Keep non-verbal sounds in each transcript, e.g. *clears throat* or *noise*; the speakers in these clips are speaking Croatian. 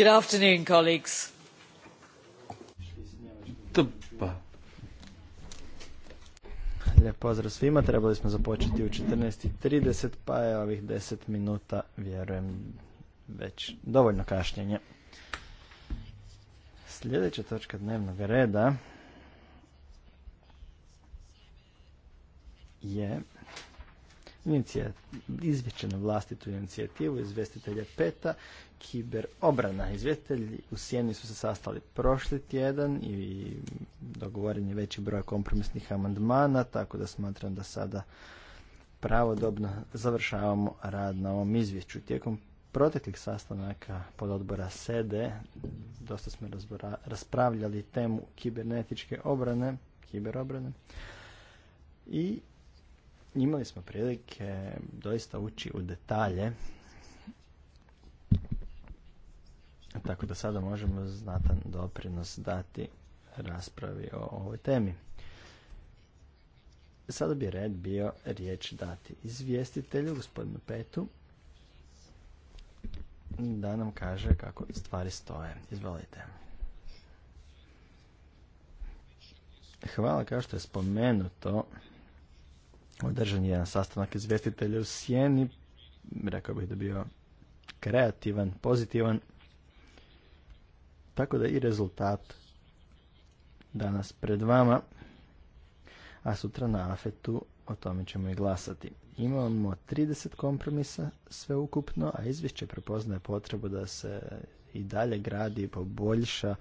Good afternoon, colleagues. Lijep pozdrav svima, trebali smo započeti u 14.30, pa je ovih 10 minuta, vjerujem, već dovoljno kašnjenje. Sljedeća točka dnevnog reda je izvješće na vlastitu inicijativu izvjestitelja peta kiber obrana. Izvjestitelji u Sjeni su se sastali prošli tjedan i dogovoren je veći broj kompromisnih amandmana, tako da smatram da sada pravodobno završavamo rad na ovom izvješću. Tijekom proteklih sastanaka pod odbora SEDE e dosta smo raspravljali temu kibernetičke obrane, kiberobrane i imali smo prilike doista ući u detalje tako da sada možemo znatan doprinos dati raspravi o ovoj temi. Sada bi red bio riječ dati izvjestitelju, gospodinu Petu, da nam kaže kako stvari stoje. Izvolite. Hvala kao što je spomenuto održan je jedan sastanak izvjestitelja u Sjeni, rekao bih da bio kreativan, pozitivan, tako da i rezultat danas pred vama, a sutra na afetu o tome ćemo i glasati. Imamo 30 kompromisa sve ukupno, a izvješće prepoznaje potrebu da se i dalje gradi i poboljša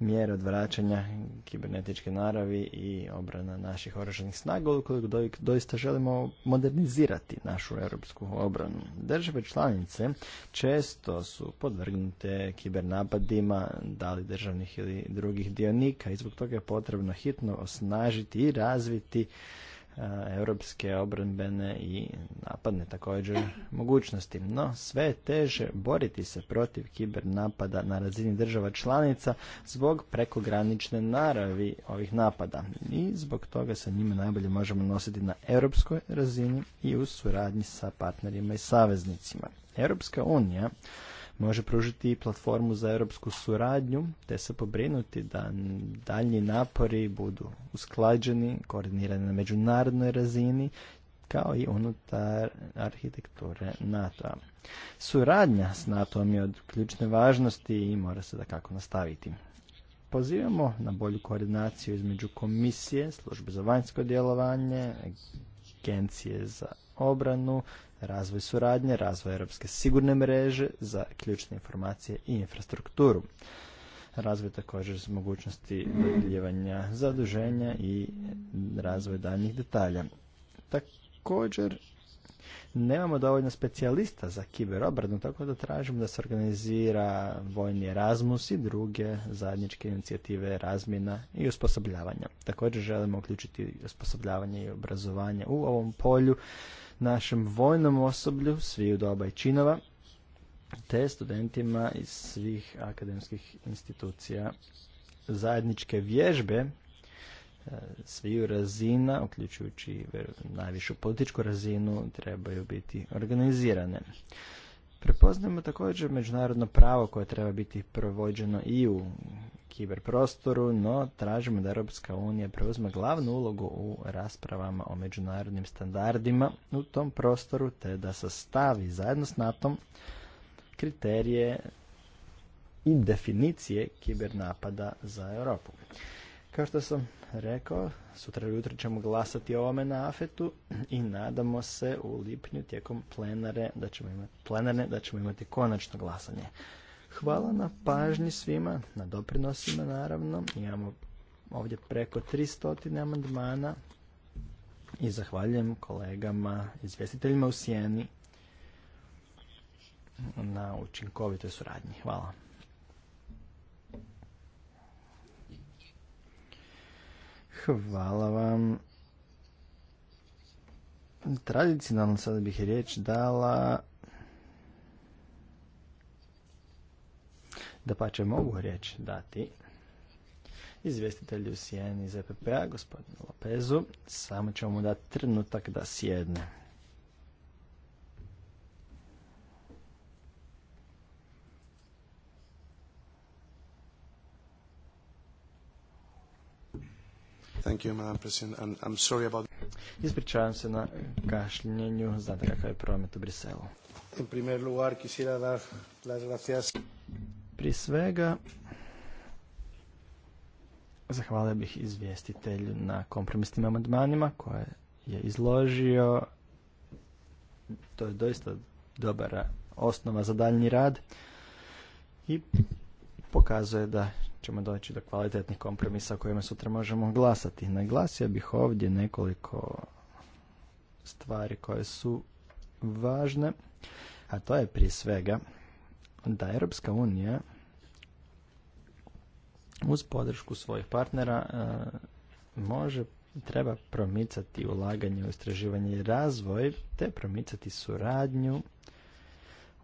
mjere odvraćanja kibernetičke naravi i obrana naših oružanih snaga ukoliko doista želimo modernizirati našu europsku obranu. Države članice često su podvrgnute kibernapadima da li državnih ili drugih dionika i zbog toga je potrebno hitno osnažiti i razviti E, europske obrambene i napadne također mogućnosti. No, sve je teže boriti se protiv kiber napada na razini država članica zbog prekogranične naravi ovih napada. I zbog toga se njima najbolje možemo nositi na europskoj razini i u suradnji sa partnerima i saveznicima. Europska unija može pružiti i platformu za europsku suradnju te se pobrinuti da daljnji napori budu usklađeni, koordinirani na međunarodnoj razini kao i unutar arhitekture NATO-a. Suradnja s NATO-om je od ključne važnosti i mora se da kako nastaviti. Pozivamo na bolju koordinaciju između komisije, službe za vanjsko djelovanje, agencije za obranu, razvoj suradnje, razvoj europske sigurne mreže za ključne informacije i infrastrukturu. Razvoj također s mogućnosti dodjeljivanja zaduženja i razvoj daljnjih detalja. Također nemamo dovoljno specijalista za kiberobradu, tako da tražimo da se organizira vojni Erasmus i druge zajedničke inicijative razmjena i osposobljavanja. Također želimo uključiti osposobljavanje i obrazovanje u ovom polju našem vojnom osoblju, sviju doba i činova, te studentima iz svih akademskih institucija zajedničke vježbe e, sviju razina, uključujući najvišu političku razinu, trebaju biti organizirane. Prepoznajemo također međunarodno pravo koje treba biti provođeno i u kiberprostoru, no tražimo da Europska unija preuzme glavnu ulogu u raspravama o međunarodnim standardima u tom prostoru, te da sastavi zajedno s nato kriterije i definicije kibernapada za Europu. Kao što sam rekao, sutra jutro ćemo glasati o ovome na afetu i nadamo se u lipnju tijekom plenare da ćemo imati, plenarne da ćemo imati konačno glasanje. Hvala na pažnji svima, na doprinosima naravno. Imamo ovdje preko 300 amandmana i zahvaljujem kolegama, izvjestiteljima u Sijeni na učinkovitoj suradnji. Hvala. Hvala vam. Tradicionalno sada bih riječ dala da pa će mogu riječ dati izvjestitelju Sijeni epp a p-a, gospodinu Lopezu. Samo ćemo mu dati trenutak da sjedne. Thank Ispričavam se na kašljenju, znate kakav je promet u Briselu. En primer lugar, quisiera dar las prije svega, zahvalio bih izvjestitelju na kompromisnim amandmanima koje je izložio. To je doista dobra osnova za daljnji rad i pokazuje da ćemo doći do kvalitetnih kompromisa o kojima sutra možemo glasati. Naglasio bih ovdje nekoliko stvari koje su važne, a to je prije svega da Europska unija uz podršku svojih partnera eh, može treba promicati ulaganje u istraživanje i razvoj te promicati suradnju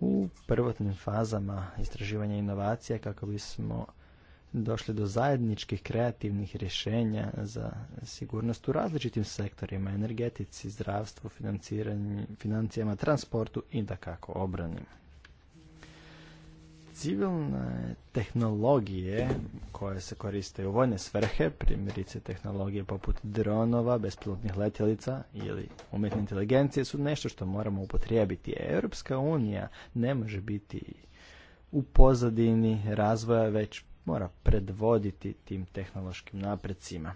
u prvotnim fazama istraživanja inovacija kako bismo došli do zajedničkih kreativnih rješenja za sigurnost u različitim sektorima, energetici, zdravstvu, financijama, transportu i da kako obrani civilne tehnologije koje se koriste u vojne svrhe, primjerice tehnologije poput dronova, bespilotnih letjelica ili umjetne inteligencije su nešto što moramo upotrijebiti. Europska unija ne može biti u pozadini razvoja, već mora predvoditi tim tehnološkim naprecima.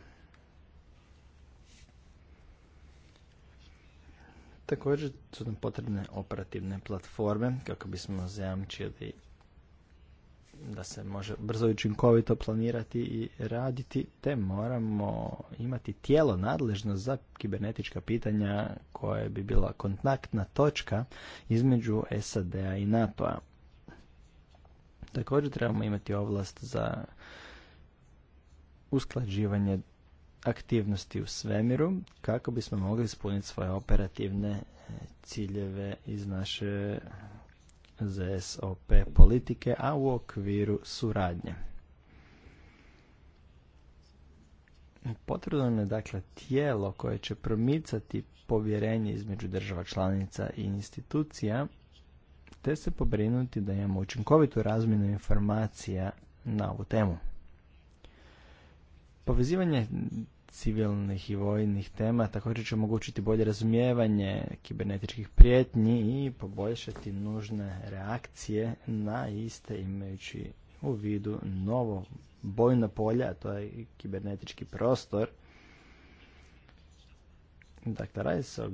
Također su nam potrebne operativne platforme kako bismo zajamčili da se može brzo i učinkovito planirati i raditi, te moramo imati tijelo nadležno za kibernetička pitanja koje bi bila kontaktna točka između SAD-a i NATO-a. Također trebamo imati ovlast za usklađivanje aktivnosti u svemiru kako bismo mogli ispuniti svoje operativne ciljeve iz naše ZSOP politike, a u okviru suradnje. Potrebno je dakle tijelo koje će promicati povjerenje između država članica i institucija, te se pobrinuti da imamo učinkovitu razmjenu informacija na ovu temu. Povezivanje civilnih i vojnih tema također će omogućiti bolje razumijevanje kibernetičkih prijetnji i poboljšati nužne reakcije na iste imajući u vidu novo bojno polje, a to je kibernetički prostor Dakle, radi se o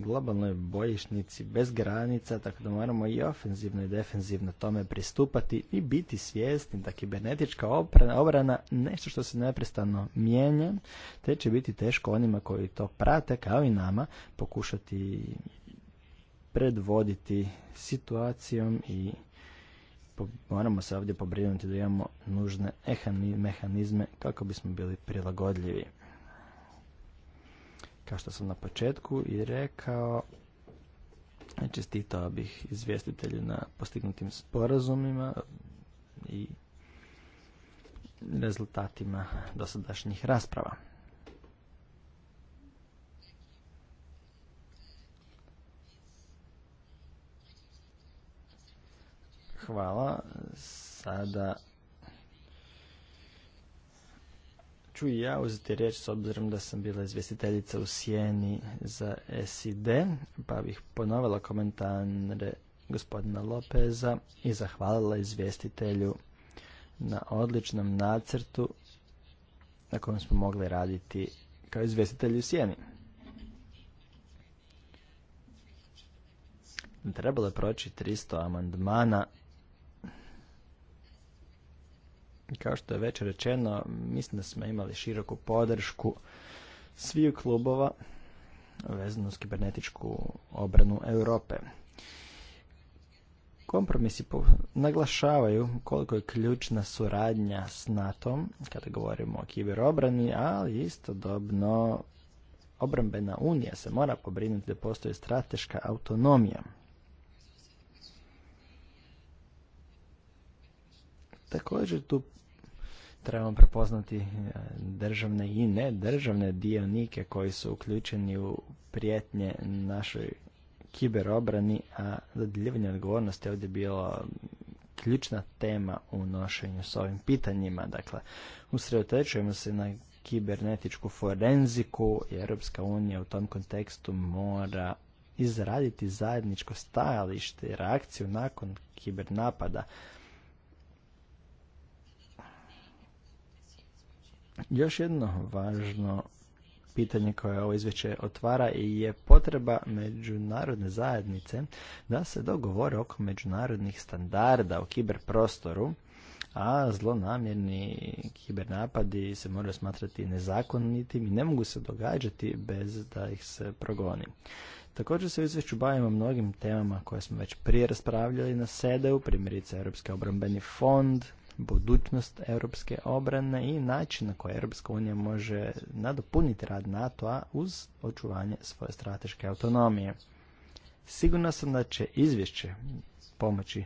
globalnoj bojišnici bez granica, tako da moramo i ofenzivno i defenzivno tome pristupati i biti svjesni da kibernetička obrana obrana nešto što se neprestano mijenja, te će biti teško onima koji to prate, kao i nama, pokušati predvoditi situacijom i moramo se ovdje pobrinuti da imamo nužne mehanizme kako bismo bili prilagodljivi. Kao što sam na početku i rekao, čestitao bih izvjestitelju na postignutim sporazumima i rezultatima dosadašnjih rasprava. Hvala. Sada ću i ja uzeti riječ s obzirom da sam bila izvjestiteljica u Sijeni za SID, pa bih ponovila komentare gospodina Lopeza i zahvalila izvjestitelju na odličnom nacrtu na kojem smo mogli raditi kao izvjestitelji u Sijeni. Trebalo je proći 300 amandmana kao što je već rečeno, mislim da smo imali široku podršku sviju klubova vezano uz kibernetičku obranu Europe. Kompromisi naglašavaju koliko je ključna suradnja s NATO-om kada govorimo o kiberobrani, ali istodobno obrambena unija se mora pobrinuti da postoji strateška autonomija Također tu trebamo prepoznati e, državne i nedržavne dionike koji su uključeni u prijetnje našoj kiberobrani, a dodjeljivanje odgovornosti je ovdje bilo ključna tema u nošenju s ovim pitanjima. Dakle, usredotočujemo se na kibernetičku forenziku i Europska unija u tom kontekstu mora izraditi zajedničko stajalište i reakciju nakon kibernapada Još jedno važno pitanje koje ovo izvješće otvara i je potreba međunarodne zajednice da se dogovore oko međunarodnih standarda u kiberprostoru, a zlonamjerni kibernapadi se moraju smatrati nezakonitim i ne mogu se događati bez da ih se progoni. Također se u izvješću bavimo mnogim temama koje smo već prije raspravljali na sede, u primjerice Europski obrambeni fond, budućnost europske obrane i način na koji Europska unija može nadopuniti rad NATO-a uz očuvanje svoje strateške autonomije. Sigurno sam da će izvješće pomoći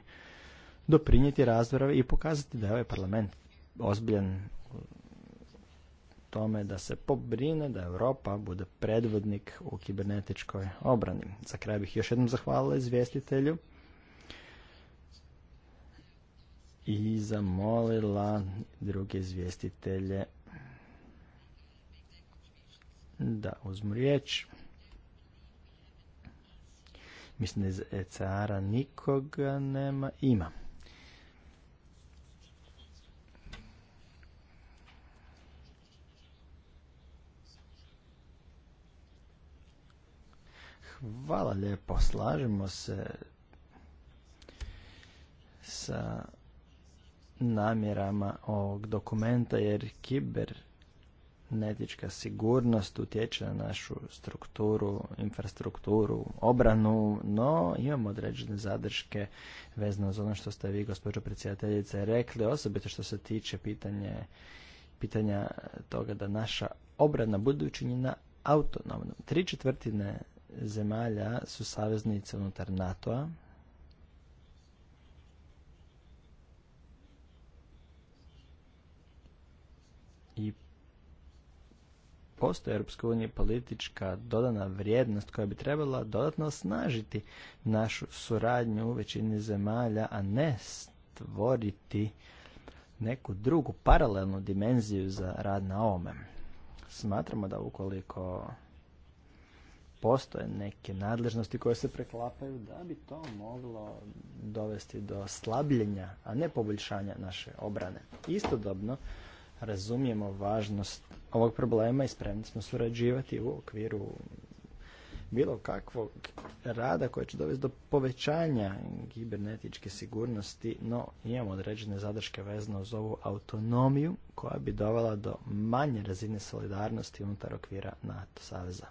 doprinijeti razvore i pokazati da je ovaj parlament ozbiljan tome da se pobrine da Europa bude predvodnik u kibernetičkoj obrani. Za kraj bih još jednom zahvalila izvjestitelju i zamolila druge izvjestitelje da uzmu riječ. Mislim da iz ECR-a nikoga nema. Ima. Hvala lijepo, slažemo se sa namjerama ovog dokumenta jer kibernetička sigurnost utječe na našu strukturu, infrastrukturu, obranu, no imamo određene zadrške vezano za ono što ste vi, gospođo predsjedateljice, rekli, osobito što se tiče pitanje, pitanja toga da naša obrana bude učinjena autonomno. Tri četvrtine zemalja su saveznice unutar NATO-a, i postoji Europskoj unije politička dodana vrijednost koja bi trebala dodatno osnažiti našu suradnju u većini zemalja, a ne stvoriti neku drugu paralelnu dimenziju za rad na ovome. Smatramo da ukoliko postoje neke nadležnosti koje se preklapaju, da bi to moglo dovesti do slabljenja, a ne poboljšanja naše obrane. Istodobno, razumijemo važnost ovog problema i spremni smo surađivati u okviru bilo kakvog rada koje će dovesti do povećanja kibernetičke sigurnosti, no imamo određene zadrške vezano uz ovu autonomiju koja bi dovela do manje razine solidarnosti unutar okvira NATO saveza.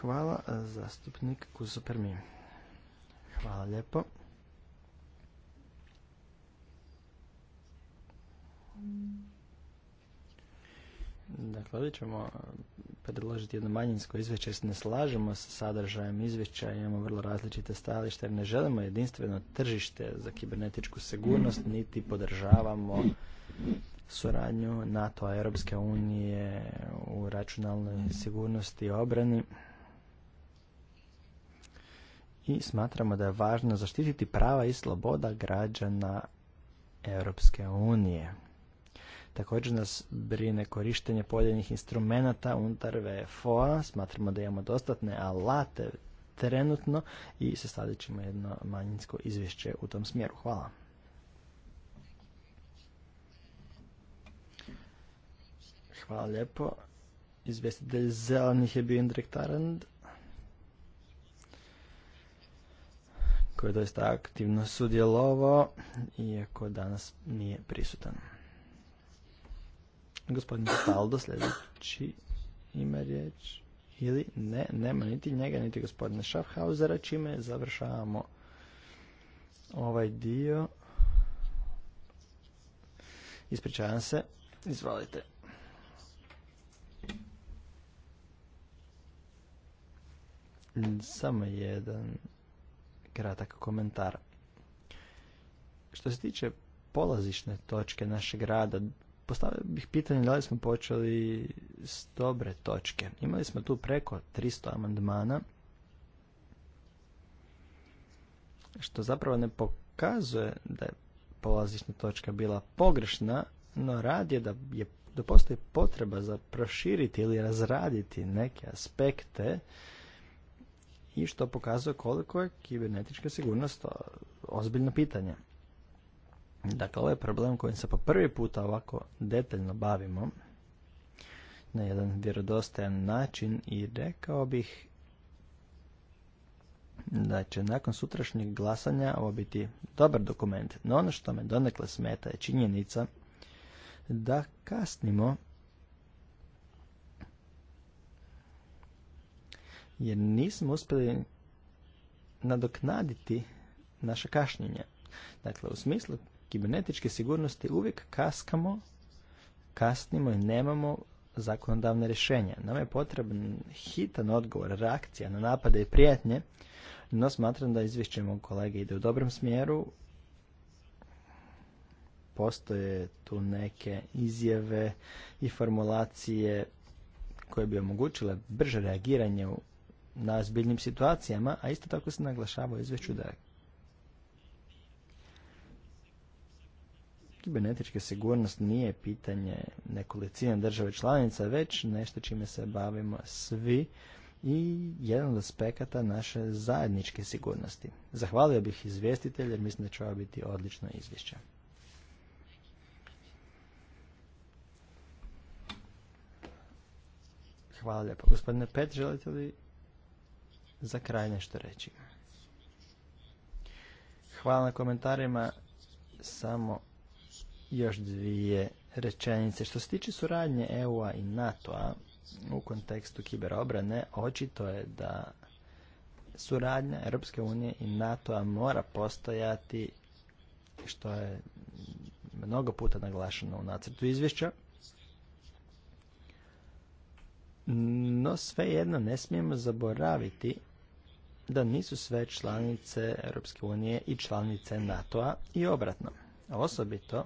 Hvala, zastupnik Kuzupermi. Hvala lijepo. Dakle, ovdje ćemo predložiti jedno manjinsko izvješće, se ne slažemo sa sadržajem izvješća, imamo vrlo različite stajališta jer ne želimo jedinstveno tržište za kibernetičku sigurnost, niti podržavamo suradnju NATO-a, Europske unije u računalnoj sigurnosti i obrani. I smatramo da je važno zaštititi prava i sloboda građana Europske unije. Također nas brine korištenje pojedinih instrumenata unutar VFO-a. Smatramo da imamo dostatne alate trenutno i sastavit ćemo jedno manjinsko izvješće u tom smjeru. Hvala. Hvala lijepo. Izvjestitelj zelenih je bio Indrek koji je doista aktivno sudjelovao, iako danas nije prisutan. Gospodin Staldo sljedeći ima riječ. Ili ne, nema niti njega, niti gospodine Schaffhausera, čime završavamo ovaj dio. Ispričavam se, izvolite. Samo jedan kratak komentar. Što se tiče polazišne točke našeg rada, Postavio bih pitanje da li smo počeli s dobre točke. Imali smo tu preko 300 amandmana, što zapravo ne pokazuje da je polazišna točka bila pogrešna, no rad je da, je da postoji potreba za proširiti ili razraditi neke aspekte i što pokazuje koliko je kibernetička sigurnost ozbiljno pitanje. Dakle, ovaj je problem kojim se po prvi puta ovako detaljno bavimo na jedan vjerodostojan način i rekao bih da će nakon sutrašnjeg glasanja ovo biti dobar dokument. No ono što me donekle smeta je činjenica da kasnimo jer nismo uspjeli nadoknaditi naše kašnjenje. Dakle, u smislu kibernetičke sigurnosti uvijek kaskamo, kasnimo i nemamo zakonodavne rješenja. Nam je potreban hitan odgovor, reakcija na napade i prijetnje, no smatram da izvješće mog kolege ide u dobrom smjeru. Postoje tu neke izjave i formulacije koje bi omogućile brže reagiranje u na ozbiljnim situacijama, a isto tako se naglašava u izvješću da Kibernetička sigurnost nije pitanje nekolicine države članica, već nešto čime se bavimo svi i jedan od aspekata naše zajedničke sigurnosti. Zahvalio bih izvjestitelj jer mislim da će ovo biti odlično izvješće. Hvala lijepo. Gospodine Pet, želite li za kraj nešto reći? Hvala na komentarima. Samo još dvije rečenice. Što se tiče suradnje EU-a i NATO-a u kontekstu kiberobrane, očito je da suradnja Europske unije i NATO-a mora postojati, što je mnogo puta naglašeno u nacrtu izvješća. No svejedno ne smijemo zaboraviti da nisu sve članice Europske unije i članice NATO-a i obratno. Osobito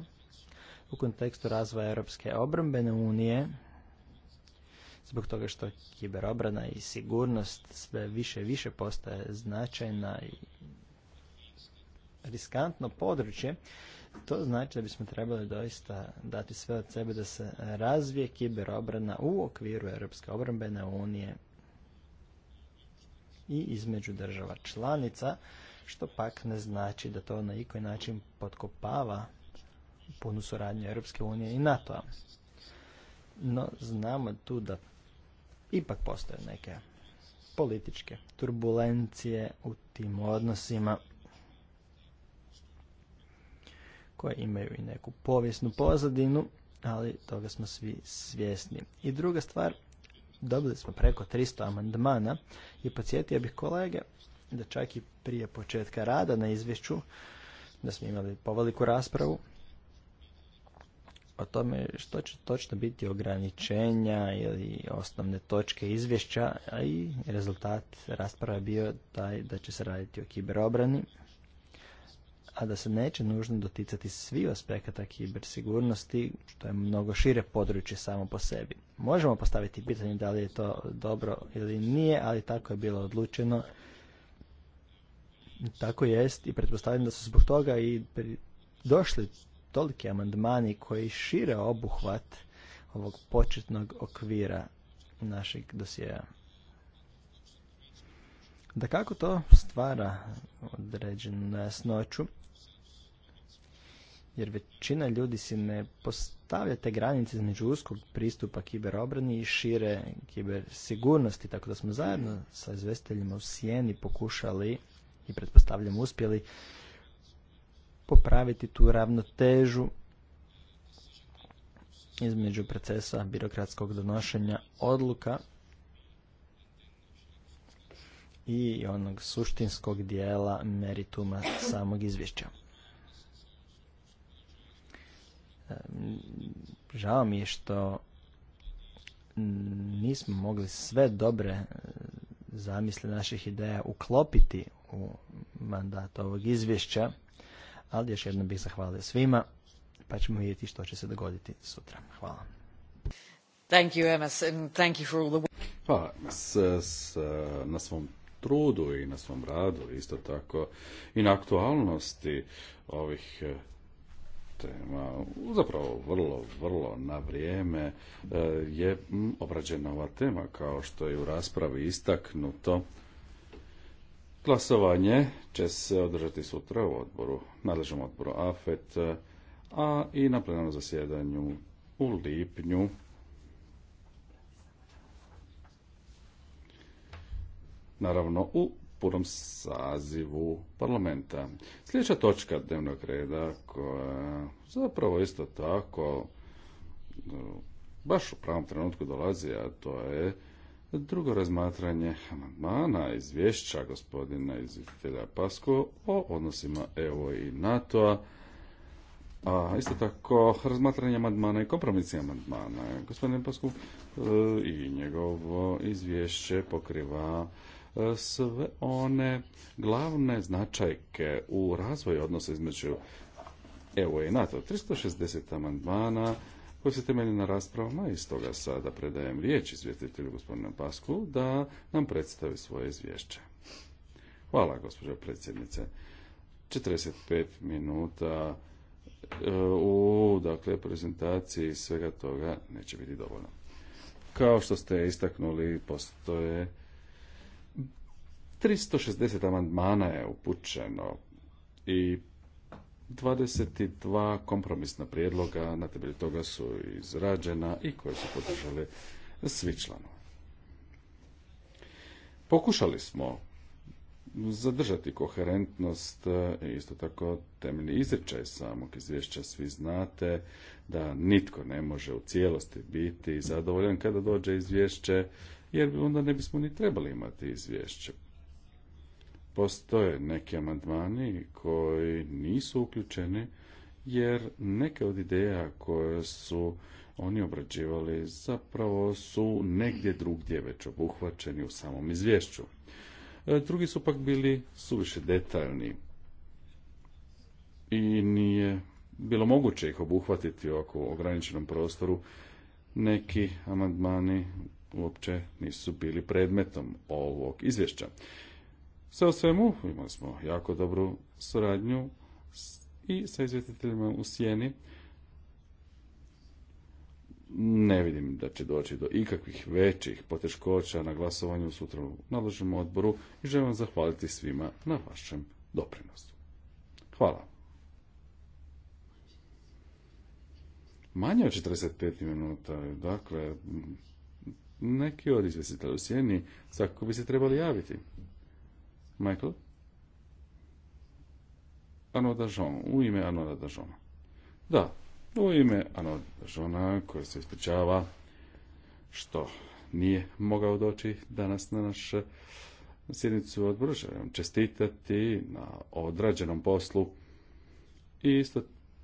u kontekstu razvoja Europske obrambene unije zbog toga što kiberobrana i sigurnost sve više i više postaje značajna i riskantno područje, to znači da bismo trebali doista dati sve od sebe da se razvije kiberobrana u okviru Europske obrambene unije i između država članica, što pak ne znači da to na ikoj način potkopava punu suradnju Europske unije i NATO-a. No, znamo tu da ipak postoje neke političke turbulencije u tim odnosima koje imaju i neku povijesnu pozadinu, ali toga smo svi svjesni. I druga stvar, dobili smo preko 300 amandmana i podsjetio bih kolege da čak i prije početka rada na izvješću, da smo imali poveliku raspravu, o tome što će točno biti ograničenja ili osnovne točke izvješća, a i rezultat je bio taj da će se raditi o kiberobrani, a da se neće nužno doticati svi aspekata kibersigurnosti, što je mnogo šire područje samo po sebi. Možemo postaviti pitanje da li je to dobro ili nije, ali tako je bilo odlučeno. Tako jest i pretpostavljam da su zbog toga i došli toliki amandmani koji šire obuhvat ovog početnog okvira našeg dosjeja. Da kako to stvara određenu nejasnoću, jer većina ljudi si ne postavlja te granice između uskog pristupa kiberobrani i šire kibersigurnosti, tako da smo zajedno sa izvesteljima u Sijeni pokušali i pretpostavljam uspjeli popraviti tu ravnotežu između procesa birokratskog donošenja odluka i onog suštinskog dijela merituma samog izvješća. Žao mi je što nismo mogli sve dobre zamisle naših ideja uklopiti u mandat ovog izvješća ali još jednom bih zahvalio svima, pa ćemo vidjeti što će se dogoditi sutra. Hvala. Thank you, thank you for all the... na svom trudu i na svom radu, isto tako i na aktualnosti ovih e, tema, zapravo vrlo, vrlo na vrijeme e, je obrađena ova tema, kao što je u raspravi istaknuto. Glasovanje će se održati sutra u odboru, nadležnom odboru AFET, a i na plenarnom zasjedanju u lipnju. Naravno, u punom sazivu parlamenta. Sljedeća točka dnevnog reda koja zapravo isto tako e, baš u pravom trenutku dolazi, a to je Drugo razmatranje amandmana izvješća gospodina izvjestitelja Pasko o odnosima EU i NATO-a a isto tako, razmatranje amandmana i kompromisi amandmana. Gospodin Pasku e, i njegovo izvješće pokriva e, sve one glavne značajke u razvoju odnosa između EU i NATO. 360 amandmana koji se temelji na raspravama i stoga sada predajem riječ izvjestitelju gospodinu Pasku da nam predstavi svoje izvješće. Hvala, gospođo predsjednice. 45 minuta e, u dakle, prezentaciji svega toga neće biti dovoljno. Kao što ste istaknuli, postoje 360 amandmana je upućeno i 22 kompromisna prijedloga na temelju toga su izrađena i koje su podržali svi članovi. Pokušali smo zadržati koherentnost i e, isto tako temeljni izričaj samog izvješća. Svi znate da nitko ne može u cijelosti biti zadovoljan kada dođe izvješće, jer onda ne bismo ni trebali imati izvješće postoje neki amandmani koji nisu uključeni jer neke od ideja koje su oni obrađivali zapravo su negdje drugdje već obuhvaćeni u samom izvješću. E, drugi su pak bili suviše detaljni i nije bilo moguće ih obuhvatiti ovako ograničenom prostoru. Neki amandmani uopće nisu bili predmetom ovog izvješća. Sve o svemu imali smo jako dobru suradnju i sa izvjetiteljima u Sjeni. Ne vidim da će doći do ikakvih većih poteškoća na glasovanju sutra u nadležnom odboru i želim vam zahvaliti svima na vašem doprinosu. Hvala. Manje od 45 minuta, dakle, neki od izvjestitelja u Sjeni svakako bi se trebali javiti. Michael? Ano Dažon, u ime Anoda Da, u ime Anoda žona koja se ispričava što nije mogao doći danas na naš eh, sjednicu odbora. čestitati na odrađenom poslu i isto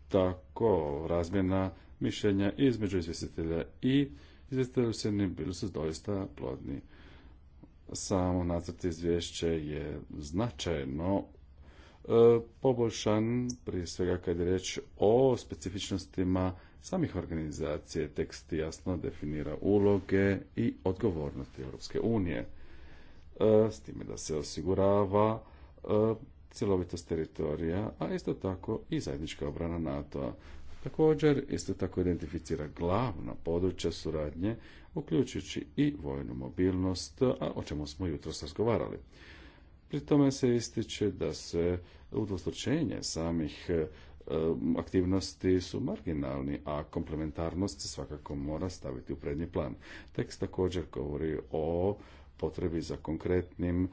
tako razmjena mišljenja između izvjestitelja i izvjestitelja u bili su doista plodni samo nacrt izvješće je značajno e, poboljšan, prije svega kad je reč o specifičnostima samih organizacije. Tekst jasno definira uloge i odgovornosti Europske unije, e, s time da se osigurava e, cjelovitost teritorija, a isto tako i zajednička obrana NATO-a. Također, isto tako identificira glavna područja suradnje, uključujući i vojnu mobilnost, a o čemu smo jutros razgovarali. Pri tome se ističe da se udvostručenje samih e, aktivnosti su marginalni, a komplementarnost se svakako mora staviti u prednji plan. Tekst također govori o potrebi za konkretnim e,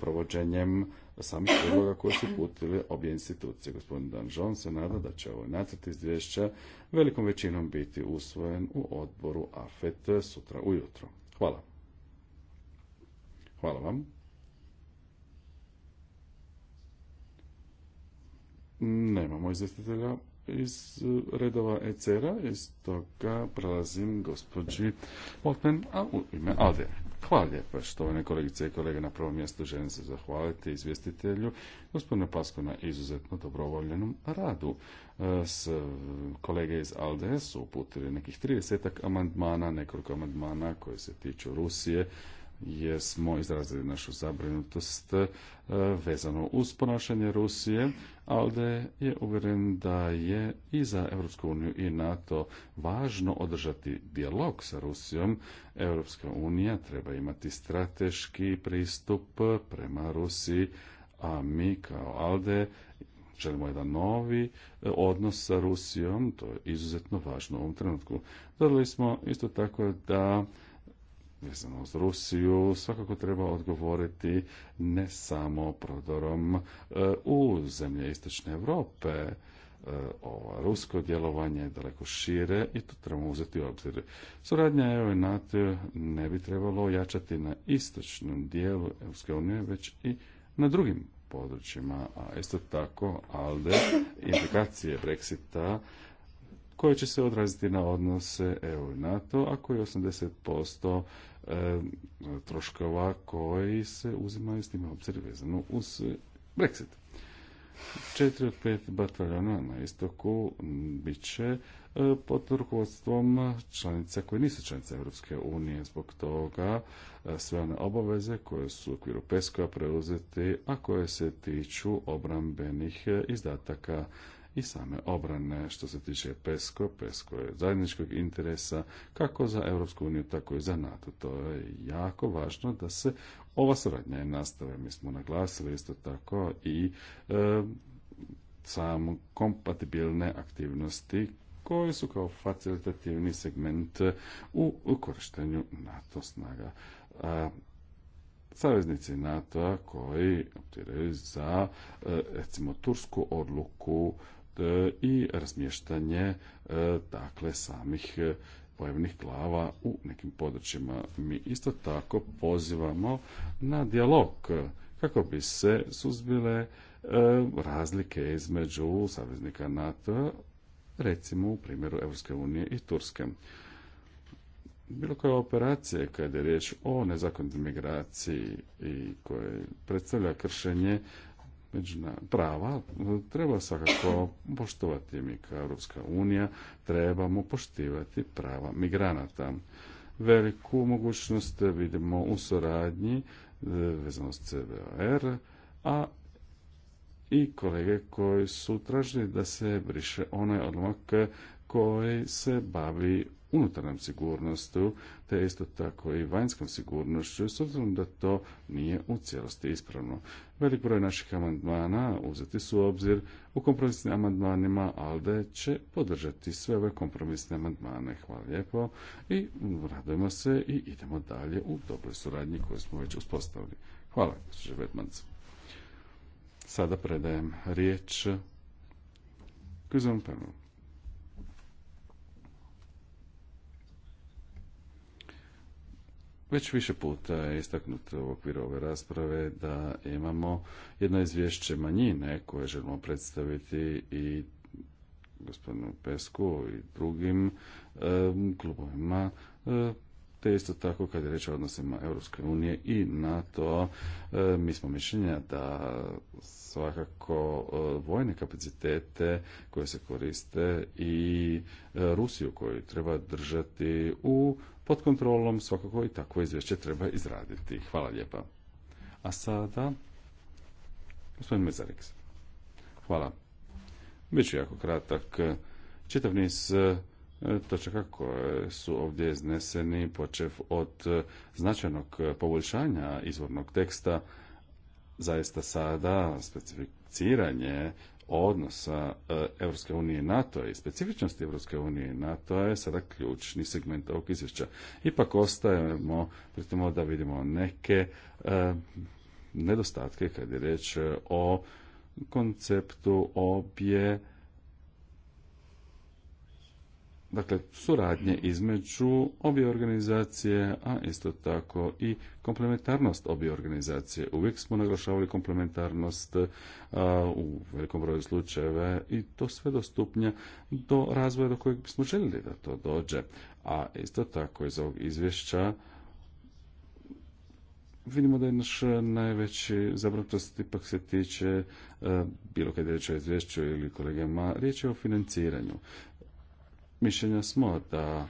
provođenjem samih prijedloga koje su putili obje institucije. Gospodin Dan se nada da će ovaj nacrt izvješća velikom većinom biti usvojen u odboru AFET sutra ujutro. Hvala. Hvala vam. Nemamo izvjestitelja iz redova ECR-a, iz toga prelazim gospođi a u ime Ade. Hvala lijepa, štovane kolegice i kolege. Na prvom mjestu želim se zahvaliti izvjestitelju, gospodinu Pasku, na izuzetno dobrovoljenom radu. E, s kolege iz ALDE su uputili nekih 30 amandmana, nekoliko amandmana koji se tiču Rusije, smo izrazili našu zabrinutost e, vezano uz ponašanje Rusije, Alde je uvjeren da je i za Europsku uniju i NATO važno održati dijalog sa Rusijom. Europska unija treba imati strateški pristup prema Rusiji, a mi kao ALDE želimo jedan novi e, odnos sa Rusijom, to je izuzetno važno u ovom trenutku. Dodali smo isto tako da vezano uz Rusiju svakako treba odgovoriti ne samo prodorom e, u zemlje Istočne Europe, e, ova rusko djelovanje je daleko šire i to trebamo uzeti u obzir. Suradnja EU i NATO ne bi trebalo ojačati na istočnom dijelu EU, već i na drugim područjima, a isto tako ALDE implikacije Brexita koje će se odraziti na odnose EU i NATO, ako je 80% E, troškova koji se uzimaju s tim obzir vezano uz Brexit. Četiri od pet bataljona na istoku bit će e, pod rukovodstvom članica koje nisu članice Europske unije. Zbog toga e, sve one obaveze koje su u okviru Peskova preuzete, a koje se tiču obrambenih izdataka i same obrane. Što se tiče PESCO, PESCO je zajedničkog interesa kako za Europsku uniju, tako i za NATO. To je jako važno da se ova suradnja je nastave. Mi smo naglasili isto tako i e, samo kompatibilne aktivnosti koji su kao facilitativni segment u korištenju NATO snaga. E, saveznici NATO-a koji optiraju za e, recimo tursku odluku E, i razmještanje e, dakle samih e, pojavnih glava u nekim područjima. Mi isto tako pozivamo na dijalog kako bi se suzbile razlike između saveznika NATO, recimo u primjeru Europske unije i Turske. Bilo koja operacija kada je riječ o nezakonitoj migraciji i koje predstavlja kršenje prava treba svakako poštovati mi kao Europska unija, trebamo poštivati prava migranata. Veliku mogućnost vidimo u suradnji e, vezano s CBR, a i kolege koji su tražili da se briše onaj odmak koji se bavi unutarnjom sigurnostu, te isto tako i vanjskom sigurnošću, s obzirom da to nije u cijelosti ispravno. Velik broj naših amandmana uzeti su u obzir u kompromisnim amandmanima, ALDE će podržati sve ove kompromisne amandmane. Hvala lijepo i radujemo se i idemo dalje u dobroj suradnji koju smo već uspostavili. Hvala, gospođe Vedmanca. Sada predajem riječ Kuzom Već više puta je istaknuto u okviru ove rasprave da imamo jedno izvješće manjine koje želimo predstaviti i gospodinu Pesku i drugim klubovima, te isto tako kad je reč o odnosima Europske unije i NATO, mi smo mišljenja da svakako vojne kapacitete koje se koriste i Rusiju koju treba držati u pod kontrolom, svakako i takvo izvješće treba izraditi. Hvala lijepa. A sada, gospodin Mezareks. Hvala. Biću jako kratak. Čitav niz e, točaka koje su ovdje izneseni, počev od e, značajnog poboljšanja izvornog teksta, zaista sada specificiranje odnosa e, Europske unije i NATO i specifičnosti Europske unije i NATO je sada ključni segment ovog izvješća. Ipak ostajemo, pritom da vidimo neke e, nedostatke kad je riječ o konceptu obje dakle, suradnje između obje organizacije, a isto tako i komplementarnost obje organizacije. Uvijek smo naglašavali komplementarnost u velikom broju slučajeva i to sve dostupnja do razvoja do kojeg bismo željeli da to dođe. A isto tako iz ovog izvješća vidimo da je naš najveći zabratost ipak se tiče bilo kad je riječ o izvješću ili kolegama, riječ je o financiranju. Mišljenja smo da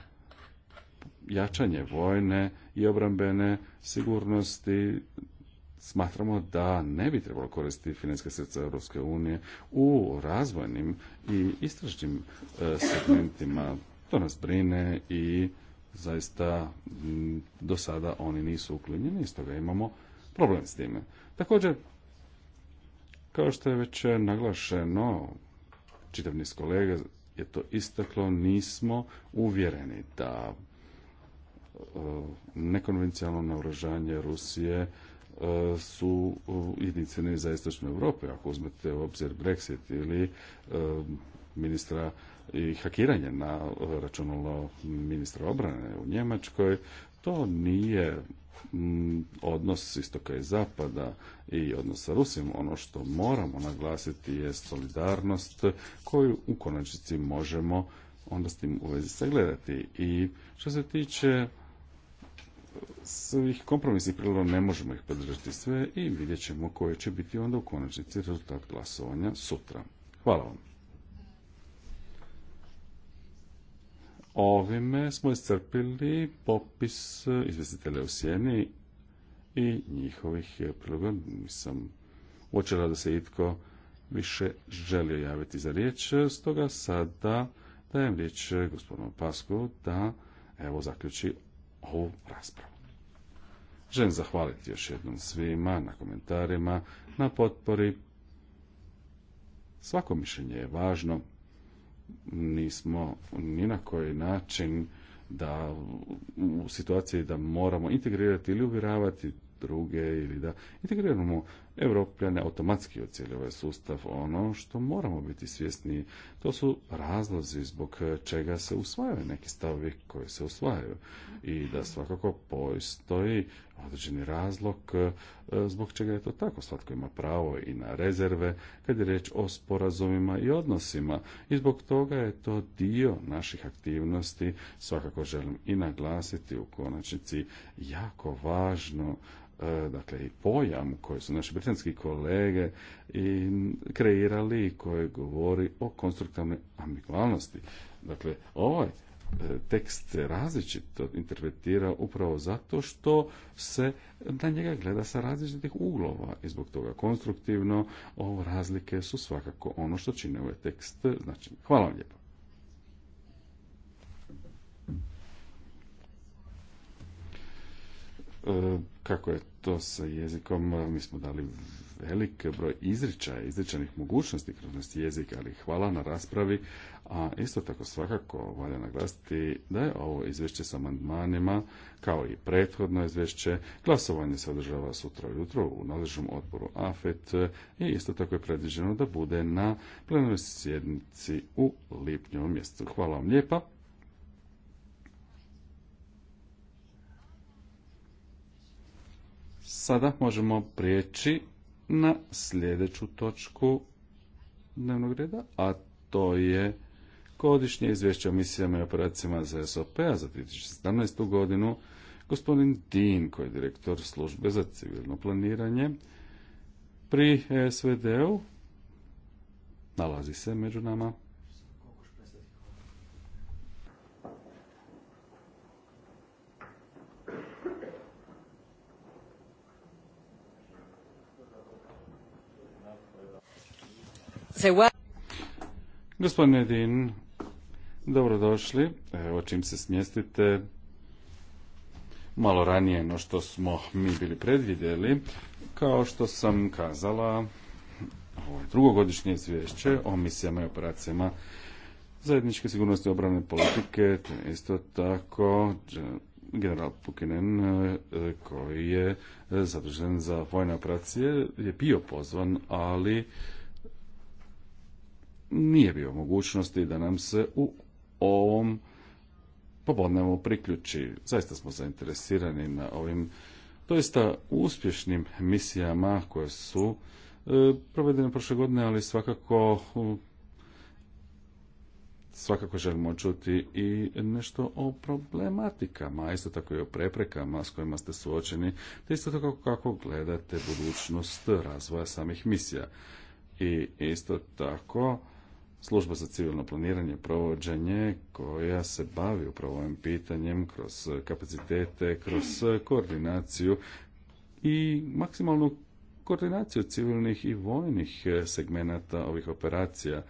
jačanje vojne i obrambene sigurnosti smatramo da ne bi trebalo koristiti finanske sredstva Europske unije u razvojnim i istražnim e, segmentima. To nas brine i zaista do sada oni nisu uklonjeni i stoga imamo problem s time. Također, kao što je već naglašeno, čitav niz kolega je to istaklo, nismo uvjereni da e, nekonvencionalno naoružanje Rusije e, su jedinstveni za istočnu Evropu. Ako uzmete u obzir Brexit ili e, ministra i hakiranje na računalo ministra obrane u Njemačkoj, to nije Mm, odnos istoka i zapada i odnos sa Rusijom, ono što moramo naglasiti je solidarnost koju u konačnici možemo onda s tim u vezi sagledati. I što se tiče svih kompromisnih priloga ne možemo ih podržati sve i vidjet ćemo koje će biti onda u konačnici rezultat glasovanja sutra. Hvala vam. Ovime smo iscrpili popis e, izvjestitelja u sjeni i njihovih e, priloga. Nisam uočila da se itko više želio javiti za riječ, e, stoga sada dajem riječ gospodinu Pasku da evo zaključi ovu raspravu. Želim zahvaliti još jednom svima na komentarima, na potpori. Svako mišljenje je važno nismo ni na koji način da u situaciji da moramo integrirati ili uvjeravati druge ili da integriramo Europljane automatski ocijeli ovaj sustav. Ono što moramo biti svjesni, to su razlozi zbog čega se usvajaju neki stavovi koji se usvajaju i da svakako postoji određeni razlog e, zbog čega je to tako. Svatko ima pravo i na rezerve kad je riječ o sporazumima i odnosima i zbog toga je to dio naših aktivnosti. Svakako želim i naglasiti u konačnici jako važno E, dakle i pojam koji su naši britanski kolege i kreirali koji govori o konstruktivnoj ambigualnosti. Dakle, ovaj e, tekst se različito interpretira upravo zato što se na njega gleda sa različitih uglova i zbog toga konstruktivno ovo razlike su svakako ono što čine ovaj tekst. Znači, hvala vam lijepo. E, kako je to sa jezikom, eh, mi smo dali velik broj izričaja, izričanih mogućnosti kroz nas jezik, ali hvala na raspravi, a isto tako svakako valja naglasiti da je ovo izvješće sa amandmanima, kao i prethodno izvješće, glasovanje se održava sutra ujutro u nadležnom odboru AFET eh, i isto tako je predviđeno da bude na plenarnoj sjednici u lipnju mjestu. Hvala vam lijepa. Sada možemo prijeći na sljedeću točku dnevnog reda, a to je godišnje izvješće o misijama i operacijama za SOP-a za 2017. godinu. Gospodin Din, koji je direktor službe za civilno planiranje pri SVD-u, nalazi se među nama. Gospodine Din, dobrodošli. Evo čim se smjestite malo ranije no što smo mi bili predvidjeli. Kao što sam kazala, ovo je drugogodišnje izvješće o misijama i operacijama zajedničke sigurnosti obrane politike, isto tako general Pukinen e, koji je e, zadužen za vojne operacije je bio pozvan, ali nije bio mogućnosti da nam se u ovom popodnevu priključi. Zaista smo zainteresirani na ovim doista uspješnim misijama koje su e, provedene prošle godine, ali svakako svakako želimo čuti i nešto o problematikama, isto tako i o preprekama s kojima ste suočeni, te isto tako kako gledate budućnost razvoja samih misija. I isto tako služba za civilno planiranje i provođenje koja se bavi upravo ovim pitanjem kroz kapacitete, kroz koordinaciju i maksimalnu koordinaciju civilnih i vojnih segmenata ovih operacija.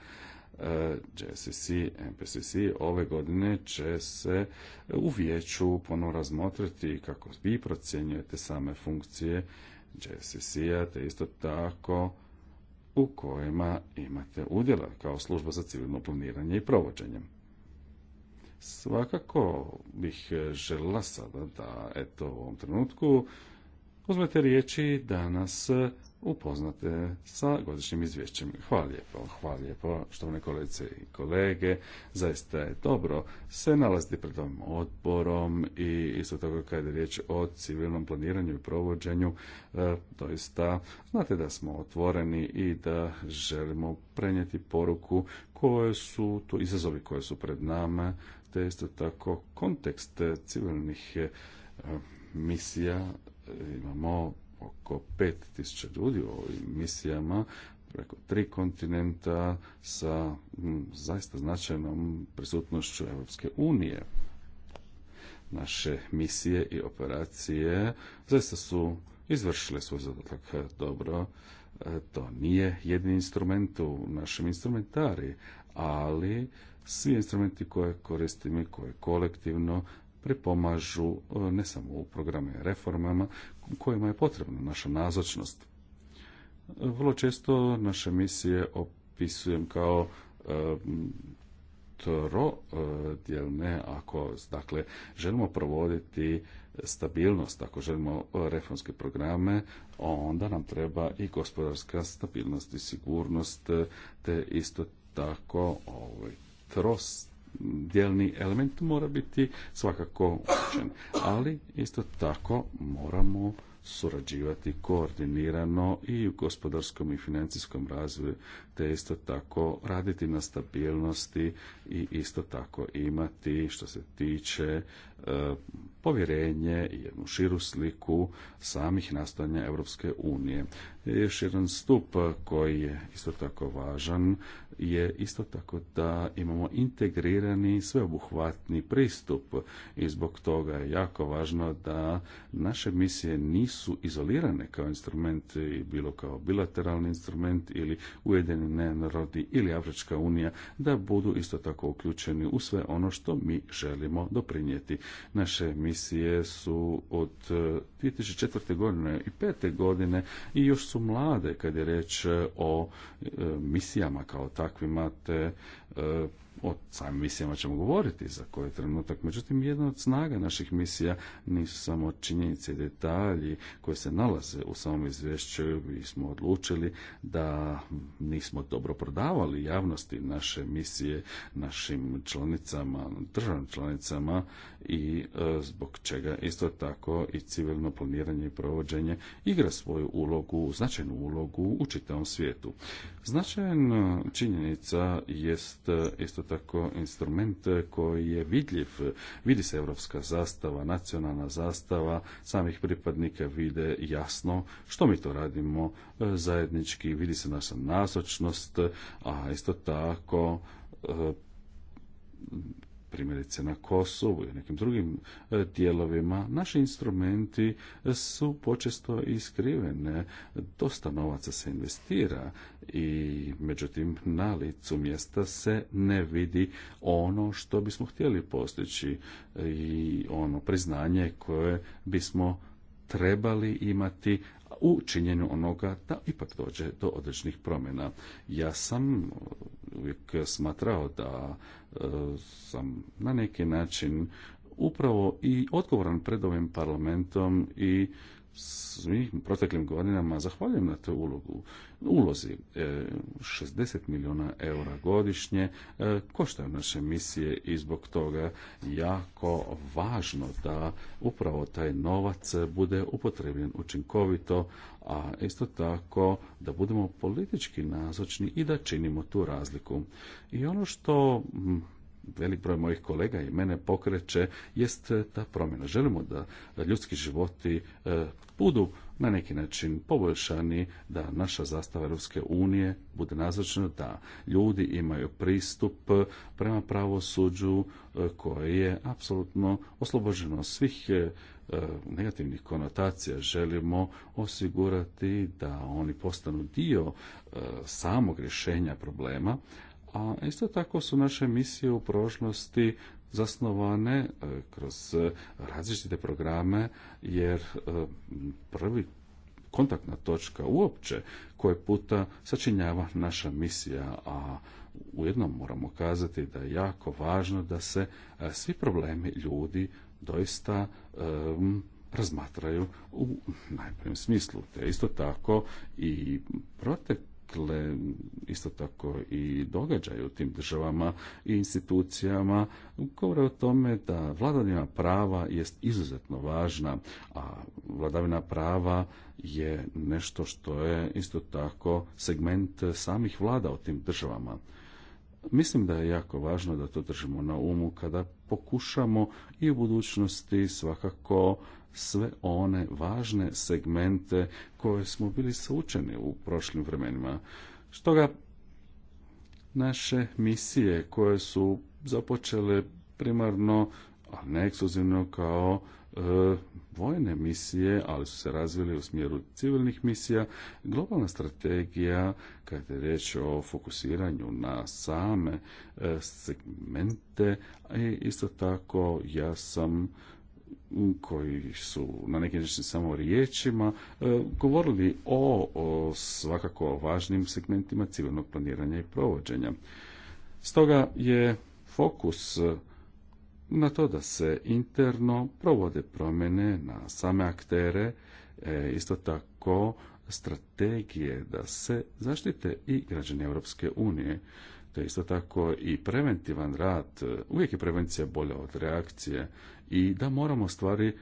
JSCC, MPCC ove godine će se u vijeću ponovno razmotriti kako vi procjenjujete same funkcije JSCC-a, te isto tako u kojima imate udjela kao služba za civilno planiranje i provođenje. Svakako bih želila sada da, eto, u ovom trenutku uzmete riječi da nas upoznate sa godišnjim izvješćem. Hvala lijepo, hvala lijepo, štovne kolegice i kolege. Zaista je dobro se nalaziti pred ovim odborom i isto tako kada je riječ o civilnom planiranju i provođenju, e, doista znate da smo otvoreni i da želimo prenijeti poruku koje su to izazovi koje su pred nama, te isto tako kontekst civilnih e, misija imamo oko 5000 ljudi u ovim misijama preko tri kontinenta sa zaista značajnom prisutnošću Europske unije. Naše misije i operacije zaista su izvršile svoj zadatak dobro. E, to nije jedini instrument u našem instrumentari, ali svi instrumenti koje koristimo i koje kolektivno pripomažu e, ne samo u programe reformama kojima je potrebna naša nazočnost. E, vrlo često naše misije opisujem kao e, trodjelne ako dakle želimo provoditi stabilnost, ako želimo reformske programe, onda nam treba i gospodarska stabilnost i sigurnost, te isto tako ovaj trost dijelni element mora biti svakako učen, Ali isto tako moramo surađivati koordinirano i u gospodarskom i financijskom razvoju, te isto tako raditi na stabilnosti i isto tako imati što se tiče e, povjerenje i jednu širu sliku samih nastojanja Europske unije. Još jedan stup koji je isto tako važan je isto tako da imamo integrirani, sveobuhvatni pristup i zbog toga je jako važno da naše misije nisu izolirane kao instrument, bilo kao bilateralni instrument ili Ujedinjeni narodi ili Afrička unija, da budu isto tako uključeni u sve ono što mi želimo doprinijeti. Naše misije su od 2004. Eh, godine i pet godine i još su mlade kad je reč e, o e, misijama kao takvima te e, o samim misijama ćemo govoriti za koji trenutak. Međutim, jedna od snaga naših misija nisu samo činjenice i detalji koje se nalaze u samom izvješću. Mi smo odlučili da nismo dobro prodavali javnosti naše misije našim članicama, državnim članicama i e, zbog čega isto tako i civilno planiranje i provođenje igra svoju ulogu, značajnu ulogu u čitavom svijetu. Značajna činjenica jest e, isto tako tako instrument koji je vidljiv. Vidi se europska zastava, nacionalna zastava, samih pripadnika vide jasno što mi to radimo e, zajednički, vidi se naša nazočnost, a isto tako e, primjerice na Kosovu i nekim drugim e, dijelovima, naši instrumenti su počesto iskrivene. Dosta novaca se investira i međutim na licu mjesta se ne vidi ono što bismo htjeli postići i ono priznanje koje bismo trebali imati, u činjenju onoga da ipak dođe do određenih promjena. Ja sam e, uvijek smatrao da e, sam na neki način upravo i odgovoran pred ovim parlamentom i svih proteklim godinama zahvaljujem na toj ulogu. Ulozi 60 e, milijuna eura godišnje e, koštaju naše misije i zbog toga jako važno da upravo taj novac bude upotrebljen učinkovito, a isto tako da budemo politički nazočni i da činimo tu razliku. I ono što velik broj mojih kolega i mene pokreće jest e, ta promjena. Želimo da ljudski životi e, budu na neki način poboljšani, da naša zastava Europske unije bude nazočna, da ljudi imaju pristup e, prema pravosuđu koje je apsolutno oslobođeno svih negativnih konotacija želimo osigurati da oni postanu dio samog rješenja problema a isto tako su naše misije u prošlosti zasnovane e, kroz e, različite programe, jer e, prvi kontaktna točka uopće koje puta sačinjava naša misija, a jednom moramo kazati da je jako važno da se svi problemi ljudi doista razmatraju u najboljem smislu. Te isto tako i protek Dakle, isto tako i događaju u tim državama i institucijama govore o tome da vladavina prava jest izuzetno važna, a vladavina prava je nešto što je isto tako segment samih vlada u tim državama. Mislim da je jako važno da to držimo na umu kada pokušamo i u budućnosti svakako sve one važne segmente koje smo bili suočeni u prošlim vremenima. Stoga naše misije koje su započele primarno, ne ekskluzivno kao e, vojne misije, ali su se razvili u smjeru civilnih misija, globalna strategija, kada je riječ o fokusiranju na same e, segmente, i isto tako ja sam koji su na neki način samo riječima e, govorili o, svakako važnim segmentima civilnog planiranja i provođenja. Stoga je fokus na to da se interno provode promjene na same aktere, e, isto tako strategije da se zaštite i građani Europske unije te isto tako i preventivan rad, e, uvijek je prevencija bolja od reakcije i da moramo stvari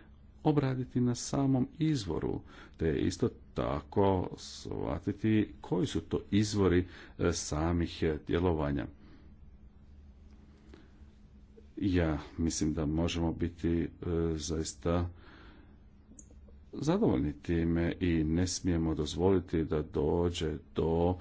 obraditi na samom izvoru, te isto tako shvatiti koji su to izvori e, samih e, djelovanja. Ja mislim da možemo biti zaista zadovoljni time i ne smijemo dozvoliti da dođe do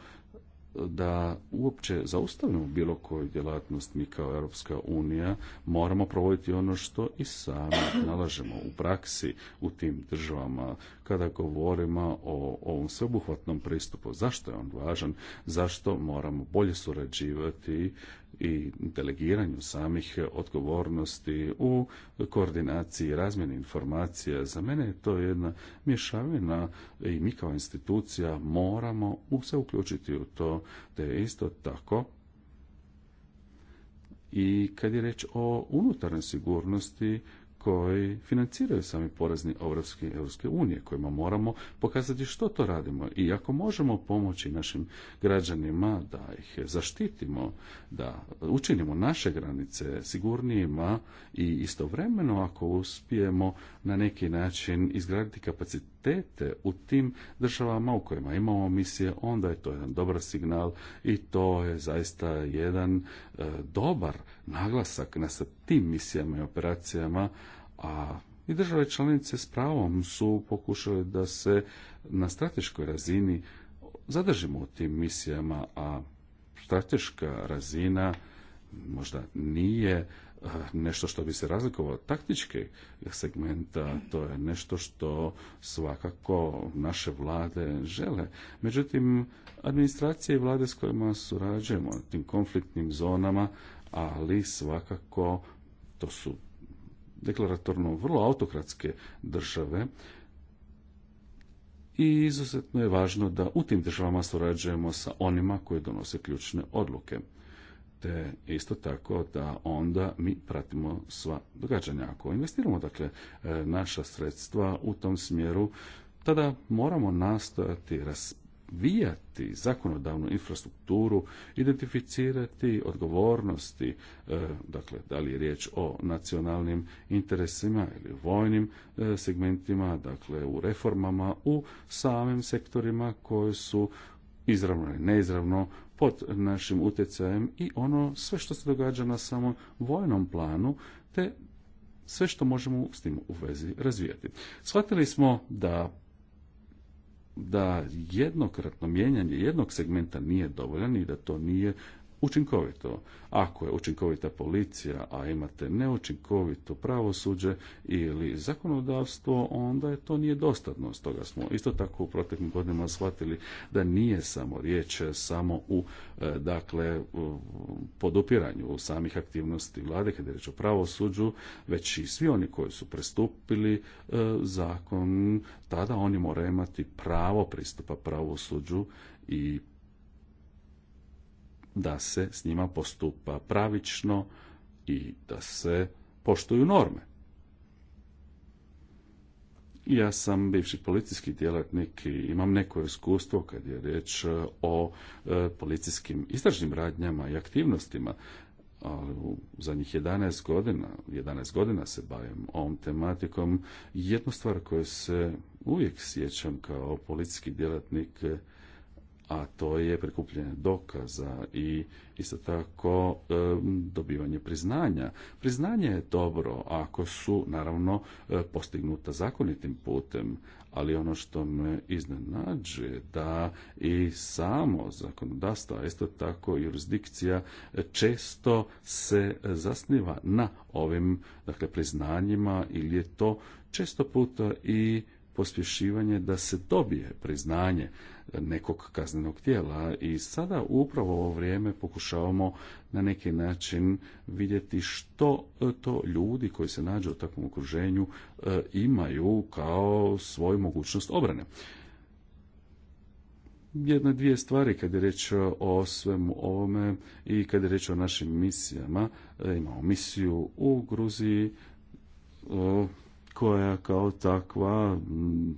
da uopće zaustavimo bilo koju djelatnost mi kao Europska unija moramo provoditi ono što i sami nalažemo u praksi u tim državama kada govorimo o ovom sveobuhvatnom pristupu zašto je on važan zašto moramo bolje surađivati i delegiranju samih odgovornosti u koordinaciji i informacija. Za mene je to jedna mješavina i mi kao institucija moramo se uključiti u to, da je isto tako i kad je reč o unutarnjoj sigurnosti, koji financiraju sami porezni obrovski Europske unije, kojima moramo pokazati što to radimo i ako možemo pomoći našim građanima da ih zaštitimo, da učinimo naše granice sigurnijima i istovremeno ako uspijemo na neki način izgraditi kapacitet tete u tim državama u kojima imamo misije, onda je to jedan dobar signal i to je zaista jedan e, dobar naglasak na sa tim misijama i operacijama, a i države članice s pravom su pokušale da se na strateškoj razini zadržimo u tim misijama, a strateška razina možda nije nešto što bi se razlikovalo taktički segmenta, to je nešto što svakako naše vlade žele. Međutim, administracije i vlade s kojima surađujemo tim konfliktnim zonama, ali svakako to su deklaratorno vrlo autokratske države, i izuzetno je važno da u tim državama surađujemo sa onima koji donose ključne odluke te isto tako da onda mi pratimo sva događanja. Ako investiramo dakle e, naša sredstva u tom smjeru, tada moramo nastojati razvijati zakonodavnu infrastrukturu, identificirati odgovornosti, e, dakle da li je riječ o nacionalnim interesima ili vojnim e, segmentima, dakle u reformama, u samim sektorima koji su izravno ili neizravno pod našim utjecajem i ono sve što se događa na samom vojnom planu, te sve što možemo s tim u vezi razvijati. Shvatili smo da da jednokratno mijenjanje jednog segmenta nije dovoljan i da to nije učinkovito. Ako je učinkovita policija, a imate neučinkovito pravosuđe ili zakonodavstvo, onda je to nije dostatno. Stoga smo isto tako u proteklim godinama shvatili da nije samo riječ samo u e, dakle podupiranju samih aktivnosti vlade kada je riječ o pravosuđu, već i svi oni koji su prestupili e, zakon, tada oni moraju imati pravo pristupa pravosuđu i da se s njima postupa pravično i da se poštuju norme. Ja sam bivši policijski djelatnik i imam neko iskustvo kad je riječ e, o e, policijskim istražnim radnjama i aktivnostima. Za u zadnjih 11 godina, 11 godina se bavim ovom tematikom. Jednu stvar koju se uvijek sjećam kao policijski djelatnik e, a to je prikupljanje dokaza i isto tako dobivanje priznanja. Priznanje je dobro ako su naravno e, postignuta zakonitim putem, ali ono što me iznenađuje da i samo zakonodavstvo, a isto tako jurisdikcija e, često se zasniva na ovim dakle priznanjima ili je to često puta i pospješivanje da se dobije priznanje nekog kaznenog tijela i sada upravo ovo vrijeme pokušavamo na neki način vidjeti što e, to ljudi koji se nađu u takvom okruženju e, imaju kao svoju mogućnost obrane Jedna dvije stvari kad je reč o svemu ovome i kad je reč o našim misijama. E, imamo misiju u Gruziji koja kao takva mm,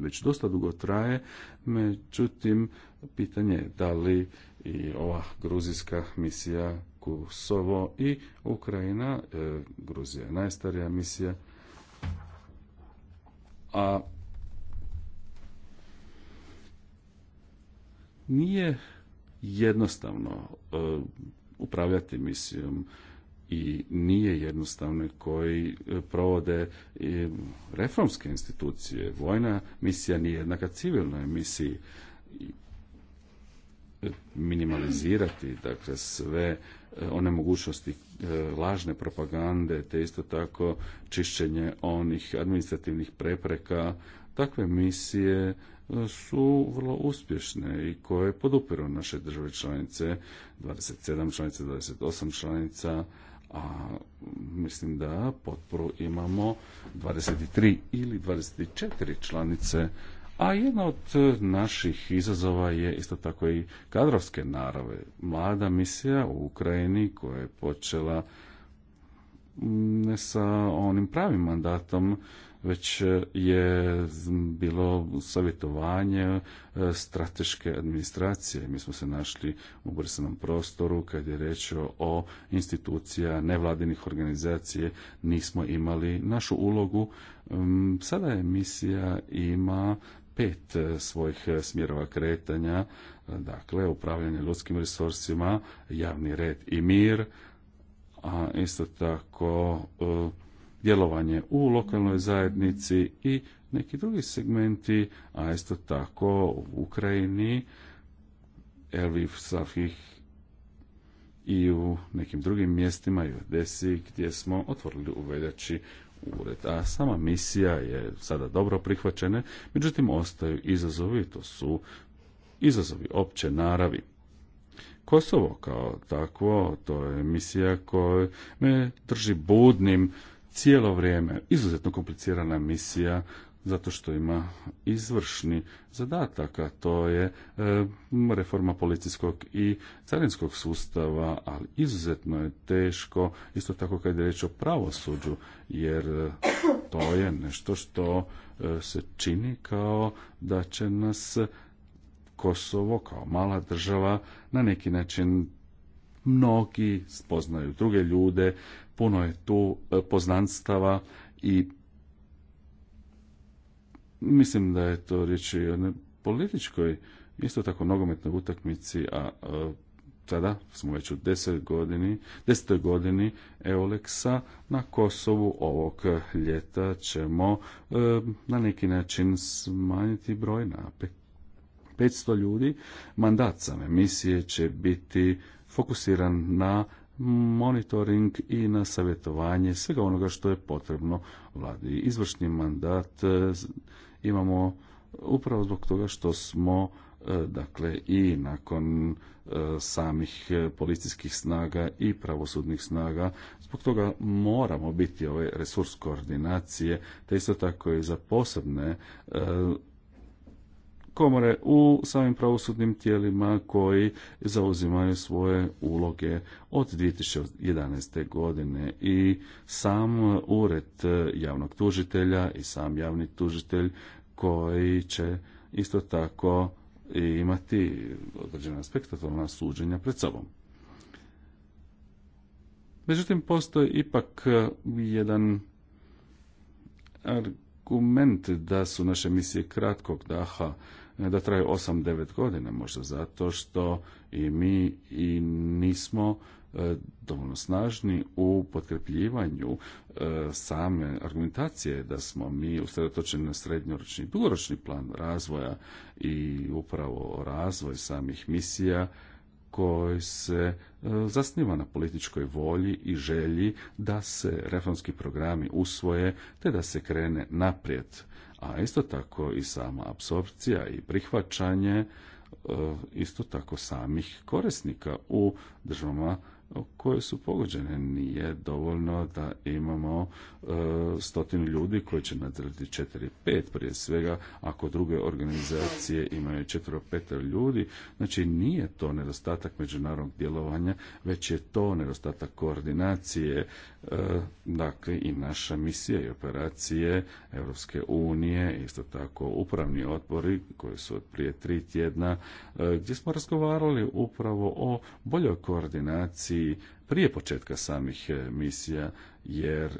već dosta dugo traje, međutim, pitanje je da li i ova gruzijska misija Kosovo i Ukrajina, e, Gruzija je najstarija misija, a nije jednostavno e, upravljati misijom i nije jednostavne koji e, provode e, reformske institucije. Vojna misija nije jednaka civilnoj misiji e, minimalizirati dakle sve one mogućnosti lažne propagande te isto tako čišćenje onih administrativnih prepreka takve misije su vrlo uspješne i koje podupiru naše države članice 27 članica 28 članica a mislim da potporu imamo 23 ili 24 članice, a jedna od e, naših izazova je isto tako i kadrovske narave. Mlada misija u Ukrajini koja je počela ne sa onim pravim mandatom već e, je bilo savjetovanje e, strateške administracije. Mi smo se našli u ubrsanom prostoru kad je reč o institucija nevladinih organizacije. Nismo imali našu ulogu. Sada emisija ima pet e, svojih smjerova kretanja, dakle upravljanje ljudskim resursima, javni red i mir, a isto tako djelovanje u lokalnoj zajednici i neki drugi segmenti, a isto tako u Ukrajini, Elviv, Safih i u nekim drugim mjestima i u Desi gdje smo otvorili u veljači ured. A sama misija je sada dobro prihvaćena, međutim ostaju izazovi, to su izazovi opće naravi. Kosovo kao takvo, to je misija koja me drži budnim cijelo vrijeme. Izuzetno komplicirana misija zato što ima izvršni zadatak, a to je e, reforma policijskog i carinskog sustava, ali izuzetno je teško, isto tako kad je reč o pravosuđu, jer e, to je nešto što e, se čini kao da će nas Kosovo kao mala država na neki način mnogi spoznaju druge ljude, puno je tu e, poznanstava i mislim da je to riječ i o političkoj, isto tako nogometnoj utakmici, a e, tada smo već u deset godini, desetoj godini na Kosovu ovog ljeta ćemo e, na neki način smanjiti broj na 500 ljudi. Mandat same misije će biti fokusiran na monitoring i na savjetovanje svega onoga što je potrebno vladi. Izvršni mandat e, imamo upravo zbog toga što smo e, dakle i nakon e, samih policijskih snaga i pravosudnih snaga. Zbog toga moramo biti ovaj resurs koordinacije, te isto tako i za posebne komore u samim pravosudnim tijelima koji zauzimaju svoje uloge od 2011. godine i sam ured javnog tužitelja i sam javni tužitelj koji će isto tako imati određena spektakularna suđenja pred sobom. Međutim, postoji ipak jedan argument da su naše misije kratkog daha, da traju 8-9 godina, možda zato što i mi i nismo e, dovoljno snažni u potkrepljivanju e, same argumentacije da smo mi usredotočeni na srednjoročni i dugoročni plan razvoja i upravo razvoj samih misija koji se e, zasniva na političkoj volji i želji da se reformski programi usvoje te da se krene naprijed. A isto tako i sama apsorpcija i prihvaćanje e, isto tako samih korisnika u državama koje su pogođene. Nije dovoljno da imamo e, stotinu ljudi koji će nadrediti četiri, pet prije svega, ako druge organizacije imaju četiri, pet ljudi. Znači nije to nedostatak međunarodnog djelovanja, već je to nedostatak koordinacije. E, dakle i naša misija i operacije Europske unije, isto tako upravni odbori koji su od prije tri tjedna, e, gdje smo razgovarali upravo o boljoj koordinaciji i prije početka samih e, misija, jer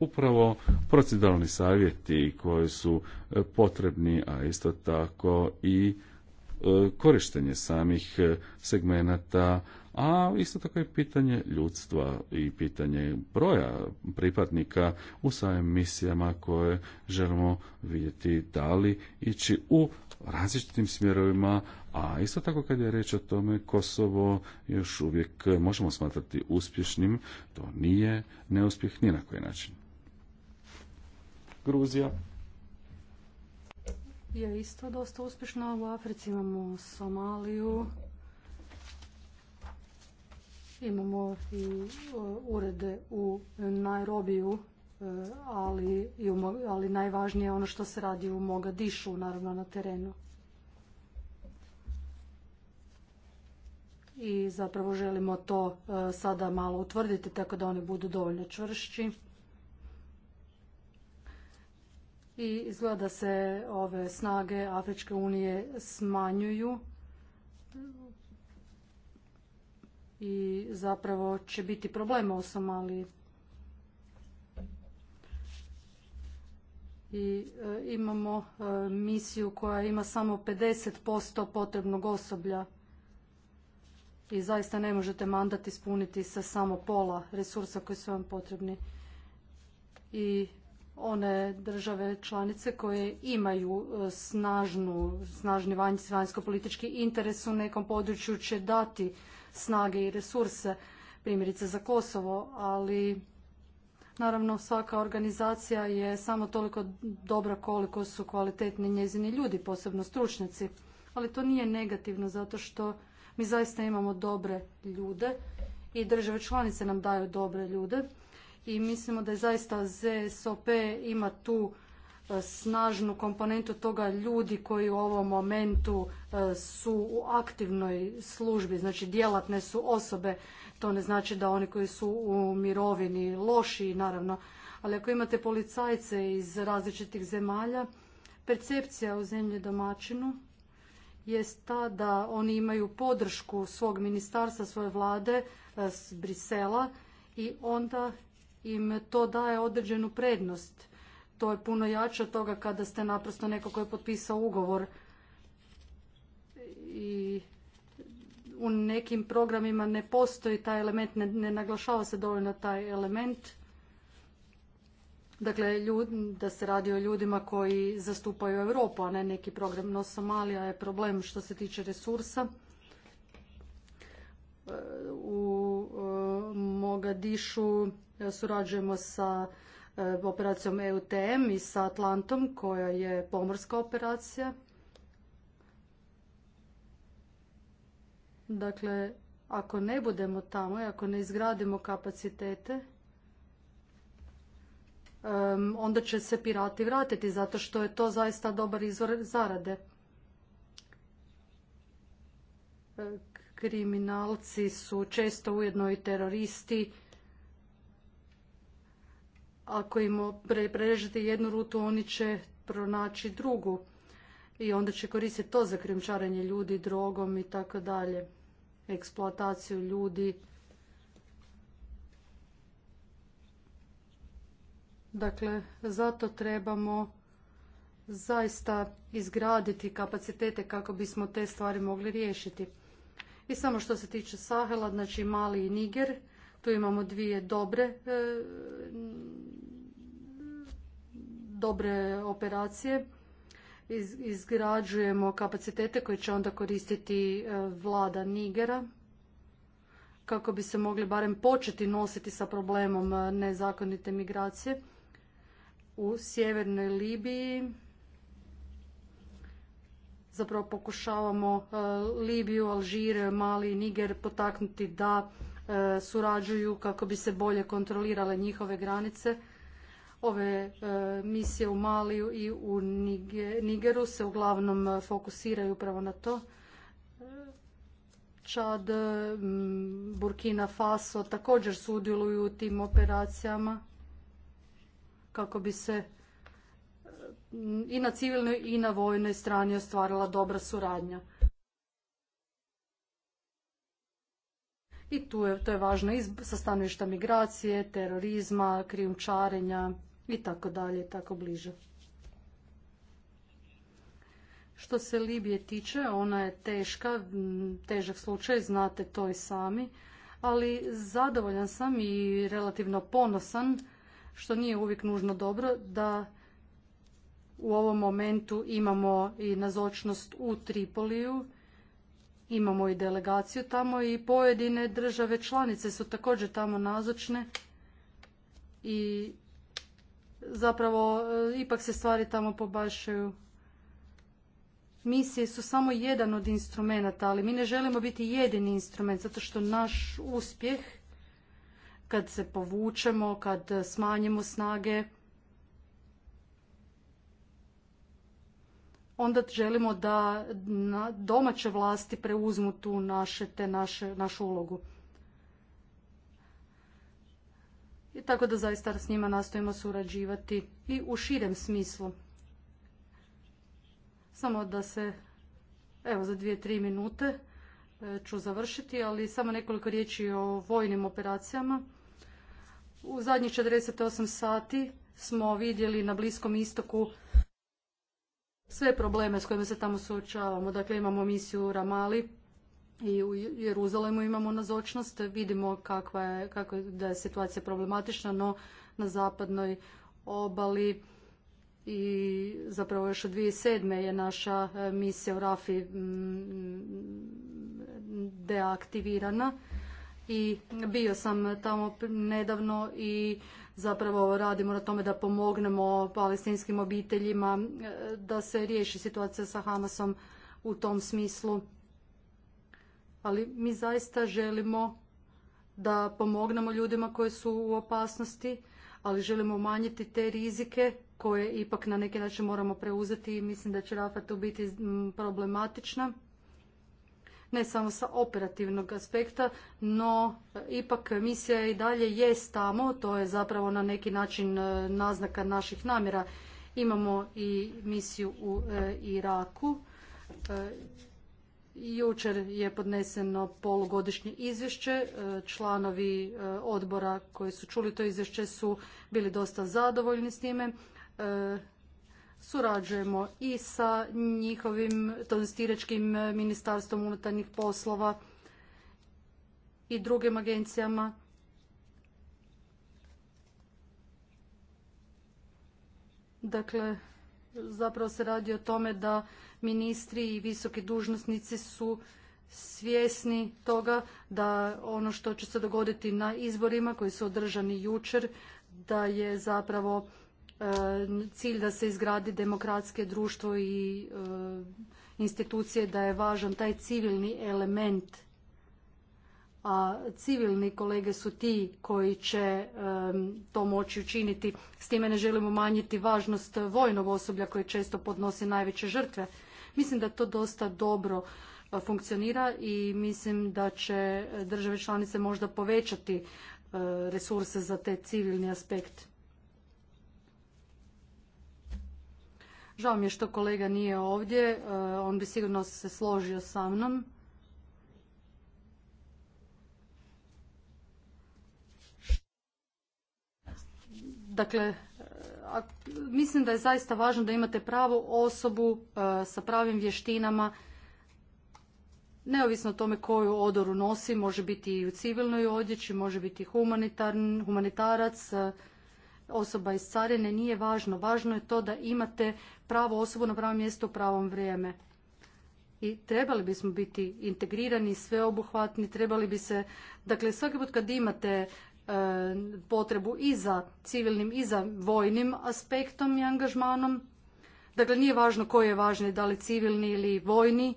upravo proceduralni savjeti koji su e, potrebni, a isto tako i e, korištenje samih segmenata, a isto tako i pitanje ljudstva i pitanje broja pripadnika u samim misijama koje želimo vidjeti da li ići u različitim smjerovima, a isto tako kad je reč o tome, Kosovo još uvijek možemo smatrati uspješnim, to nije neuspjeh ni na koji način. Gruzija je isto dosta uspješna. U Africi imamo Somaliju, imamo i e, urede u Nairobiju, e, ali, ali najvažnije je ono što se radi u Mogadišu, naravno na terenu. i zapravo želimo to e, sada malo utvrditi tako da oni budu dovoljno čvršći. I izgleda se ove snage Afričke unije smanjuju i zapravo će biti problema u Somaliji. i e, imamo e, misiju koja ima samo 50% potrebnog osoblja i zaista ne možete mandat ispuniti sa samo pola resursa koji su vam potrebni. I one države članice koje imaju e, snažnu, snažni vanj, vanjsko-politički interes u nekom području će dati snage i resurse, primjerice za Kosovo, ali naravno svaka organizacija je samo toliko dobra koliko su kvalitetni njezini ljudi, posebno stručnjaci. Ali to nije negativno zato što mi zaista imamo dobre ljude i države članice nam daju dobre ljude i mislimo da je zaista ZSOP ima tu e, snažnu komponentu toga ljudi koji u ovom momentu e, su u aktivnoj službi, znači djelatne su osobe. To ne znači da oni koji su u mirovini loši, naravno. Ali ako imate policajce iz različitih zemalja, percepcija u zemlji domaćinu jest ta da oni imaju podršku svog ministarstva, svoje vlade e, s Brisela i onda im to daje određenu prednost. To je puno jače od toga kada ste naprosto neko koji je potpisao ugovor i u nekim programima ne postoji taj element, ne, ne naglašava se dovoljno taj element Dakle, ljud, da se radi o ljudima koji zastupaju Europu, a ne neki program. No, Somalija je problem što se tiče resursa. U e, Mogadišu e, surađujemo sa e, operacijom EUTM i sa Atlantom, koja je pomorska operacija. Dakle, ako ne budemo tamo i ako ne izgradimo kapacitete, onda će se pirati vratiti zato što je to zaista dobar izvor zarade. E, kriminalci su često ujedno i teroristi. Ako im prerežete jednu rutu, oni će pronaći drugu i onda će koristiti to za krijumčarenje ljudi drogom i tako dalje, eksploataciju ljudi Dakle, zato trebamo zaista izgraditi kapacitete kako bismo te stvari mogli riješiti. I samo što se tiče Sahela, znači Mali i Niger, tu imamo dvije dobre, e, dobre operacije. izgrađujemo kapacitete koje će onda koristiti e, vlada Nigera kako bi se mogli barem početi nositi sa problemom e, nezakonite migracije u sjevernoj Libiji. Zapravo pokušavamo e, Libiju, Alžir, Mali i Niger potaknuti da e, surađuju kako bi se bolje kontrolirale njihove granice. Ove e, misije u Maliju i u Nigeru se uglavnom fokusiraju upravo na to. Čad, Burkina Faso također sudjeluju u tim operacijama kako bi se mm, i na civilnoj i na vojnoj strani ostvarila dobra suradnja. I tu je, to je važno i sa stanovišta migracije, terorizma, krijumčarenja i tako dalje, tako bliže. Što se Libije tiče, ona je teška, težak slučaj, znate to i sami, ali zadovoljan sam i relativno ponosan što nije uvijek nužno dobro da u ovom momentu imamo i nazočnost u Tripoliju, imamo i delegaciju tamo i pojedine države članice su također tamo nazočne i zapravo e, ipak se stvari tamo pobašaju. Misije su samo jedan od instrumenata, ali mi ne želimo biti jedini instrument, zato što naš uspjeh kad se povučemo, kad smanjimo snage, onda želimo da domaće vlasti preuzmu tu naše, te naše, našu ulogu. I tako da zaista s njima nastojimo surađivati i u širem smislu. Samo da se, evo za dvije, tri minute e, ću završiti, ali samo nekoliko riječi o vojnim operacijama. U zadnjih 48 sati smo vidjeli na Bliskom istoku sve probleme s kojima se tamo suočavamo. Dakle, imamo misiju u Ramali i u Jeruzalemu imamo nazočnost. Vidimo kakva je, kako, da je situacija problematična, no na zapadnoj obali i zapravo još od 2007. je naša e, misija u Rafi deaktivirana i bio sam tamo nedavno i zapravo radimo na tome da pomognemo palestinskim obiteljima e, da se riješi situacija sa Hamasom u tom smislu. Ali mi zaista želimo da pomognemo ljudima koji su u opasnosti, ali želimo umanjiti te rizike koje ipak na neki način moramo preuzeti i mislim da će Rafa tu biti problematična ne samo sa operativnog aspekta, no e, ipak misija i dalje jest tamo, to je zapravo na neki način e, naznaka naših namjera. Imamo i misiju u e, Iraku. Jučer je podneseno polugodišnje izvješće. Članovi odbora koji su čuli to izvješće su bili dosta zadovoljni s time surađujemo i sa njihovim tonstiračkim ministarstvom unutarnjih poslova i drugim agencijama. Dakle, zapravo se radi o tome da ministri i visoki dužnosnici su svjesni toga da ono što će se dogoditi na izborima koji su održani jučer, da je zapravo E, cilj da se izgradi demokratske društvo i e, institucije da je važan taj civilni element a civilni kolege su ti koji će e, to moći učiniti. S time ne želimo manjiti važnost vojnog osoblja koje često podnosi najveće žrtve. Mislim da to dosta dobro funkcionira i mislim da će države članice možda povećati resurse za te civilni aspekt. Žao mi je što kolega nije ovdje, e, on bi sigurno se složio sa mnom. Dakle, e, mislim da je zaista važno da imate pravu osobu e, sa pravim vještinama, neovisno o tome koju odoru nosi, može biti i u civilnoj odjeći, može biti i humanitarac, osoba iz carine nije važno. Važno je to da imate pravo osobu na pravo mjesto u pravom vrijeme. I trebali bismo biti integrirani, sveobuhvatni, trebali bi se, dakle svaki put kad imate e, potrebu i za civilnim i za vojnim aspektom i angažmanom. Dakle, nije važno koji je važni, da li civilni ili vojni.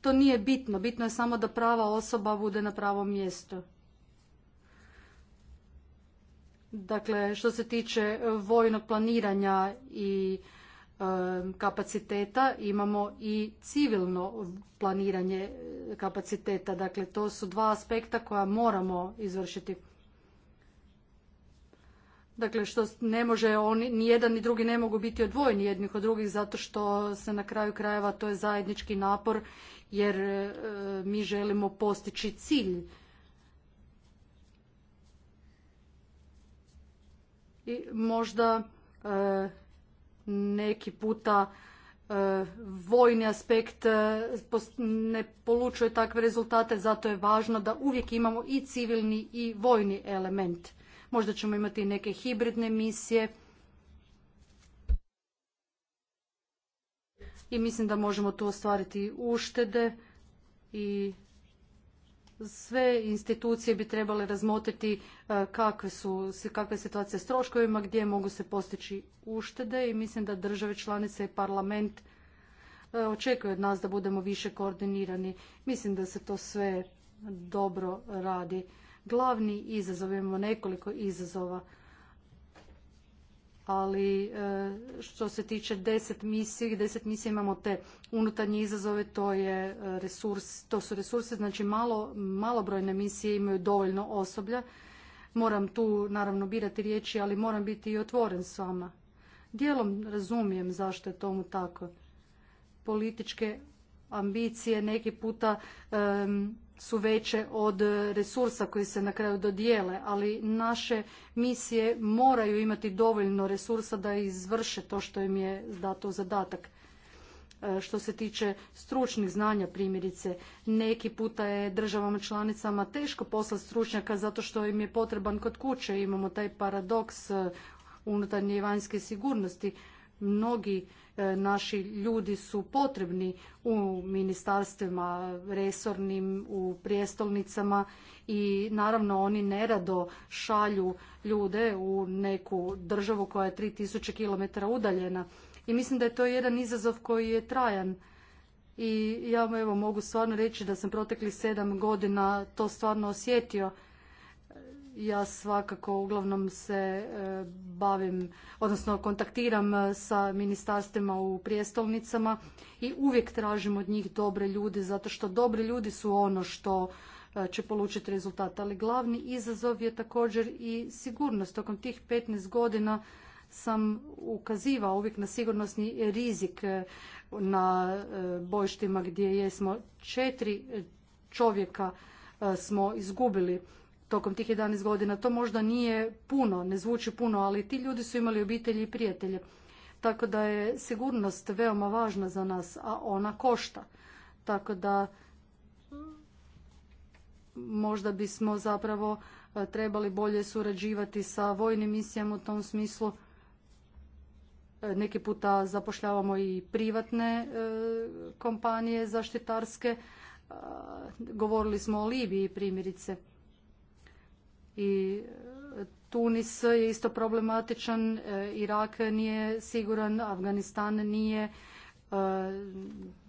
To nije bitno. Bitno je samo da prava osoba bude na pravom mjestu. Dakle, što se tiče e, vojnog planiranja i e, kapaciteta, imamo i civilno planiranje e, kapaciteta. Dakle, to su dva aspekta koja moramo izvršiti. Dakle, što ne može, oni, ni jedan ni drugi ne mogu biti odvojeni jednih od drugih zato što se na kraju krajeva to je zajednički napor jer mi želimo postići cilj možda e, neki puta e, vojni aspekt e, ne polučuje takve rezultate, zato je važno da uvijek imamo i civilni i vojni element. Možda ćemo imati neke hibridne misije. I mislim da možemo tu ostvariti uštede i sve institucije bi trebale razmotriti e, kakve su kakve situacije s troškovima, gdje mogu se postići uštede i mislim da države članice i parlament e, očekuju od nas da budemo više koordinirani. Mislim da se to sve dobro radi. Glavni izazov, imamo nekoliko izazova ali e, što se tiče deset misija, deset misija imamo te unutarnje izazove, to, je e, resurs, to su resursi, znači malo, malobrojne misije imaju dovoljno osoblja. Moram tu naravno birati riječi, ali moram biti i otvoren s vama. Dijelom razumijem zašto je tomu tako. Političke ambicije neki puta su veće od resursa koji se na kraju dodijele, ali naše misije moraju imati dovoljno resursa da izvrše to što im je dato zadatak. E, što se tiče stručnih znanja primjerice, neki puta je državama članicama teško poslati stručnjaka zato što im je potreban kod kuće. Imamo taj paradoks e, unutarnje i vanjske sigurnosti mnogi e, naši ljudi su potrebni u ministarstvima resornim, u prijestolnicama i naravno oni nerado šalju ljude u neku državu koja je 3000 km udaljena. I mislim da je to jedan izazov koji je trajan. I ja evo mogu stvarno reći da sam protekli sedam godina to stvarno osjetio ja svakako uglavnom se e, bavim, odnosno kontaktiram e, sa ministarstvima u prijestolnicama i uvijek tražim od njih dobre ljude, zato što dobri ljudi su ono što e, će polučiti rezultat. Ali glavni izazov je također i sigurnost. Tokom tih 15 godina sam ukazivao uvijek na sigurnosni rizik na bojštima gdje smo četiri čovjeka smo izgubili tokom tih 11 godina. To možda nije puno, ne zvuči puno, ali ti ljudi su imali obitelji i prijatelje. Tako da je sigurnost veoma važna za nas, a ona košta. Tako da možda bismo zapravo e, trebali bolje surađivati sa vojnim misijama u tom smislu. E, neki puta zapošljavamo i privatne e, kompanije zaštitarske. Govorili smo o Libiji primjerice i e, Tunis je isto problematičan, e, Irak nije siguran, Afganistan nije. E,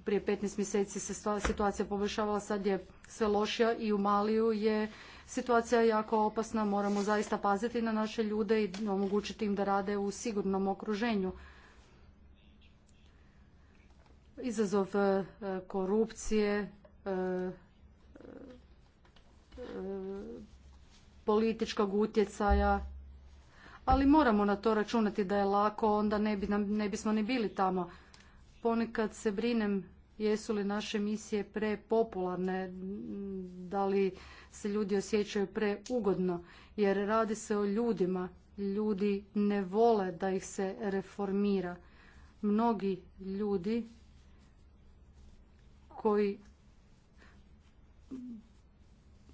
prije 15 mjeseci se situacija poboljšavala, sad je sve lošija i u Maliju je situacija jako opasna. Moramo zaista paziti na naše ljude i omogućiti im da rade u sigurnom okruženju. Izazov korupcije, političkog utjecaja, ali moramo na to računati da je lako, onda ne, bi, ne bismo ni bili tamo. Ponekad se brinem jesu li naše misije prepopularne, da li se ljudi osjećaju preugodno, jer radi se o ljudima. Ljudi ne vole da ih se reformira. Mnogi ljudi koji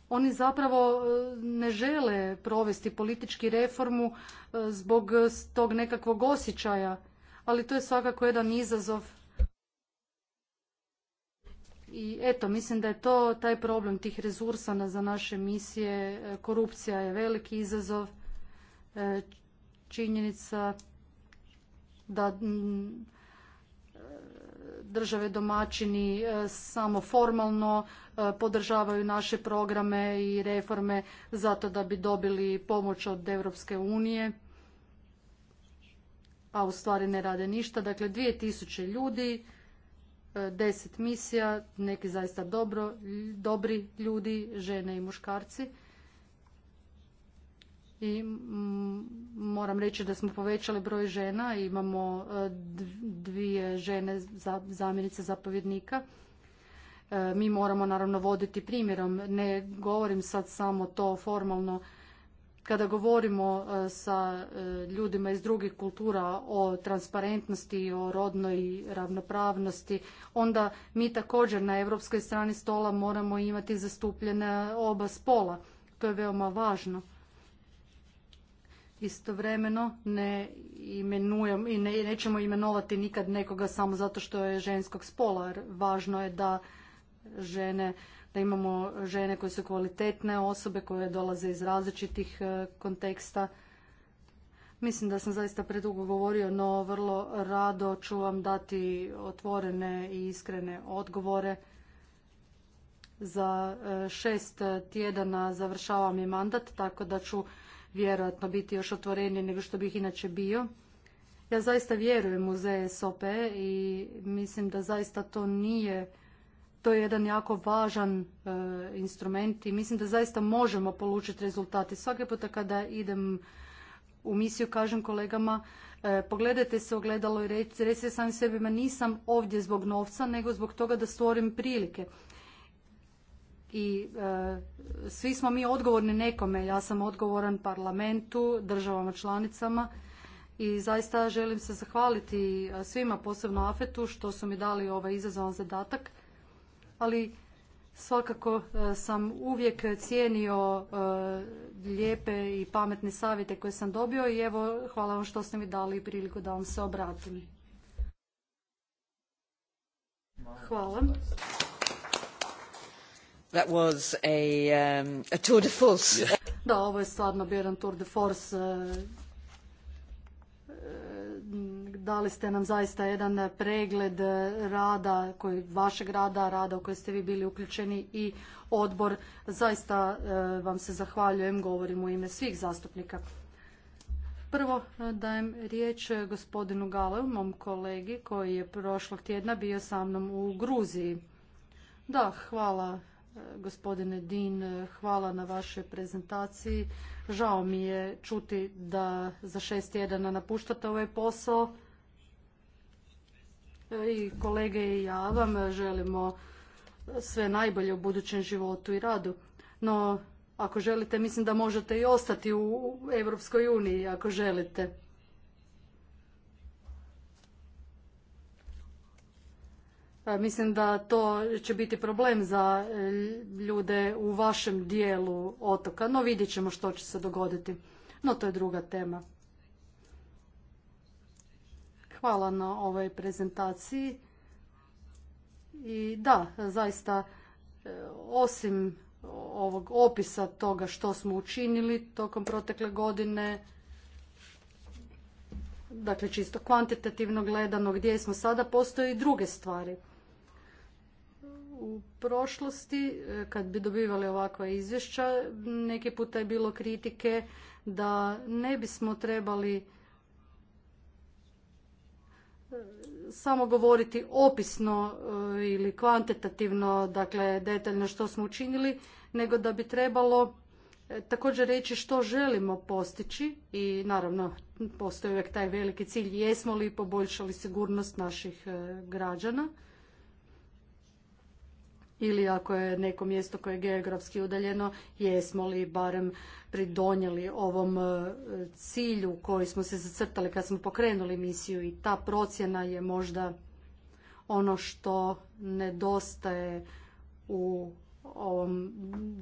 oni zapravo e, ne žele provesti politički reformu e, zbog tog nekakvog osjećaja, ali to je svakako jedan izazov. I eto, mislim da je to taj problem tih resursa za naše misije. E, korupcija je veliki izazov. Činjenica da države domaćini e, samo formalno e, podržavaju naše programe i reforme zato da bi dobili pomoć od Europske unije, a u stvari ne rade ništa. Dakle, tisuće ljudi, e, deset misija, neki zaista dobro, dobri ljudi, žene i muškarci i mm, moram reći da smo povećali broj žena, imamo e, dvije žene zamjenice zapovjednika. E, mi moramo naravno voditi primjerom, ne govorim sad samo to formalno, kada govorimo e, sa ljudima iz drugih kultura o transparentnosti, o rodnoj ravnopravnosti, onda mi također na europskoj strani stola moramo imati zastupljene oba spola. To je veoma važno istovremeno ne imenujem i ne, nećemo imenovati nikad nekoga samo zato što je ženskog spola. jer Važno je da žene da imamo žene koje su kvalitetne osobe koje dolaze iz različitih e, konteksta. Mislim da sam zaista predugo govorio, no vrlo rado ću vam dati otvorene i iskrene odgovore. Za e, šest tjedana završavam i mandat, tako da ću vjerojatno biti još otvoreniji nego što bih inače bio. Ja zaista vjerujem u ZSOP i mislim da zaista to nije, to je jedan jako važan e, instrument i mislim da zaista možemo polučiti rezultate. Svaki puta kada idem u misiju kažem kolegama e, pogledajte se ogledalo i recite sami sebi ma nisam ovdje zbog novca nego zbog toga da stvorim prilike i e, svi smo mi odgovorni nekome. Ja sam odgovoran parlamentu, državama članicama i zaista želim se zahvaliti e, svima, posebno Afetu, što su mi dali ovaj izazovan zadatak. Ali svakako e, sam uvijek cijenio lijepe i pametne savjete koje sam dobio i evo hvala vam što ste mi dali priliku da vam se obratim. Hvala. That um, Da, ovo je stvarno bio jedan tour de force. E, e, dali ste nam zaista jedan pregled rada, koji, vašeg rada, rada u kojoj ste vi bili uključeni i odbor. Zaista e, vam se zahvaljujem, govorim u ime svih zastupnika. Prvo dajem riječ gospodinu Galeu, mom kolegi koji je prošlog tjedna bio sa mnom u Gruziji. Da, hvala Gospodine Din, hvala na vašoj prezentaciji. Žao mi je čuti da za šest tjedana napuštate ovaj posao. I kolege i ja vam želimo sve najbolje u budućem životu i radu. No, ako želite, mislim da možete i ostati u Europskoj uniji ako želite. E, mislim da to će biti problem za e, ljude u vašem dijelu otoka, no vidjet ćemo što će se dogoditi. No to je druga tema. Hvala na ovoj prezentaciji. I da, zaista, e, osim ovog opisa toga što smo učinili tokom protekle godine, dakle čisto kvantitativno gledano gdje smo sada, postoje i druge stvari u prošlosti e, kad bi dobivali ovakva izvješća neki puta je bilo kritike da ne bismo trebali e, samo govoriti opisno e, ili kvantitativno, dakle detaljno što smo učinili, nego da bi trebalo također reći što želimo postići i naravno postoji uvijek taj veliki cilj jesmo li poboljšali sigurnost naših građana ili ako je neko mjesto koje je geografski udaljeno, jesmo li barem pridonijeli ovom e, cilju koji smo se zacrtali kad smo pokrenuli misiju i ta procjena je možda ono što nedostaje u ovom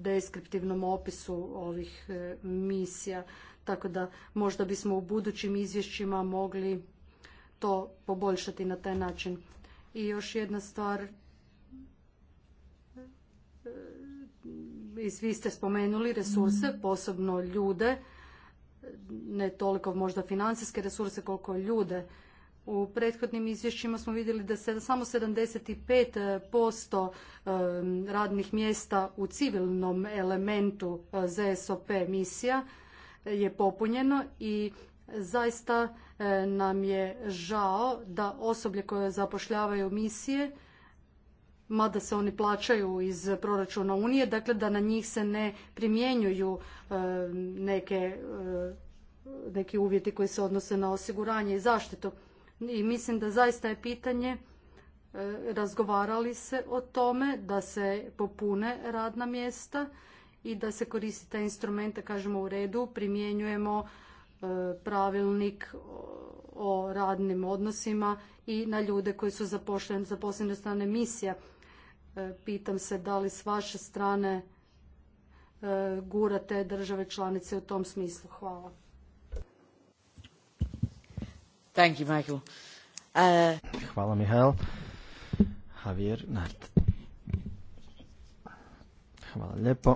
deskriptivnom opisu ovih e, misija. Tako da možda bismo u budućim izvješćima mogli to poboljšati na taj način. I još jedna stvar, i svi ste spomenuli resurse, mm. posebno ljude, ne toliko možda financijske resurse koliko ljude. U prethodnim izvješćima smo vidjeli da se samo 75% radnih mjesta u civilnom elementu eh, ZSOP misija eh, je popunjeno i zaista eh, nam je žao da osoblje koje zapošljavaju misije mada se oni plaćaju iz proračuna Unije, dakle da na njih se ne primjenjuju e, neke, e, neki uvjeti koji se odnose na osiguranje i zaštitu. I mislim da zaista je pitanje e, razgovarali se o tome da se popune radna mjesta i da se koristi te instrumente, kažemo u redu, primjenjujemo pravilnik o radnim odnosima i na ljude koji su zaposleni od strane misija. E, pitam se da li s vaše strane e, gurate države članice u tom smislu. Hvala. Thank you, Michael. E, Hvala, Mihael. Javier Nart. Hvala lijepo.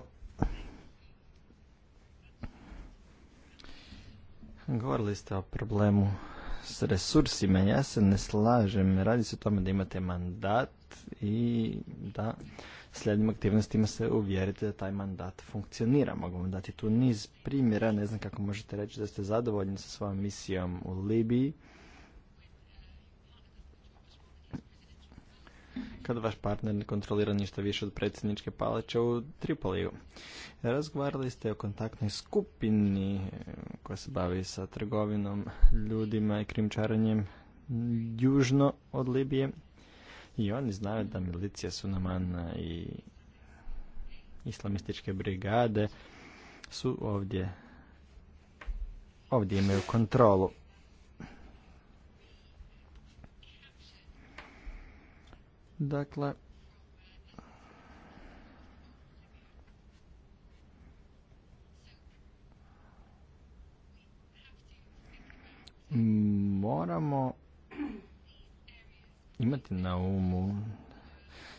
Govorili ste o problemu s resursima. Ja se ne slažem. Radi se o tome da imate mandat i da slijednim aktivnostima se uvjerite da taj mandat funkcionira. Mogu vam dati tu niz primjera, ne znam kako možete reći da ste zadovoljni sa svojom misijom u Libiji. kada vaš partner ne kontrolira ništa više od predsjedničke palače u Tripoliju. Razgovarali ste o kontaktnoj skupini eh, koja se bavi sa trgovinom ljudima i krimčaranjem južno od Libije. I oni znaju da milicija namana i islamističke brigade su ovdje ovdje imaju kontrolu. Dakle, moramo imati na umu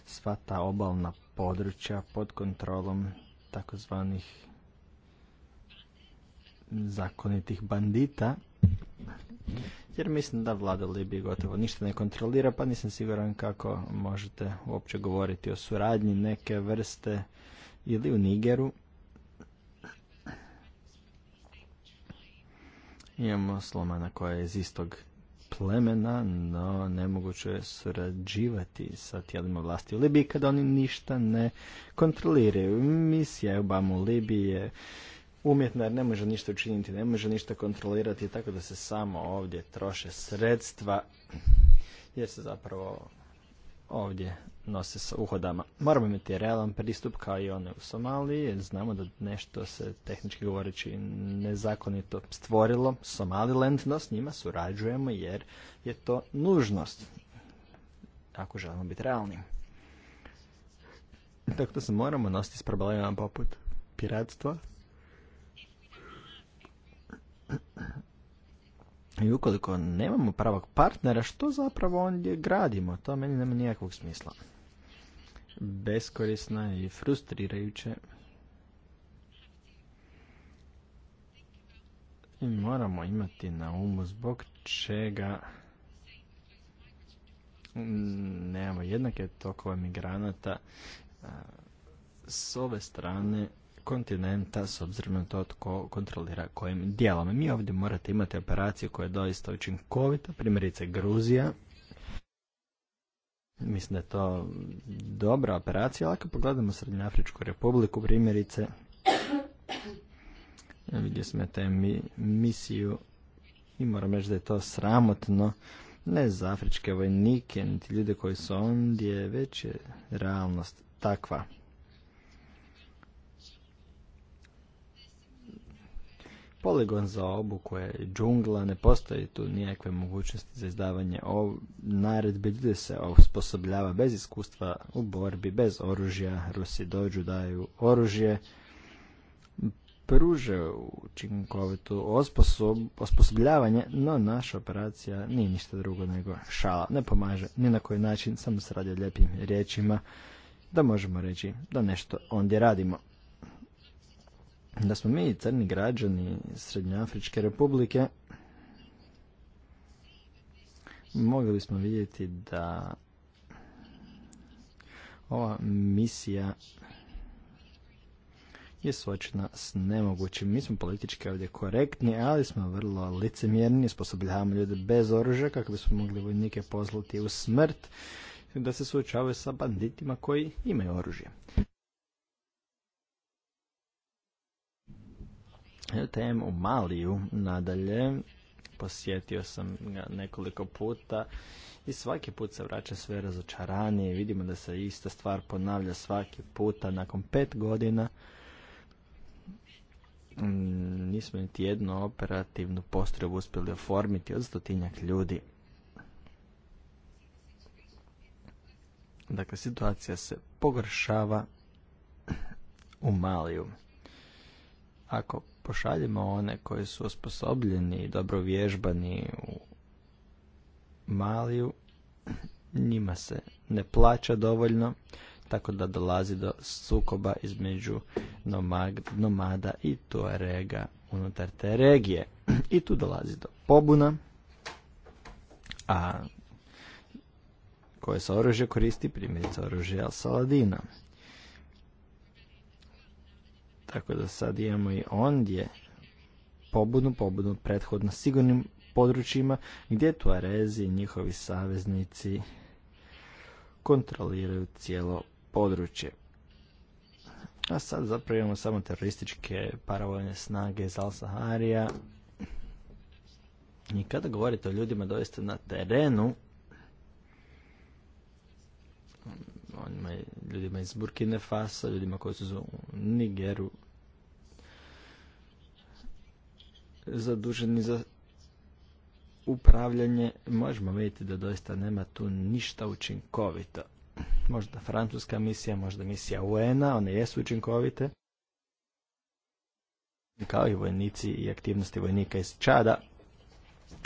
sva ta obalna područja pod kontrolom takozvanih zakonitih bandita jer mislim da vlada Libije gotovo ništa ne kontrolira pa nisam siguran kako možete uopće govoriti o suradnji neke vrste ili u Nigeru imamo slomana koja je iz istog plemena, no nemoguće je surađivati sa tijelima vlasti u Libiji kada oni ništa ne kontroliraju. Misija Obama u Libiji je umjetna jer ne može ništa učiniti, ne može ništa kontrolirati, tako da se samo ovdje troše sredstva jer se zapravo ovdje nose sa uhodama. Moramo imati realan pristup kao i one u Somaliji, jer znamo da nešto se tehnički govoreći nezakonito stvorilo. Somaliland, no s njima surađujemo jer je to nužnost. Ako želimo biti realni. Tako da se moramo nositi s problemima poput piratstva. I ukoliko nemamo pravog partnera, što zapravo ondje gradimo? To meni nema nijakvog smisla. Beskorisna i frustrirajuće. I moramo imati na umu zbog čega nemamo jednake tokova migranata s ove strane kontinenta s obzirom na to tko kontrolira kojim dijelom. Mi ovdje morate imati operaciju koja je doista učinkovita, primjerice Gruzija. Mislim da je to dobra operacija, ali ako pogledamo Srednjoafričku republiku, primjerice, vidio smo te misiju i moram reći da je to sramotno ne za afričke vojnike, niti ljude koji su ondje, već je realnost takva. poligon za obuku je džungla, ne postoji tu nijakve mogućnosti za izdavanje naredbe naredbi, ljudi se osposobljava bez iskustva u borbi, bez oružja, Rusi dođu, daju oružje, pruže učinkovitu osposobljavanje, no naša operacija nije ništa drugo nego šala, ne pomaže ni na koji način, samo se radi o lijepim riječima da možemo reći da nešto ondje radimo da smo mi crni građani Srednjoafričke republike mogli bismo vidjeti da ova misija je suočena s nemogućim. Mi smo politički ovdje korektni, ali smo vrlo licemjerni, sposobljavamo ljude bez oružja kako bismo mogli vojnike poslati u smrt da se suočavaju sa banditima koji imaju oružje. tem u Maliju nadalje. Posjetio sam ga nekoliko puta i svaki put se vraća sve razočaranije. Vidimo da se ista stvar ponavlja svaki puta. Nakon pet godina mm, nismo niti jednu operativnu postrojbu uspjeli oformiti od stotinjak ljudi. Dakle, situacija se pogoršava u Maliju. Ako pošaljimo one koji su osposobljeni i dobro vježbani u Maliju, njima se ne plaća dovoljno, tako da dolazi do sukoba između nomada i tuarega unutar te regije. I tu dolazi do pobuna, a koje se oružje koristi primjerice oružje Saladina. Tako da sad imamo i ondje pobudnu pobudnu prethodno sigurnim područjima gdje Tuarezi i njihovi saveznici kontroliraju cijelo područje. A sad zapravo imamo samo terorističke paravojne snage iz Al-Saharija. I kada govorite o ljudima doista na terenu, ljudima iz Burkine Faso, ljudima koji su za Nigeru zaduženi za upravljanje, možemo vidjeti da doista nema tu ništa učinkovito. Možda francuska misija, možda misija UN-a, one jesu učinkovite. Kao i vojnici i aktivnosti vojnika iz Čada,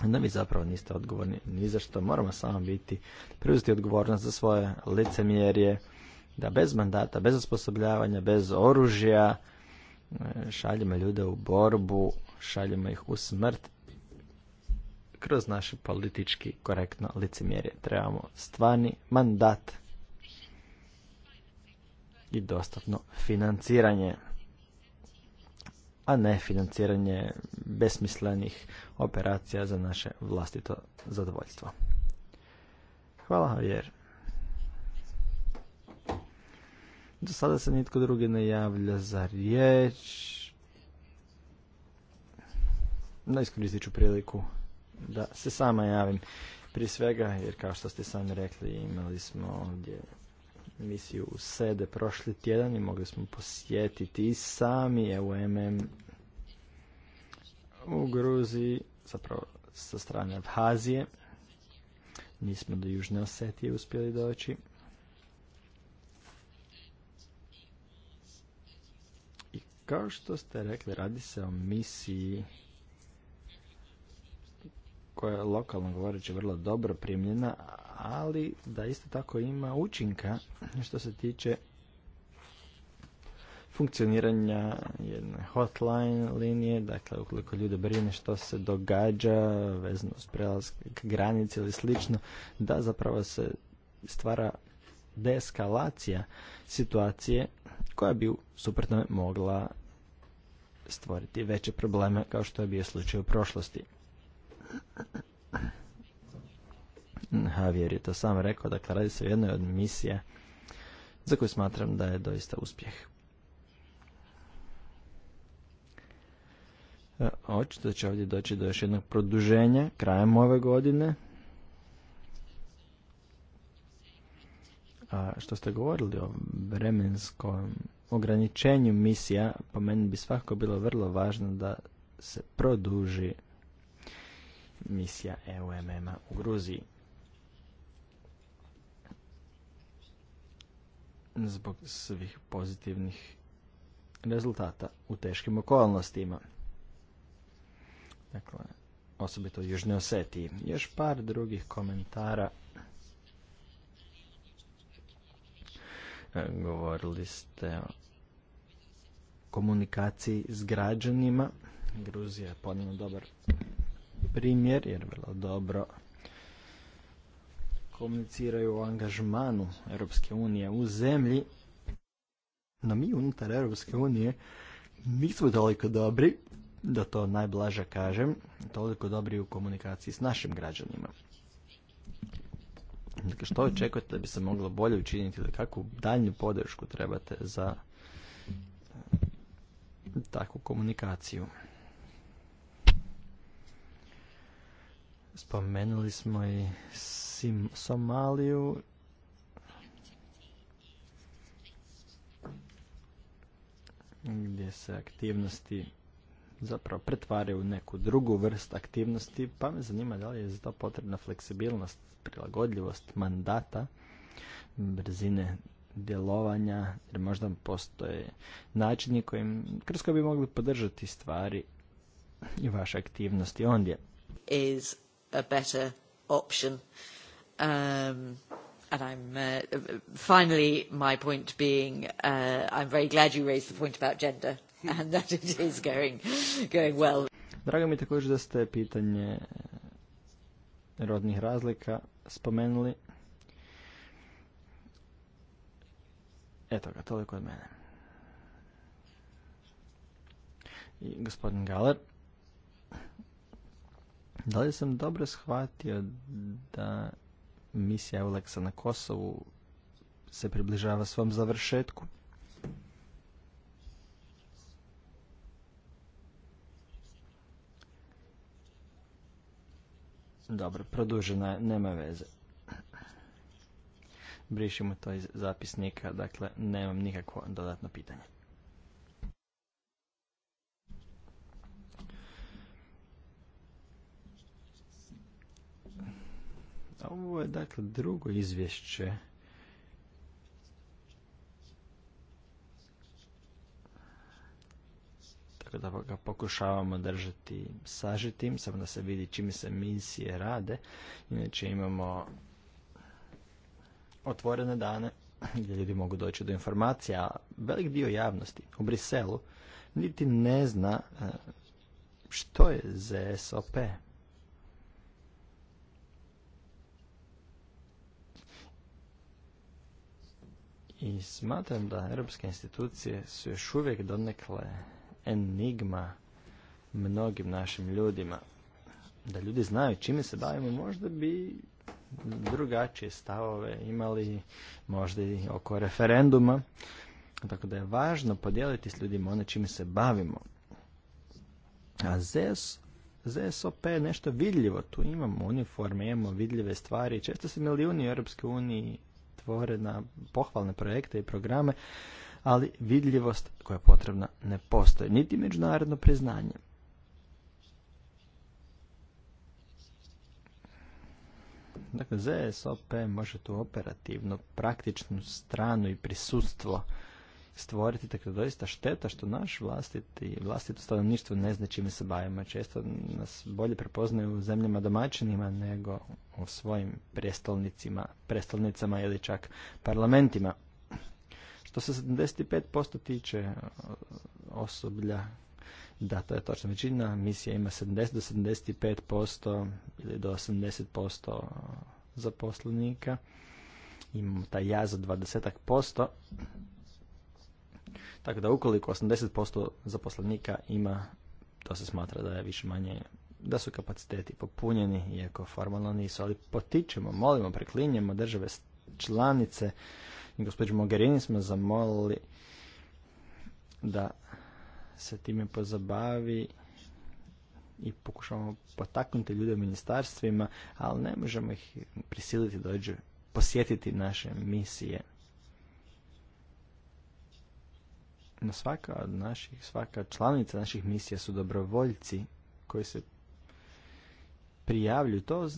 onda vi zapravo niste odgovorni ni za što. Moramo samo biti, preuzeti odgovornost za svoje licemjerje, da bez mandata, bez osposobljavanja, bez oružja e, šaljemo ljude u borbu, šaljemo ih u smrt kroz naše politički korektno licemjerje. Trebamo stvarni mandat i dostatno financiranje a ne financiranje besmislenih operacija za naše vlastito zadovoljstvo. Hvala Javier. Do sada se nitko drugi ne javlja za riječ. No, iskoristit ću priliku da se sama javim. Prije svega, jer kao što ste sami rekli, imali smo ovdje misiju u Sede prošli tjedan i mogli smo posjetiti i sami MM u Gruziji, zapravo sa strane Abhazije. Nismo do Južne Osetije uspjeli doći. I kao što ste rekli, radi se o misiji koja je lokalno govoreći vrlo dobro primljena, ali da isto tako ima učinka što se tiče funkcioniranja jedne hotline linije, dakle ukoliko ljude brine što se događa vezano s prelaskom granice ili slično, da zapravo se stvara deeskalacija situacije koja bi suprotno mogla stvoriti veće probleme kao što je bio slučaj u prošlosti. Javier je to sam rekao, dakle radi se o jednoj od misije za koju smatram da je doista uspjeh. E, očito će ovdje doći do još jednog produženja krajem ove godine. A što ste govorili o vremenskom ograničenju misija, po meni bi svakako bilo vrlo važno da se produži misija EUMM-a u Gruziji. Zbog svih pozitivnih rezultata u teškim okolnostima. Dakle, osobito u Južnoj Osetiji. Još par drugih komentara. E, govorili ste o komunikaciji s građanima. Gruzija je ponovno dobar primjer jer vrlo dobro komuniciraju o angažmanu Europske unije u zemlji, no mi unutar Europske unije nismo toliko dobri, da to najblaže kažem, toliko dobri u komunikaciji s našim građanima. Dakle, što očekujete da bi se moglo bolje učiniti ili kakvu daljnju podršku trebate za eh, takvu komunikaciju? Spomenuli smo i Sim Somaliju. gdje se aktivnosti zapravo pretvaraju u neku drugu vrst aktivnosti, pa me zanima da li je za to potrebna fleksibilnost, prilagodljivost mandata, brzine djelovanja, jer možda postoje načini kojim, kroz koje bi mogli podržati stvari i vaše aktivnosti ondje. Is a better option. Um, and I'm uh, finally my point being uh, I'm very glad you raised the point about gender hmm. *laughs* and that it is going, going well. Drago mi također da ste pitanje rodnih razlika spomenuli. Eto ga, toliko od mene. I gospodin Galer. Da li sam dobro shvatio da misija Euleksa na Kosovu se približava svom završetku? Dobro, produžena je, nema veze. Brišimo to iz zapisnika, dakle nemam nikakvo dodatno pitanje. Ovo je dakle drugo izvješće tako da ga pokušavamo držati sažitim, samo da se vidi čime se misije rade. Inače imamo otvorene dane gdje ljudi mogu doći do informacija. Velik dio javnosti u Briselu niti ne zna e, što je ZSOP. I smatram da europske institucije su još uvijek donekle enigma mnogim našim ljudima. Da ljudi znaju čime se bavimo, možda bi drugačije stavove imali, možda i oko referenduma. Tako da je važno podijeliti s ljudima ono čime se bavimo. A ZS, ZSOP je nešto vidljivo. Tu imamo uniforme, imamo vidljive stvari. Često se milijuni u Europskoj uniji otvore na pohvalne projekte i programe, ali vidljivost koja je potrebna ne postoji, niti međunarodno priznanje. Dakle, ZSOP može tu operativno, praktičnu stranu i prisustvo stvoriti, tako da doista šteta što naš vlastiti, vlastito stanovništvo ne zna čime se bavimo. Često nas bolje prepoznaju u zemljama domaćinima nego u svojim prestolnicima, prestolnicama ili čak parlamentima. Što se 75% tiče e, osoblja, da, to je točno većina, misija ima 70 do 75% ili do 80% zaposlenika. Imamo taj jaz od 20%. Tako da ukoliko 80% zaposlenika ima, to se smatra da je više manje da su kapaciteti popunjeni, iako formalno nisu, ali potičemo, molimo, preklinjemo države članice i gospođu Mogherini smo zamolili da se time pozabavi i pokušavamo potaknuti ljude u ministarstvima, ali ne možemo ih prisiliti dođu posjetiti naše misije na svaka od naših, svaka članica naših misija su dobrovoljci koji se prijavljuju. To,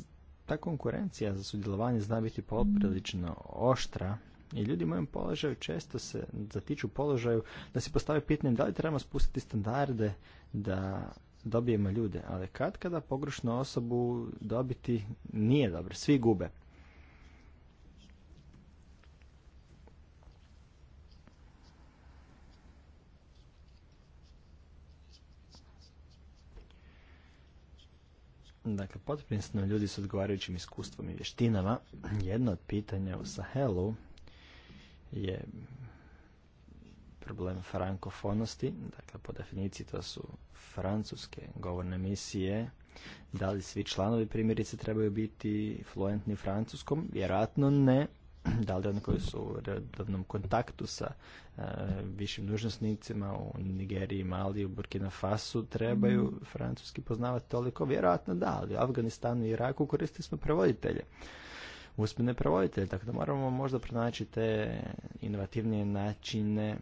ta konkurencija za sudjelovanje zna biti poprilično oštra i ljudi u mojem položaju često se zatiču položaju da se postave pitanje da li trebamo spustiti standarde da dobijemo ljude, ali kad kada pogrešnu osobu dobiti nije dobro, svi gube. Dakle, potrebni ljudi s odgovarajućim iskustvom i vještinama. Jedno od pitanja u Sahelu je problem frankofonosti. Dakle, po definiciji to su francuske govorne misije. Da li svi članovi primjerice trebaju biti fluentni francuskom? Vjerojatno ne da li oni koji su u redovnom kontaktu sa e, višim dužnosnicima u Nigeriji, u Burkina Fasu trebaju mhm. francuski poznavati toliko? Vjerojatno da, ali u Afganistanu i Iraku koristili smo prevoditelje uspjene prevoditelje, tako da moramo možda pronaći te inovativnije načine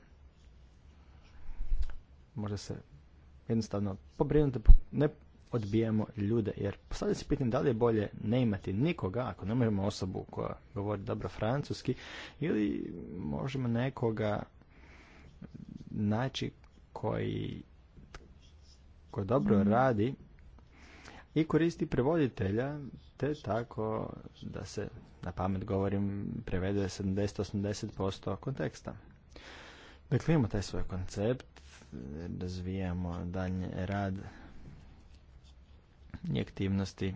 možda se jednostavno pobrinuti, ne odbijamo ljude. Jer sada se pitanje da li je bolje ne imati nikoga, ako ne možemo osobu koja govori dobro francuski, ili možemo nekoga naći koji, koji dobro mhm. radi i koristi prevoditelja, te tako da se, na pamet govorim, prevede 70-80% konteksta. Dakle, imamo taj svoj koncept, razvijamo daljnji rad i aktivnosti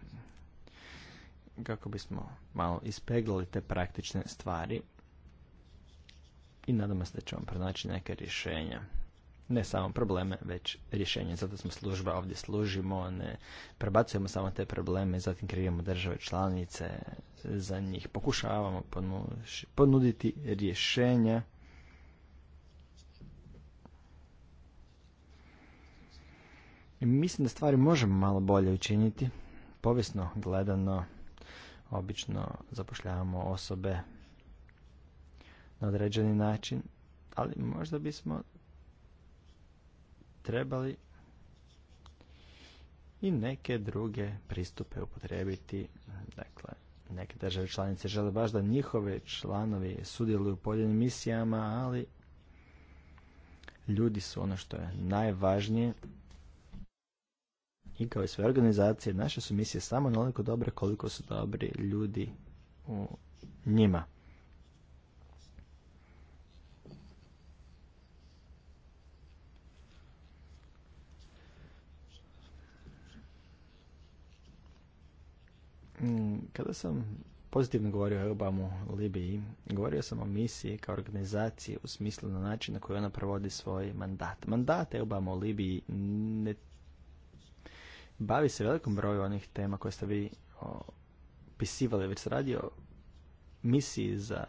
kako bismo malo ispeglali te praktične stvari i nadamo se da ćemo pronaći neke rješenja. Ne samo probleme, već rješenje. Zato smo služba, ovdje služimo, ne prebacujemo samo te probleme, zatim krivimo države članice, za njih pokušavamo ponuditi rješenja mislim da stvari možemo malo bolje učiniti. Povijesno gledano, obično zapošljavamo osobe na određeni način, ali možda bismo trebali i neke druge pristupe upotrijebiti. Dakle, neke države članice žele baš da njihove članovi sudjeluju u pojedinim misijama, ali ljudi su ono što je najvažnije i kao i sve organizacije, naše su misije samo onoliko dobre koliko su dobri ljudi u njima. Mm, kada sam pozitivno govorio o Obamu u Libiji, govorio sam o misiji kao organizaciji u smislu na način na koji ona provodi svoj mandat. Mandat Obama u Libiji ne bavi se velikom broju onih tema koje ste vi opisivali, već se radi o misiji za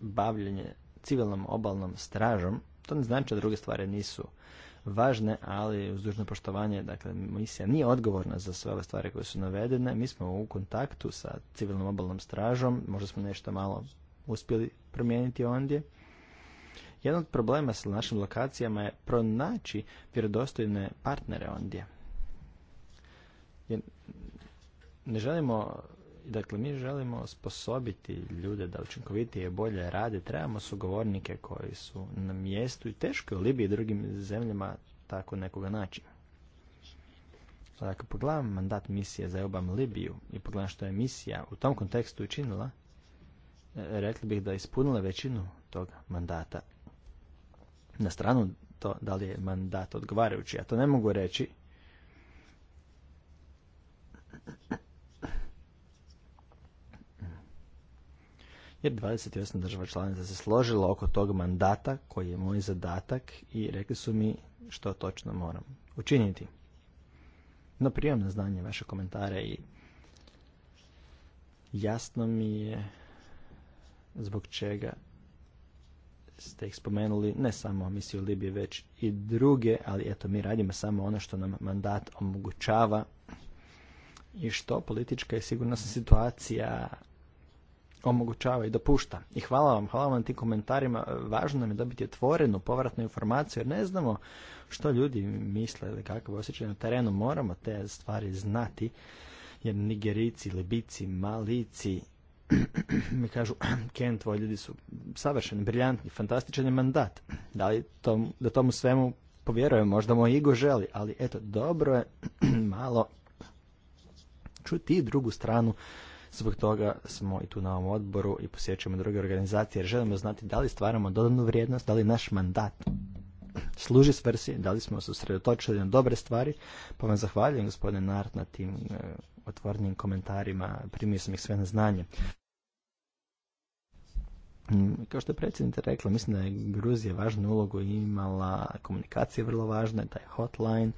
bavljenje civilnom obalnom stražom. To ne znači da druge stvari nisu važne, ali uz dužno poštovanje, dakle, misija nije odgovorna za sve ove stvari koje su navedene. Mi smo u kontaktu sa civilnom obalnom stražom, možda smo nešto malo uspjeli promijeniti ondje. Jedan od problema sa našim lokacijama je pronaći vjerodostojne partnere ondje ne želimo, dakle mi želimo sposobiti ljude da učinkovitije bolje rade, trebamo sugovornike koji su na mjestu i teško je u Libiji i drugim zemljama tako nekoga naći. Sada dakle, ako pogledam mandat misije za obam Libiju i pogledam što je misija u tom kontekstu učinila, e, rekli bih da je ispunila većinu tog mandata. Na stranu to da li je mandat odgovarajući, ja to ne mogu reći. jer 28 država članica se složila oko tog mandata koji je moj zadatak i rekli su mi što točno moram učiniti. No prijemno na znanje vaše komentare i jasno mi je zbog čega ste ih spomenuli, ne samo misiju Libije, već i druge, ali eto, mi radimo samo ono što nam mandat omogućava i što politička i sigurnosna situacija omogućava i dopušta. I hvala vam, hvala vam na tim komentarima. E, važno nam je dobiti otvorenu povratnu informaciju jer ne znamo što ljudi misle ili kakve osjećaju na terenu. Moramo te stvari znati jer Nigerici, Libici, Malici *clears throat* mi kažu *clears throat* Ken, tvoji ljudi su savršeni, briljantni, fantastičan je mandat. Da li tom, da tomu svemu povjerujem, možda moj Igo želi, ali eto, dobro je *clears throat* malo čuti drugu stranu Zbog toga smo i tu na ovom odboru i posjećujemo druge organizacije jer želimo znati da li stvaramo dodanu vrijednost, da li naš mandat služi svrsi, da li smo se usredotočili na dobre stvari, pa vam zahvaljujem gospodine Nart na tim e, otvornim komentarima, primio sam ih sve na znanje. Mm, kao što je predsjednica rekla, mislim da je Gruzija važnu ulogu imala, komunikacija je vrlo važna, taj hotline,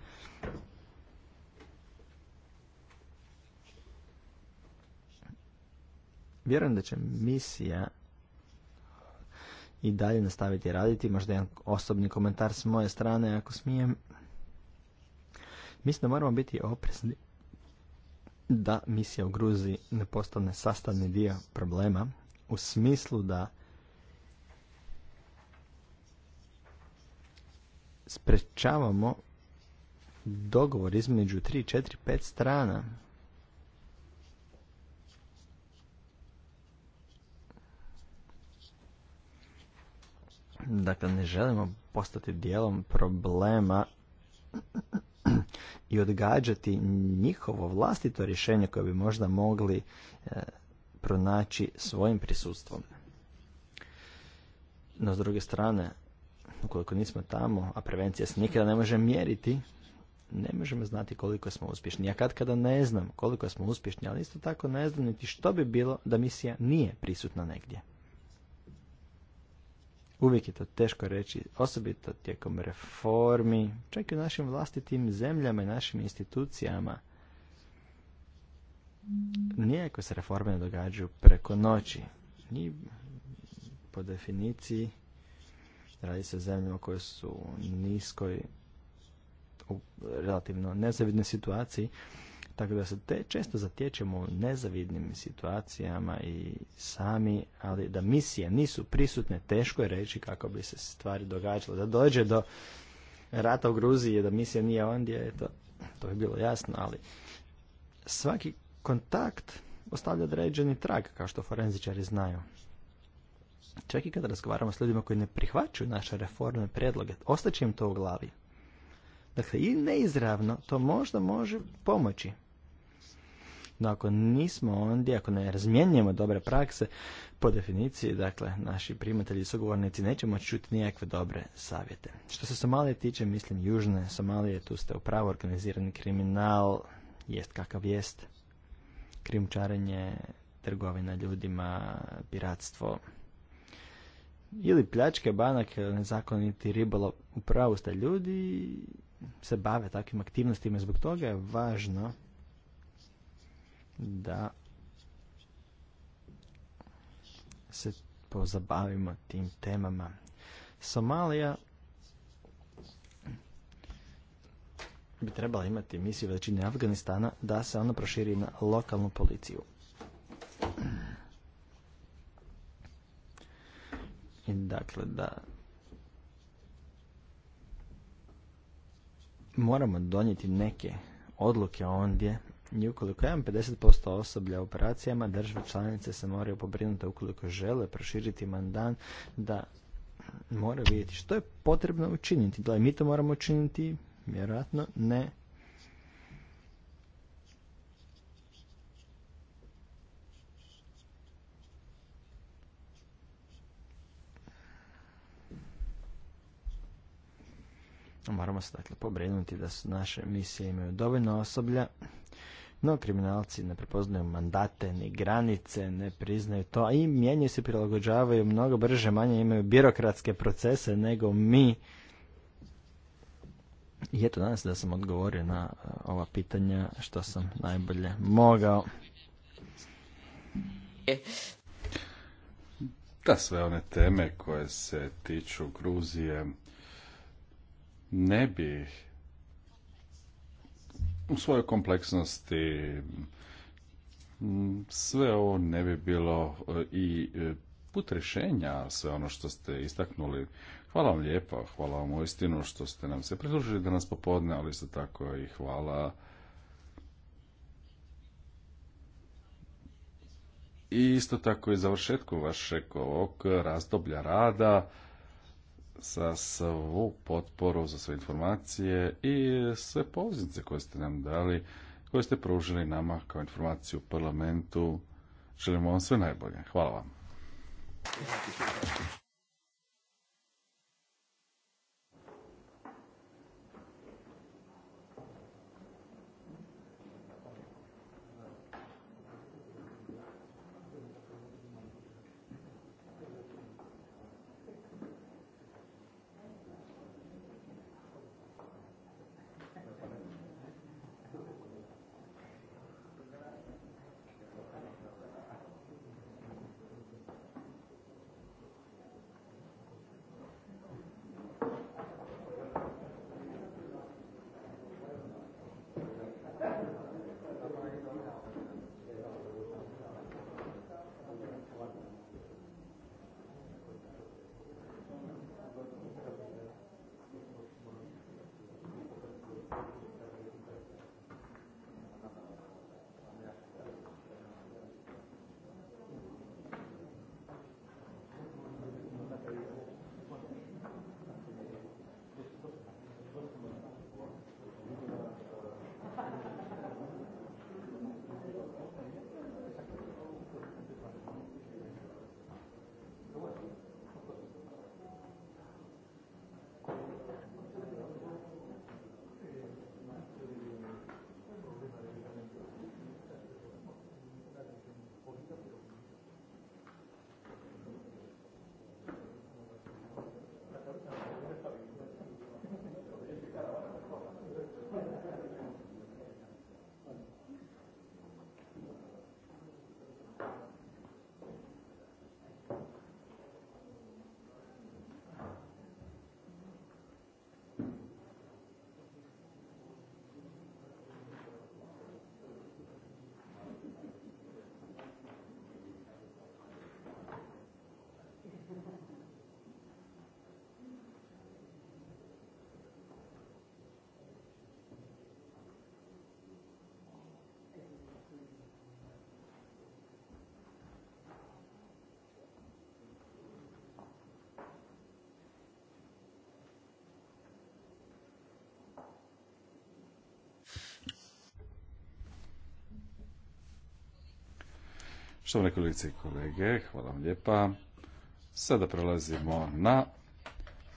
Vjerujem da će misija i dalje nastaviti raditi. Možda jedan osobni komentar s moje strane, ako smijem. Mislim da moramo biti oprezni da misija u Gruziji ne postane sastavni dio problema u smislu da sprečavamo dogovor između 3, 4, 5 strana Dakle, ne želimo postati dijelom problema i odgađati njihovo vlastito rješenje koje bi možda mogli e, pronaći svojim prisustvom. No, s druge strane, ukoliko nismo tamo, a prevencija se nikada ne može mjeriti, ne možemo znati koliko smo uspješni. Ja kad kada ne znam koliko smo uspješni, ali isto tako ne znam niti što bi bilo da misija nije prisutna negdje. Uvijek je to teško reći, osobito tijekom reformi, čak i u našim vlastitim zemljama i našim institucijama. Nijako se reforme ne događaju preko noći. Ni po definiciji radi se o zemljama koje su u niskoj, u relativno nezavidnoj situaciji tako da se često zatječemo u nezavidnim situacijama i sami, ali da misije nisu prisutne, teško je reći kako bi se stvari događale. Da dođe do rata u Gruziji, da misija nije ondje, eto, to je bilo jasno, ali svaki kontakt ostavlja određeni trag, kao što forenzičari znaju. Čak i kad razgovaramo s ljudima koji ne prihvaćaju naše reforme prijedloge, ostaće im to u glavi. Dakle, i neizravno to možda može pomoći. No ako nismo ondje, ako ne razmjenjujemo dobre prakse, po definiciji, dakle, naši primatelji i sugovornici nećemo moći čuti nijakve dobre savjete. Što se Somalije tiče, mislim, južne Somalije, tu ste upravo organizirani kriminal, jest kakav jest, krimčarenje, trgovina ljudima, piratstvo, ili pljačke banak, nezakoniti ribolov, upravo ste ljudi se bave takvim aktivnostima. Zbog toga je važno da se pozabavimo tim temama. Somalija bi trebala imati misiju većine Afganistana da se ona proširi na lokalnu policiju. I dakle da moramo donijeti neke odluke ondje i ukoliko imam 50% osoblja u operacijama, države članice se moraju pobrinuti ukoliko žele proširiti mandat da moraju vidjeti što je potrebno učiniti. Da li mi to moramo učiniti? Vjerojatno ne. Moramo se dakle pobrinuti da su naše misije imaju dovoljno osoblja no, kriminalci ne prepoznaju mandate ni granice, ne priznaju to, a i mijenjaju se prilagođavaju mnogo brže, manje imaju birokratske procese nego mi. I eto danas da sam odgovorio na e, ova pitanja što sam najbolje mogao. Da, sve one teme koje se tiču Gruzije ne bi u svojoj kompleksnosti mm, sve ovo ne bi bilo e, i e, put rješenja, sve ono što ste istaknuli. Hvala vam lijepa, hvala vam istinu što ste nam se pridružili danas popodne, ali isto tako i hvala i isto tako i završetku vašeg ovog razdoblja rada za svu potporu, za sve informacije i sve poznice koje ste nam dali, koje ste pružili nama kao informaciju u parlamentu. Želimo vam sve najbolje. Hvala vam. Što kolegice i kolege, hvala vam lijepa. Sada prelazimo na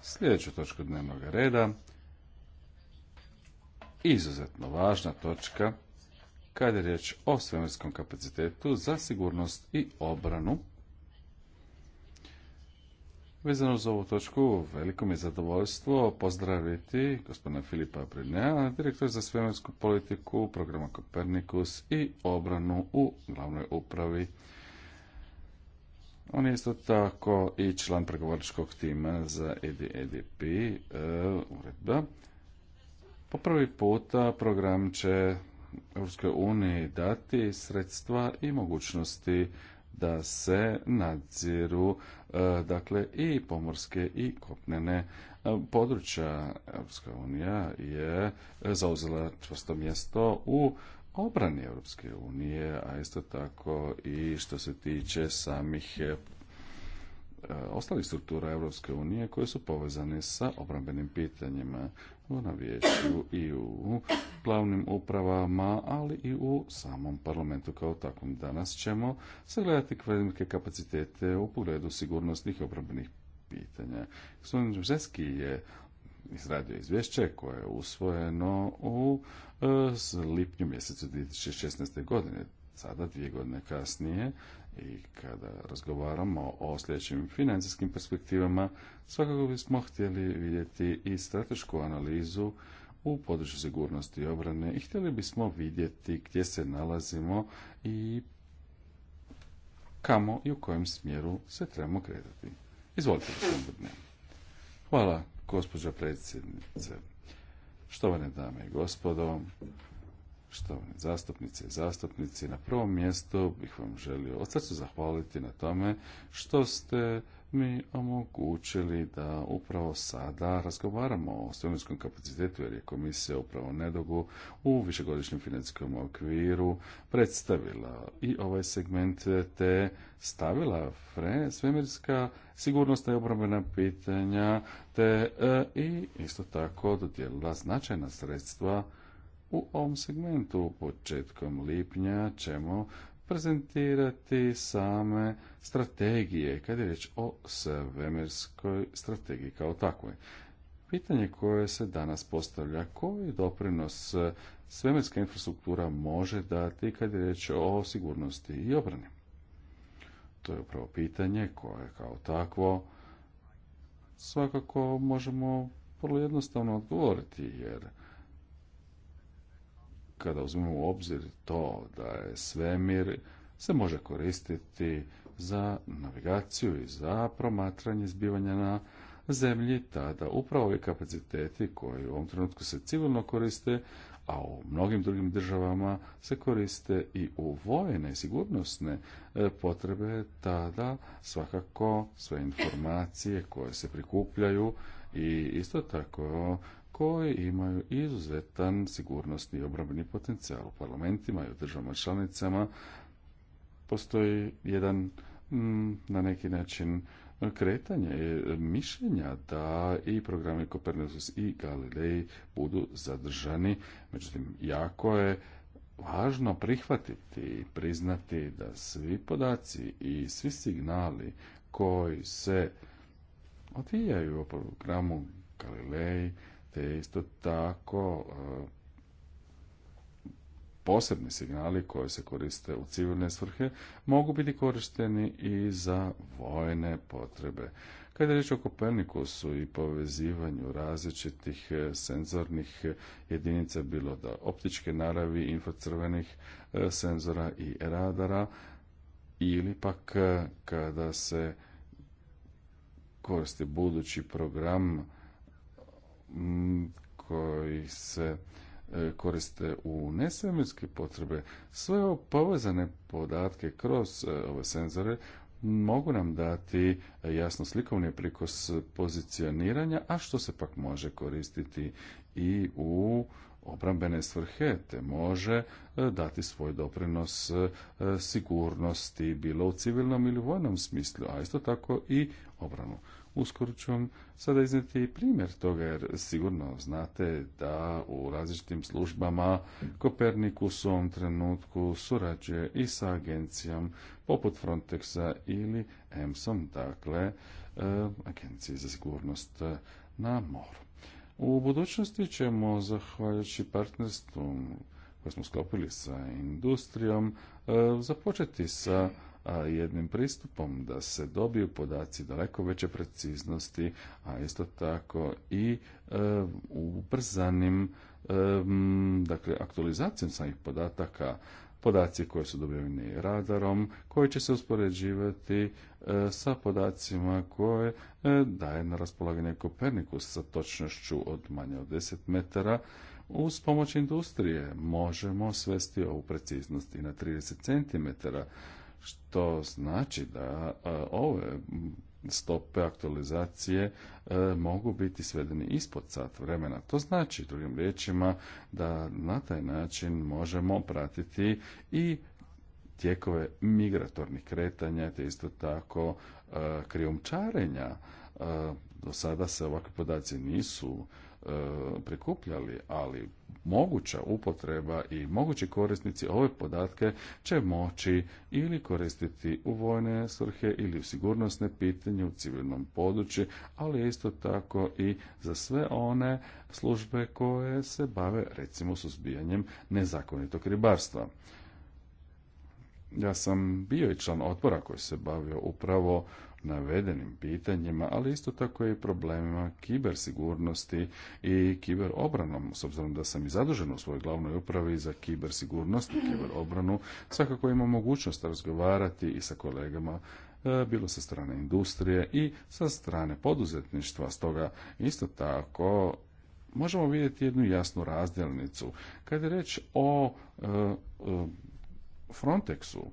sljedeću točku dnevnog reda. Izuzetno važna točka kada je riječ o svemirskom kapacitetu za sigurnost i obranu Vezano za ovu točku, veliko mi je zadovoljstvo pozdraviti gospodina Filipa Brnea, direktor za svemirsku politiku programa Kopernikus i obranu u glavnoj upravi. On je isto tako i član pregovoričkog tima za EDP e, uredba. Po prvi puta program će Europskoj uniji dati sredstva i mogućnosti da se nadziru e, dakle i pomorske i kopnene e, područja. Europska unija je zauzela čvrsto mjesto u obrani Europske unije, a isto tako i što se tiče samih e, ostalih struktura Europske unije koje su povezane sa obrambenim pitanjima na vijeću i u glavnim upravama, ali i u samom parlamentu kao takvom. Danas ćemo sagledati velike kapacitete u pogledu sigurnosnih i obrambenih pitanja. Gospodin Žeski je izradio izvješće koje je usvojeno u e, lipnju mjesecu 2016. godine. Sada, dvije godine kasnije, i kada razgovaramo o sljedećim financijskim perspektivama, svakako bismo htjeli vidjeti i stratešku analizu u području sigurnosti i obrane i htjeli bismo vidjeti gdje se nalazimo i kamo i u kojem smjeru se trebamo kretati. Izvolite, gospodine Hvala, gospođa predsjednice. Štovane dame i gospodo, Štovane zastupnice i zastupnici, na prvom mjestu bih vam želio od srca zahvaliti na tome što ste mi omogućili da upravo sada razgovaramo o svemirskom kapacitetu, jer je komisija upravo nedogu u višegodišnjem financijskom okviru predstavila i ovaj segment te stavila svemirska sigurnosna i obrambena pitanja te e, i isto tako dodijelila značajna sredstva u ovom segmentu. Početkom lipnja ćemo prezentirati same strategije, kad je riječ o svemirskoj strategiji kao takvoj. Pitanje koje se danas postavlja, koji doprinos svemirska infrastruktura može dati kad je riječ o sigurnosti i obrani? To je upravo pitanje koje kao takvo svakako možemo vrlo jednostavno odgovoriti, jer kada uzmemo u obzir to da je svemir se može koristiti za navigaciju i za promatranje zbivanja na zemlji, tada upravo ovi kapaciteti koji u ovom trenutku se civilno koriste, a u mnogim drugim državama se koriste i u vojne i sigurnosne e, potrebe, tada svakako sve informacije koje se prikupljaju i isto tako koji imaju izuzetan sigurnosni i obrambeni potencijal u parlamentima i u državama članicama. Postoji jedan mm, na neki način kretanje mišljenja da i programi Copernicus i Galilei budu zadržani. Međutim, jako je važno prihvatiti i priznati da svi podaci i svi signali koji se odvijaju u programu Galilei te isto tako e, posebni signali koji se koriste u civilne svrhe mogu biti korišteni i za vojne potrebe. Kada je riječ o Kopernikusu i povezivanju različitih e, senzornih jedinica, bilo da optičke naravi, infracrvenih e, senzora i radara, ili pak kada se koristi budući program koji se e, koriste u nesvemirske potrebe, sve povezane podatke kroz e, ove senzore mogu nam dati e, jasno slikovni prikos pozicioniranja, a što se pak može koristiti i u obrambene svrhe, te može dati svoj doprinos sigurnosti bilo u civilnom ili vojnom smislu, a isto tako i obranu. Uskoro ću vam sada izneti primjer toga, jer sigurno znate da u različitim službama Kopernik u ovom trenutku surađuje i sa agencijom poput Frontexa ili EMSom, dakle, e, Agencije za sigurnost e, na moru. U budućnosti ćemo, zahvaljujući partnerstvu koje smo sklopili sa industrijom, e, započeti sa jednim pristupom da se dobiju podaci daleko veće preciznosti, a isto tako i e, ubrzanim e, dakle, aktualizacijom samih podataka podaci koje su dobiveni radarom, koji će se uspoređivati e, sa podacima koje daje na raspolaganje Kopernikus sa točnošću od manje od 10 metara. Uz pomoć industrije možemo svesti ovu preciznost i na 30 cm što znači da e, ove stope aktualizacije e, mogu biti svedeni ispod sat vremena. To znači, drugim riječima, da na taj način možemo pratiti i tijekove migratornih kretanja, te isto tako e, krijumčarenja. E, do sada se ovakvi podaci nisu prikupljali, ali moguća upotreba i mogući korisnici ove podatke će moći ili koristiti u vojne svrhe ili u sigurnosne pitanje u civilnom području, ali isto tako i za sve one službe koje se bave recimo suzbijanjem nezakonitog ribarstva. Ja sam bio i član otpora koji se bavio upravo navedenim pitanjima, ali isto tako i problemima kibersigurnosti i kiberobranom. S obzirom da sam i zadužen u svojoj glavnoj upravi za kibersigurnost i kiberobranu, svakako imam mogućnost razgovarati i sa kolegama e, bilo sa strane industrije i sa strane poduzetništva. Stoga isto tako možemo vidjeti jednu jasnu razdjelnicu. Kad je reč o e, e, Frontexu,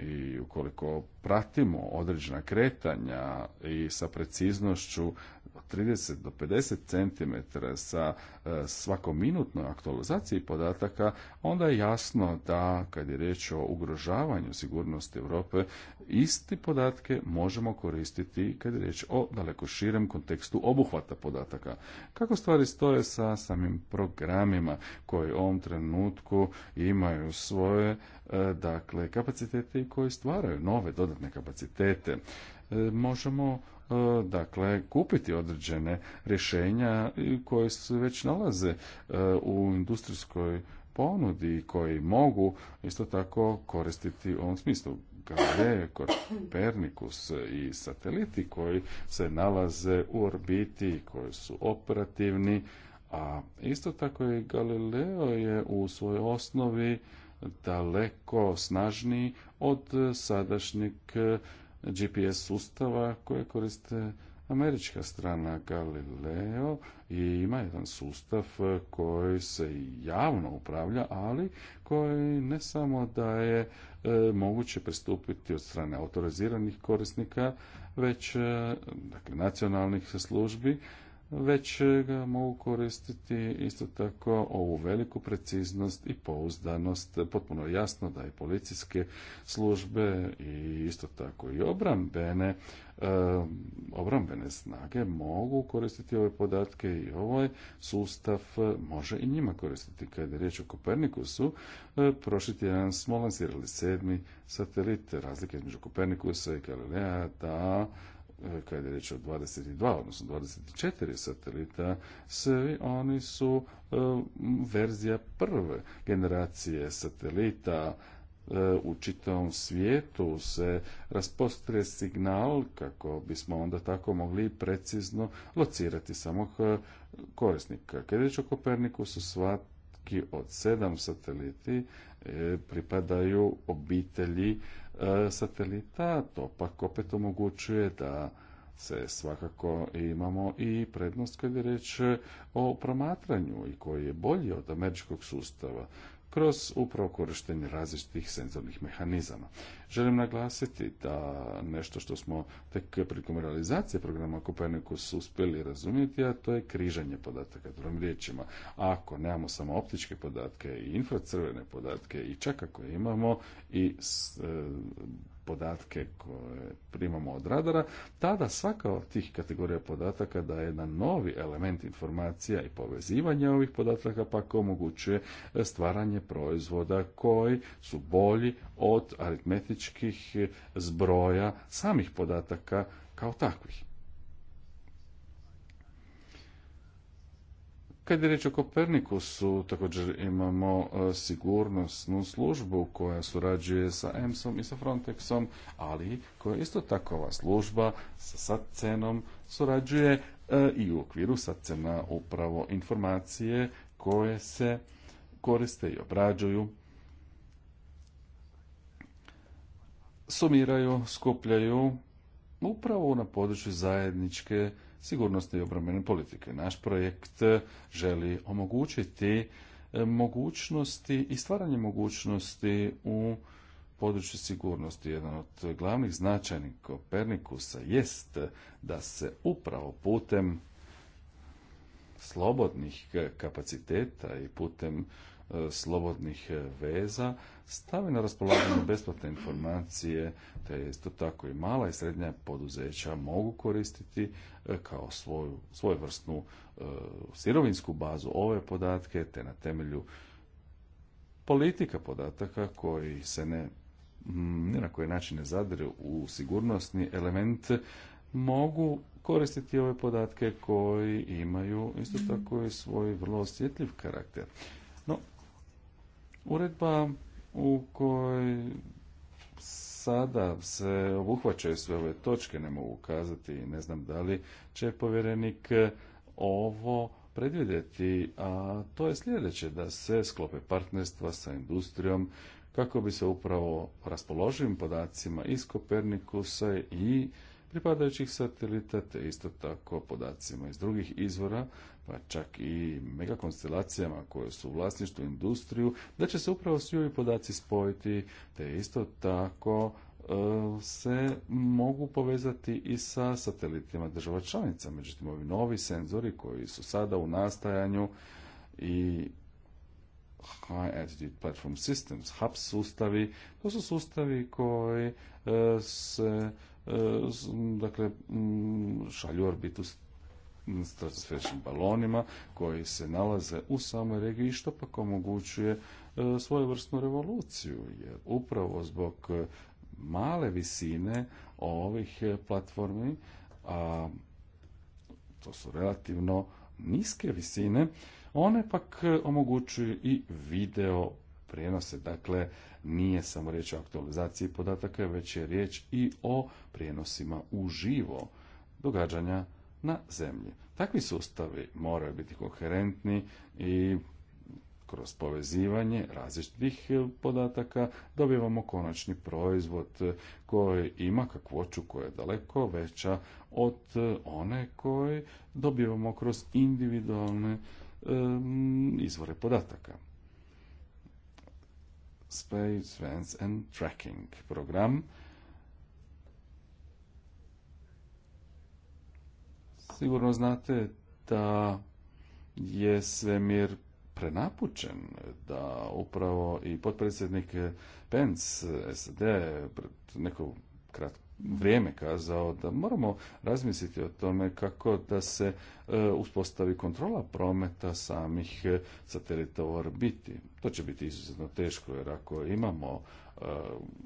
i ukoliko pratimo određena kretanja i sa preciznošću od 30 do 50 cm sa e, svakominutnoj aktualizaciji podataka, onda je jasno da kad je riječ o ugrožavanju sigurnosti Europe, isti podatke možemo koristiti kad je riječ o daleko širem kontekstu obuhvata podataka. Kako stvari stoje sa samim programima koji u ovom trenutku imaju svoje e, dakle kapacitete i koji stvaraju nove dodatne kapacitete. E, možemo e, dakle kupiti određene rješenja koje se već nalaze e, u industrijskoj ponudi i koji mogu isto tako koristiti u ovom smislu. Galileo, pernikus i sateliti koji se nalaze u orbiti, koji su operativni, a isto tako i Galileo je u svojoj osnovi daleko snažniji od sadašnjeg GPS sustava koje koriste američka strana Galileo i ima jedan sustav koji se javno upravlja, ali koji ne samo da je e, moguće pristupiti od strane autoriziranih korisnika, već e, dakle, nacionalnih službi već ga mogu koristiti isto tako ovu veliku preciznost i pouzdanost. Potpuno jasno da i policijske službe i isto tako i obrambene obrambene snage mogu koristiti ove podatke i ovaj sustav može i njima koristiti. Kada je riječ o Kopernikusu, e, prošli tjedan smo lansirali sedmi satelit razlike između Kopernikusa i Galilea da E, kada je riječ o 22, odnosno 24 satelita, svi oni su e, verzija prve generacije satelita. E, u čitavom svijetu se raspostre signal kako bismo onda tako mogli precizno locirati samog korisnika. Kada je riječ o Koperniku su svatki od sedam sateliti pripadaju obitelji E, satelita, to pak opet omogućuje da se svakako imamo i prednost kad je reč o promatranju i koji je bolji od američkog sustava kroz upravo korištenje različitih senzornih mehanizama. Želim naglasiti da nešto što smo tek prilikom realizacije programa Kopernikus uspjeli razumjeti, a to je križanje podataka. Drugim riječima, ako nemamo samo optičke podatke i infracrvene podatke i čak ako imamo i e, podatke koje primamo od radara, tada svaka od tih kategorija podataka daje jedan novi element informacija i povezivanja ovih podataka pa omogućuje stvaranje proizvoda koji su bolji od aritmetičkih zbroja samih podataka kao takvih. Kad je reč o Kopernikusu, također imamo e, sigurnosnu službu koja surađuje sa EMS-om i sa Frontexom, ali koja isto takova služba sa cenom om surađuje e, i u okviru sa a upravo informacije koje se koriste i obrađuju, sumiraju, skupljaju upravo na području zajedničke sigurnosti i obrambene politike. Naš projekt eh, želi omogućiti eh, mogućnosti i stvaranje mogućnosti u području sigurnosti. Jedan od glavnih značajnih Kopernikusa jest eh, da se upravo putem slobodnih kapaciteta i putem slobodnih e, veza stavi na raspolaganje besplatne informacije, te isto tako i mala i srednja poduzeća mogu koristiti e, kao svoju svojevrsnu e, sirovinsku bazu ove podatke, te na temelju politika podataka koji se ne ni na koji način ne zadire u sigurnosni element, mogu koristiti ove podatke koji imaju isto tako i svoj vrlo osjetljiv karakter. Uredba u kojoj sada se obuhvaćaju sve ove točke, ne mogu kazati, ne znam da li će povjerenik eh, ovo predvidjeti, a to je sljedeće, da se sklope partnerstva sa industrijom kako bi se upravo raspoloživim podacima iz Kopernikusa i pripadajućih satelita, te isto tako podacima iz drugih izvora, pa čak i megakonstelacijama koje su u vlasništvu industriju, da će se upravo svi ovi podaci spojiti, te isto tako e, se mogu povezati i sa satelitima država članica. Međutim, ovi novi senzori koji su sada u nastajanju i High Attitude Platform Systems, HAPS sustavi, to su sustavi koji e, se E, dakle, šalju orbitu stratosferičnim balonima koji se nalaze u samoj regiji što pak omogućuje e, svojevrsnu revoluciju jer upravo zbog e, male visine ovih platformi a to su relativno niske visine one pak omogućuju i video prijenose dakle nije samo riječ o aktualizaciji podataka, već je riječ i o prijenosima uživo događanja na zemlji. Takvi sustavi moraju biti koherentni i kroz povezivanje različitih podataka dobivamo konačni proizvod koji ima kakvoću koja je daleko veća od one koje dobivamo kroz individualne izvore podataka. Space, and Tracking program. Sigurno znate da je svemir prenapučen, da upravo i potpredsjednik Pence, SD, neko kratko vrijeme kazao da moramo razmisliti o tome kako da se e, uspostavi kontrola prometa samih e, satelita u orbiti. To će biti izuzetno teško jer ako imamo e,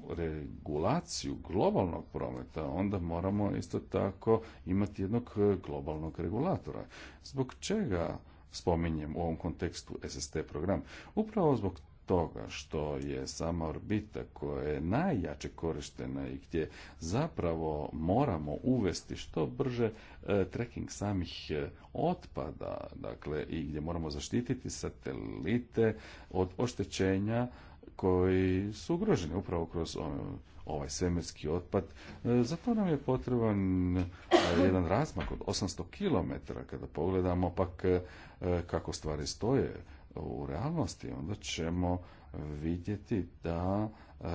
regulaciju globalnog prometa, onda moramo isto tako imati jednog globalnog regulatora. Zbog čega spominjem u ovom kontekstu SST program. Upravo zbog toga što je sama orbita koja je najjače korištena i gdje zapravo moramo uvesti što brže e, trekking samih e, otpada, dakle i gdje moramo zaštititi satelite od oštećenja koji su ugroženi upravo kroz ovaj svemirski otpad. E, zato nam je potreban jedan razmak od 800 km kada pogledamo pak kako stvari stoje u realnosti, onda ćemo vidjeti da e,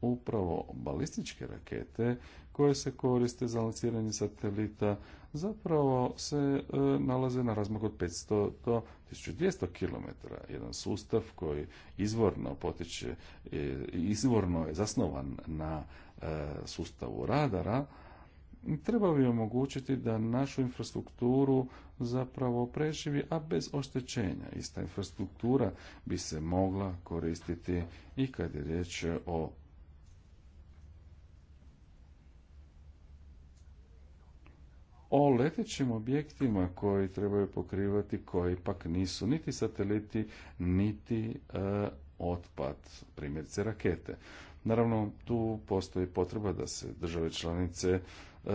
upravo balističke rakete koje se koriste za lanciranje satelita zapravo se e, nalaze na razmaku od 500 do 1200 km. Jedan sustav koji izvorno potiče, e, izvorno je zasnovan na e, sustavu radara, treba bi omogućiti da našu infrastrukturu zapravo preživi, a bez oštećenja. Ista infrastruktura bi se mogla koristiti i kad je riječ o o letećim objektima koji trebaju pokrivati, koji pak nisu niti sateliti, niti e, otpad, primjerice rakete. Naravno, tu postoji potreba da se države članice e,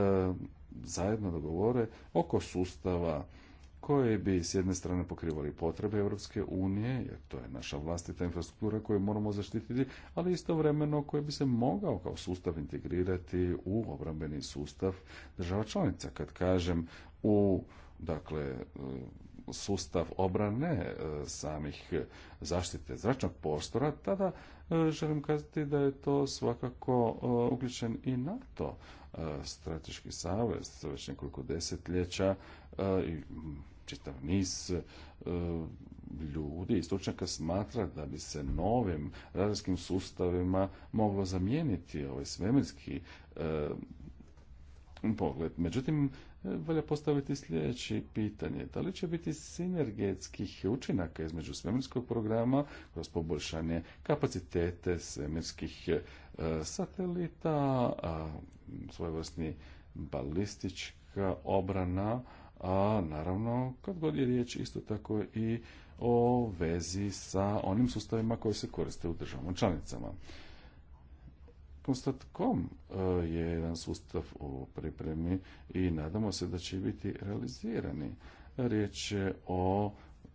zajedno dogovore oko sustava koje bi s jedne strane pokrivali potrebe Europske unije, jer to je naša vlastita infrastruktura koju moramo zaštititi, ali istovremeno koji bi se mogao kao sustav integrirati u obrambeni sustav država članica. Kad kažem u dakle sustav obrane e, samih e, zaštite zračnog prostora, tada e, želim kazati da je to svakako uključen i NATO strateški savez već nekoliko desetljeća i čitav niz ljudi i stručnjaka smatra da bi se novim radarskim sustavima moglo zamijeniti ovaj svemirski pogled. Međutim, valja postaviti sljedeće pitanje. Da li će biti sinergetskih učinaka između svemirskog programa kroz poboljšanje kapacitete svemirskih e, satelita, svojevrsni balistička obrana, a naravno kad god je riječ isto tako i o vezi sa onim sustavima koji se koriste u državama članicama konstatkom e, je jedan sustav u pripremi i nadamo se da će biti realizirani. Riječ je o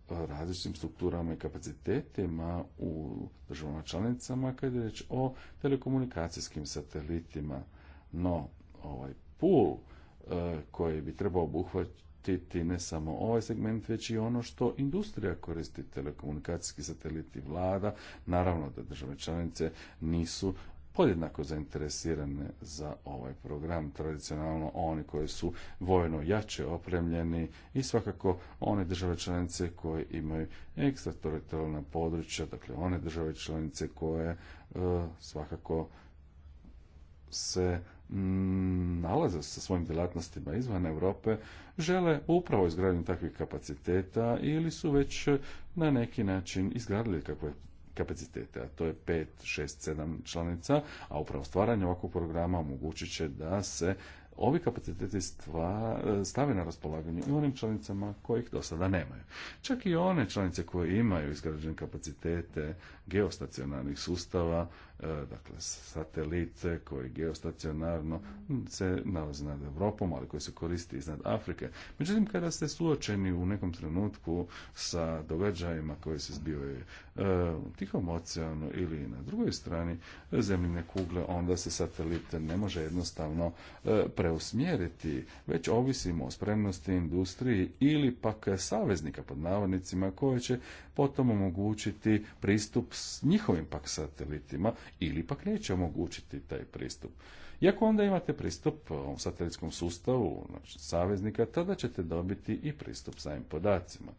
različitim strukturama i kapacitetima u državama članicama kada je riječ o telekomunikacijskim satelitima. No, ovaj pool e, koji bi trebao obuhvatiti ne samo ovaj segment, već i ono što industrija koristi, telekomunikacijski sateliti vlada. Naravno da države članice nisu podjednako zainteresirane za ovaj program. Tradicionalno oni koji su vojno jače opremljeni i svakako one države članice koje imaju ekstrateritorijalna područja, dakle one države članice koje e, svakako se mm, nalaze sa svojim djelatnostima izvan Europe, žele upravo izgradnju takvih kapaciteta ili su već na neki način izgradili kakve kapacitete, a to je 5, 6, 7 članica, a upravo stvaranje ovakvog programa omogućit će da se ovi kapaciteti e, stave na raspolaganje i onim članicama kojih do sada nemaju. Čak i one članice koje imaju izgrađene kapacitete geostacionarnih sustava, e, dakle satelite koji geostacionarno se nalaze nad Europom, ali koji se koristi iznad Afrike. Međutim, kada ste suočeni u nekom trenutku sa događajima koji se zbivaju e, u Tihom oceanu ili na drugoj strani zemljine kugle, onda se satelite ne može jednostavno e, preusmjeriti, već ovisimo o spremnosti industriji ili pak saveznika pod navodnicima koji će potom omogućiti pristup s njihovim pak satelitima ili pak neće omogućiti taj pristup. Iako onda imate pristup ovom satelitskom sustavu znači saveznika, tada ćete dobiti i pristup samim podacima.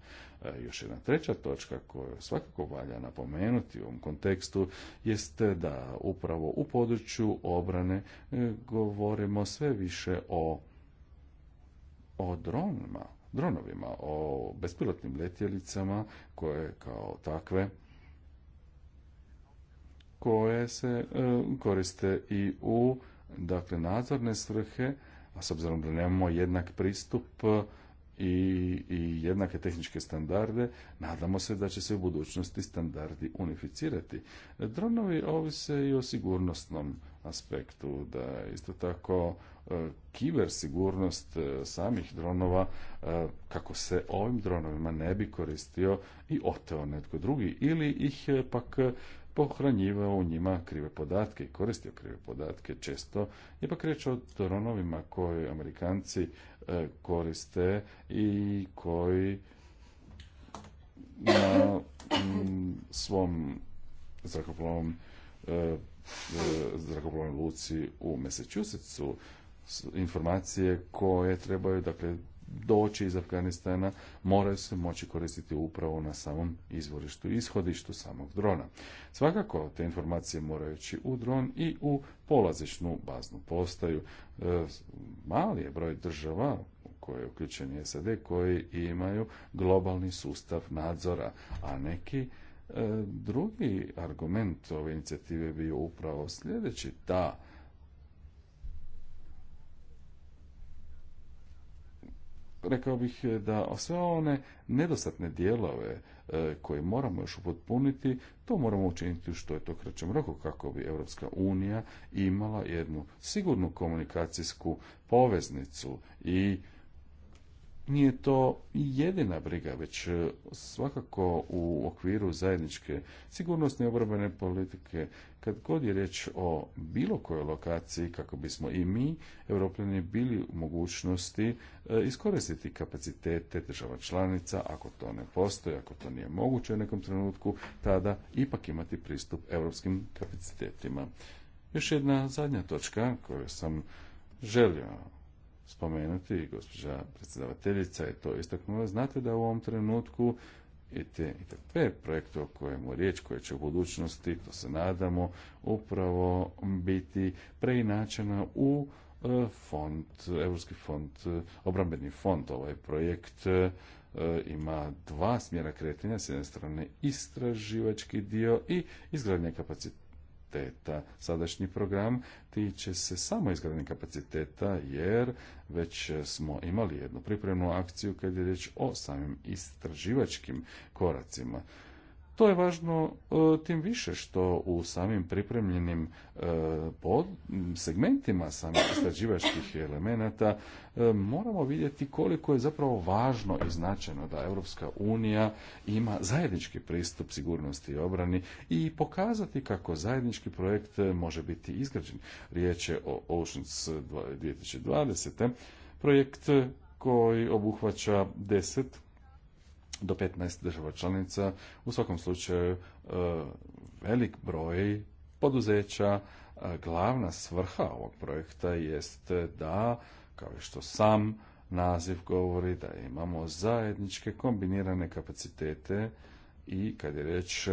E, još jedna treća točka koju svakako valja napomenuti u ovom kontekstu jeste da upravo u području obrane e, govorimo sve više o, o dronima, dronovima, o bespilotnim letjelicama koje kao takve koje se e, koriste i u dakle nadzorne svrhe, a s obzirom da nemamo jednak pristup e, i, i jednake tehničke standarde, nadamo se da će se u budućnosti standardi unificirati. Dronovi ovise i o sigurnosnom aspektu, da isto tako e, sigurnost samih dronova, kako se ovim dronovima ne bi koristio i oteo netko drugi, ili ih pak pohranjivao u njima krive podatke i koristio krive podatke. Često Ipak reći o dronovima koje Amerikanci e, koriste i koji na mm, svom zrakoplovom e, e, zrakoplovnoj luci u Massachusettsu informacije koje trebaju dakle doći iz Afganistana moraju se moći koristiti upravo na samom izvorištu i ishodištu samog drona. Svakako, te informacije moraju ići u dron i u polazišnu baznu postaju. E, mali je broj država koje je uključen SAD, koji imaju globalni sustav nadzora, a neki e, drugi argument ove inicijative bio upravo sljedeći, da rekao bih e, da sve one nedostatne dijelove e, koje moramo još upotpuniti, to moramo učiniti što je to kraćem roku kako bi Europska unija imala jednu sigurnu komunikacijsku poveznicu i nije to jedina briga, već e, svakako u okviru zajedničke sigurnosne obrambene politike, kad god je riječ o bilo kojoj lokaciji, kako bismo i mi, europljani, bili u mogućnosti e, iskoristiti kapacitete država članica, ako to ne postoji, ako to nije moguće u nekom trenutku, tada ipak imati pristup europskim kapacitetima. Još jedna zadnja točka koju sam želio spomenuti, gospođa predsjedavateljica je to istaknula, znate da u ovom trenutku i te ITP projekte o kojemu riječ, koje će u budućnosti, to se nadamo, upravo biti preinačena u e, fond, Europski fond, e, obrambeni fond, ovaj projekt e, ima dva smjera kretanja, s jedne strane istraživački dio i izgradnja kapaciteta kapaciteta. Sadašnji program tiče se samo izgradnje kapaciteta jer već smo imali jednu pripremnu akciju kad je riječ o samim istraživačkim koracima. To je važno e, tim više što u samim pripremljenim e, segmentima samih istraživačkih elemenata e, moramo vidjeti koliko je zapravo važno i značajno da Europska unija ima zajednički pristup sigurnosti i obrani i pokazati kako zajednički projekt može biti izgrađen. Riječ je o Oceans 2020. projekt koji obuhvaća deset do 15 država članica. U svakom slučaju e, velik broj poduzeća, e, glavna svrha ovog projekta jest da, kao što sam naziv govori, da imamo zajedničke kombinirane kapacitete i kad je reč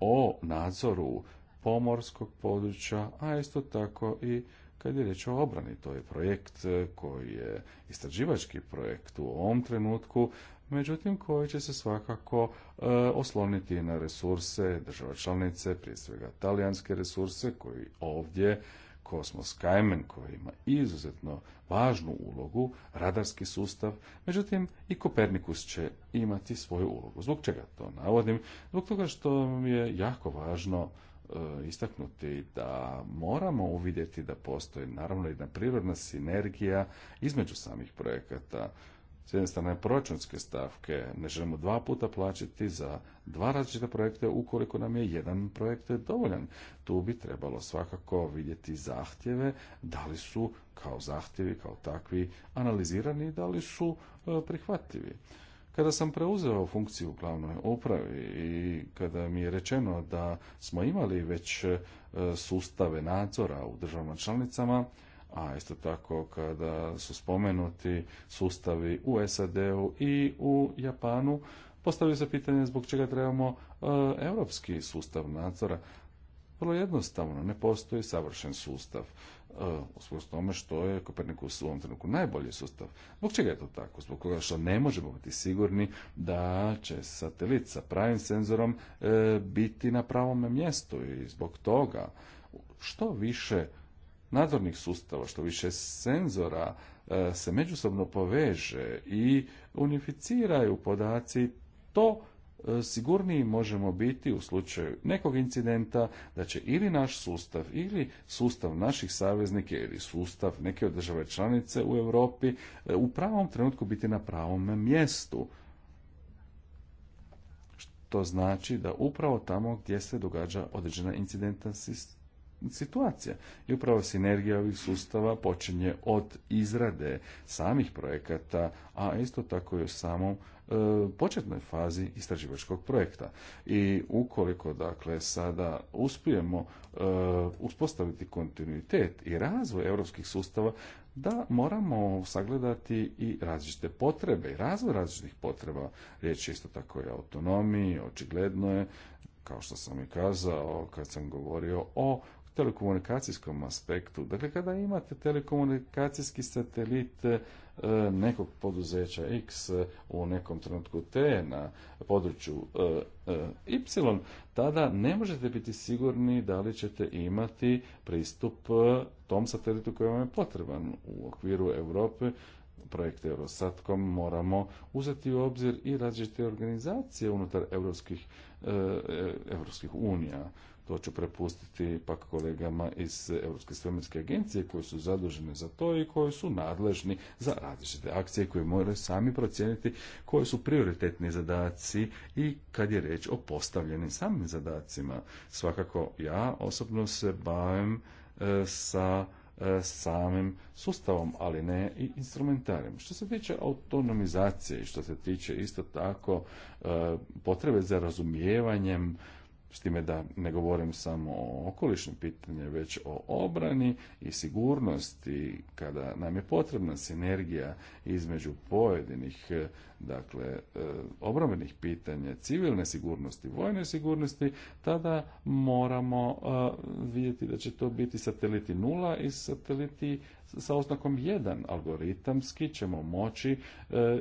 o nadzoru pomorskog područja, a isto tako i kad je riječ o obrani. To je projekt e, koji je istraživački projekt u ovom trenutku međutim koji će se svakako e, osloniti na resurse država članice, prije svega talijanske resurse koji ovdje Kosmos Kajmen koji ima izuzetno važnu ulogu, radarski sustav, međutim i Kopernikus će imati svoju ulogu. Zbog čega to navodim? Zbog toga što mi je jako važno e, istaknuti da moramo uvidjeti da postoji naravno jedna prirodna sinergija između samih projekata s jedne strane proračunske stavke, ne želimo dva puta plaćati za dva različita projekta ukoliko nam je jedan projekt dovoljan. Tu bi trebalo svakako vidjeti zahtjeve, da li su kao zahtjevi, kao takvi analizirani, da li su e, prihvatljivi. Kada sam preuzeo funkciju u glavnoj upravi i kada mi je rečeno da smo imali već e, sustave nadzora u državama članicama, a isto tako kada su spomenuti sustavi u SAD-u i u Japanu, postavio se pitanje zbog čega trebamo europski sustav nadzora. Vrlo jednostavno, ne postoji savršen sustav e, u tome što je Kopernikus u ovom trenutku najbolji sustav. Zbog čega je to tako? Zbog toga što ne možemo biti sigurni da će satelit sa pravim senzorom e, biti na pravom mjestu i zbog toga što više nadzornih sustava, što više senzora e, se međusobno poveže i unificiraju podaci, to e, sigurniji možemo biti u slučaju nekog incidenta da će ili naš sustav ili sustav naših saveznika ili sustav neke od države članice u Europi e, u pravom trenutku biti na pravom mjestu. Što znači da upravo tamo gdje se događa određena incidentna situacija. I upravo sinergija ovih sustava počinje od izrade samih projekata, a isto tako i u samom e, početnoj fazi istraživačkog projekta. I ukoliko dakle sada uspijemo e, uspostaviti kontinuitet i razvoj europskih sustava, da moramo sagledati i različite potrebe i razvoj različitih potreba. Riječ je isto tako i o autonomiji, očigledno je, kao što sam i kazao kad sam govorio o telekomunikacijskom aspektu. Dakle, kada imate telekomunikacijski satelit e, nekog poduzeća X e, u nekom trenutku T na području e, Y, tada ne možete biti sigurni da li ćete imati pristup tom satelitu koji vam je potreban u okviru Europe projekt Eurosatkom moramo uzeti u obzir i različite organizacije unutar Evropskih unija to ću prepustiti pak kolegama iz Europske svemirske agencije koji su zaduženi za to i koji su nadležni za različite akcije koje moraju sami procijeniti koji su prioritetni zadaci i kad je reč o postavljenim samim zadacima. Svakako ja osobno se bavim e, sa e, samim sustavom, ali ne i instrumentarijem. Što se tiče autonomizacije i što se tiče isto tako e, potrebe za razumijevanjem s time da ne govorim samo o okolišnim pitanjima, već o obrani i sigurnosti, kada nam je potrebna sinergija između pojedinih e, dakle, e, obrambenih pitanja, civilne sigurnosti, vojne sigurnosti, tada moramo e, vidjeti da će to biti sateliti nula i sateliti sa oznakom 1 algoritamski ćemo moći e,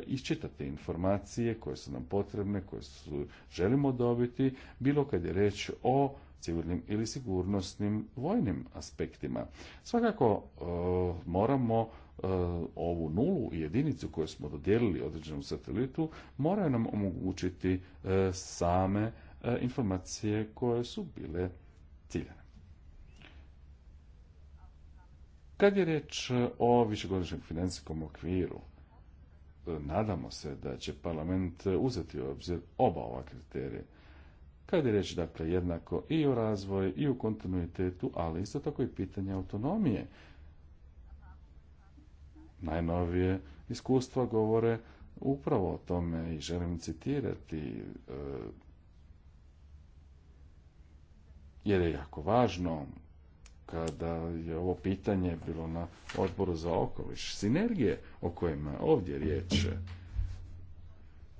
iščitati informacije koje su nam potrebne, koje su, želimo dobiti, bilo kad je reč o civilnim ili sigurnosnim vojnim aspektima. Svakako e, moramo e, ovu nulu i jedinicu koju smo dodijelili određenom satelitu moraju nam omogućiti e, same informacije koje su bile ciljene. Kad je riječ e, o višegodišnjem financijskom okviru, e, nadamo se da će parlament e, uzeti u obzir oba ova kriterije. Kad je riječ dakle jednako i o razvoju i u kontinuitetu, ali isto tako i pitanje autonomije. Najnovije iskustva govore upravo o tome i želim citirati jer je jako važno kada je ovo pitanje bilo na odboru za okoliš. Sinergije o kojima je ovdje riječ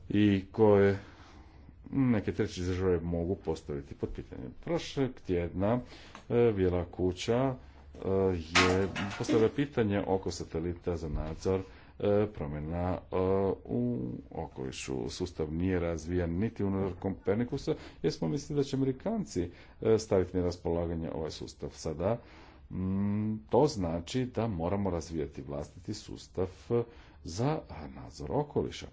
i koje neke treće države mogu postaviti pod pitanje. Prošlog tjedna vjela e, kuća e, je postavila pitanje oko satelita za nadzor E, promjena e, u okolišu. Sustav nije razvijan niti unutar Kompernikusa, jer smo mislili da će Amerikanci e, staviti na raspolaganje ovaj sustav. Sada mm, to znači da moramo razvijati vlastiti sustav za nadzor okoliša.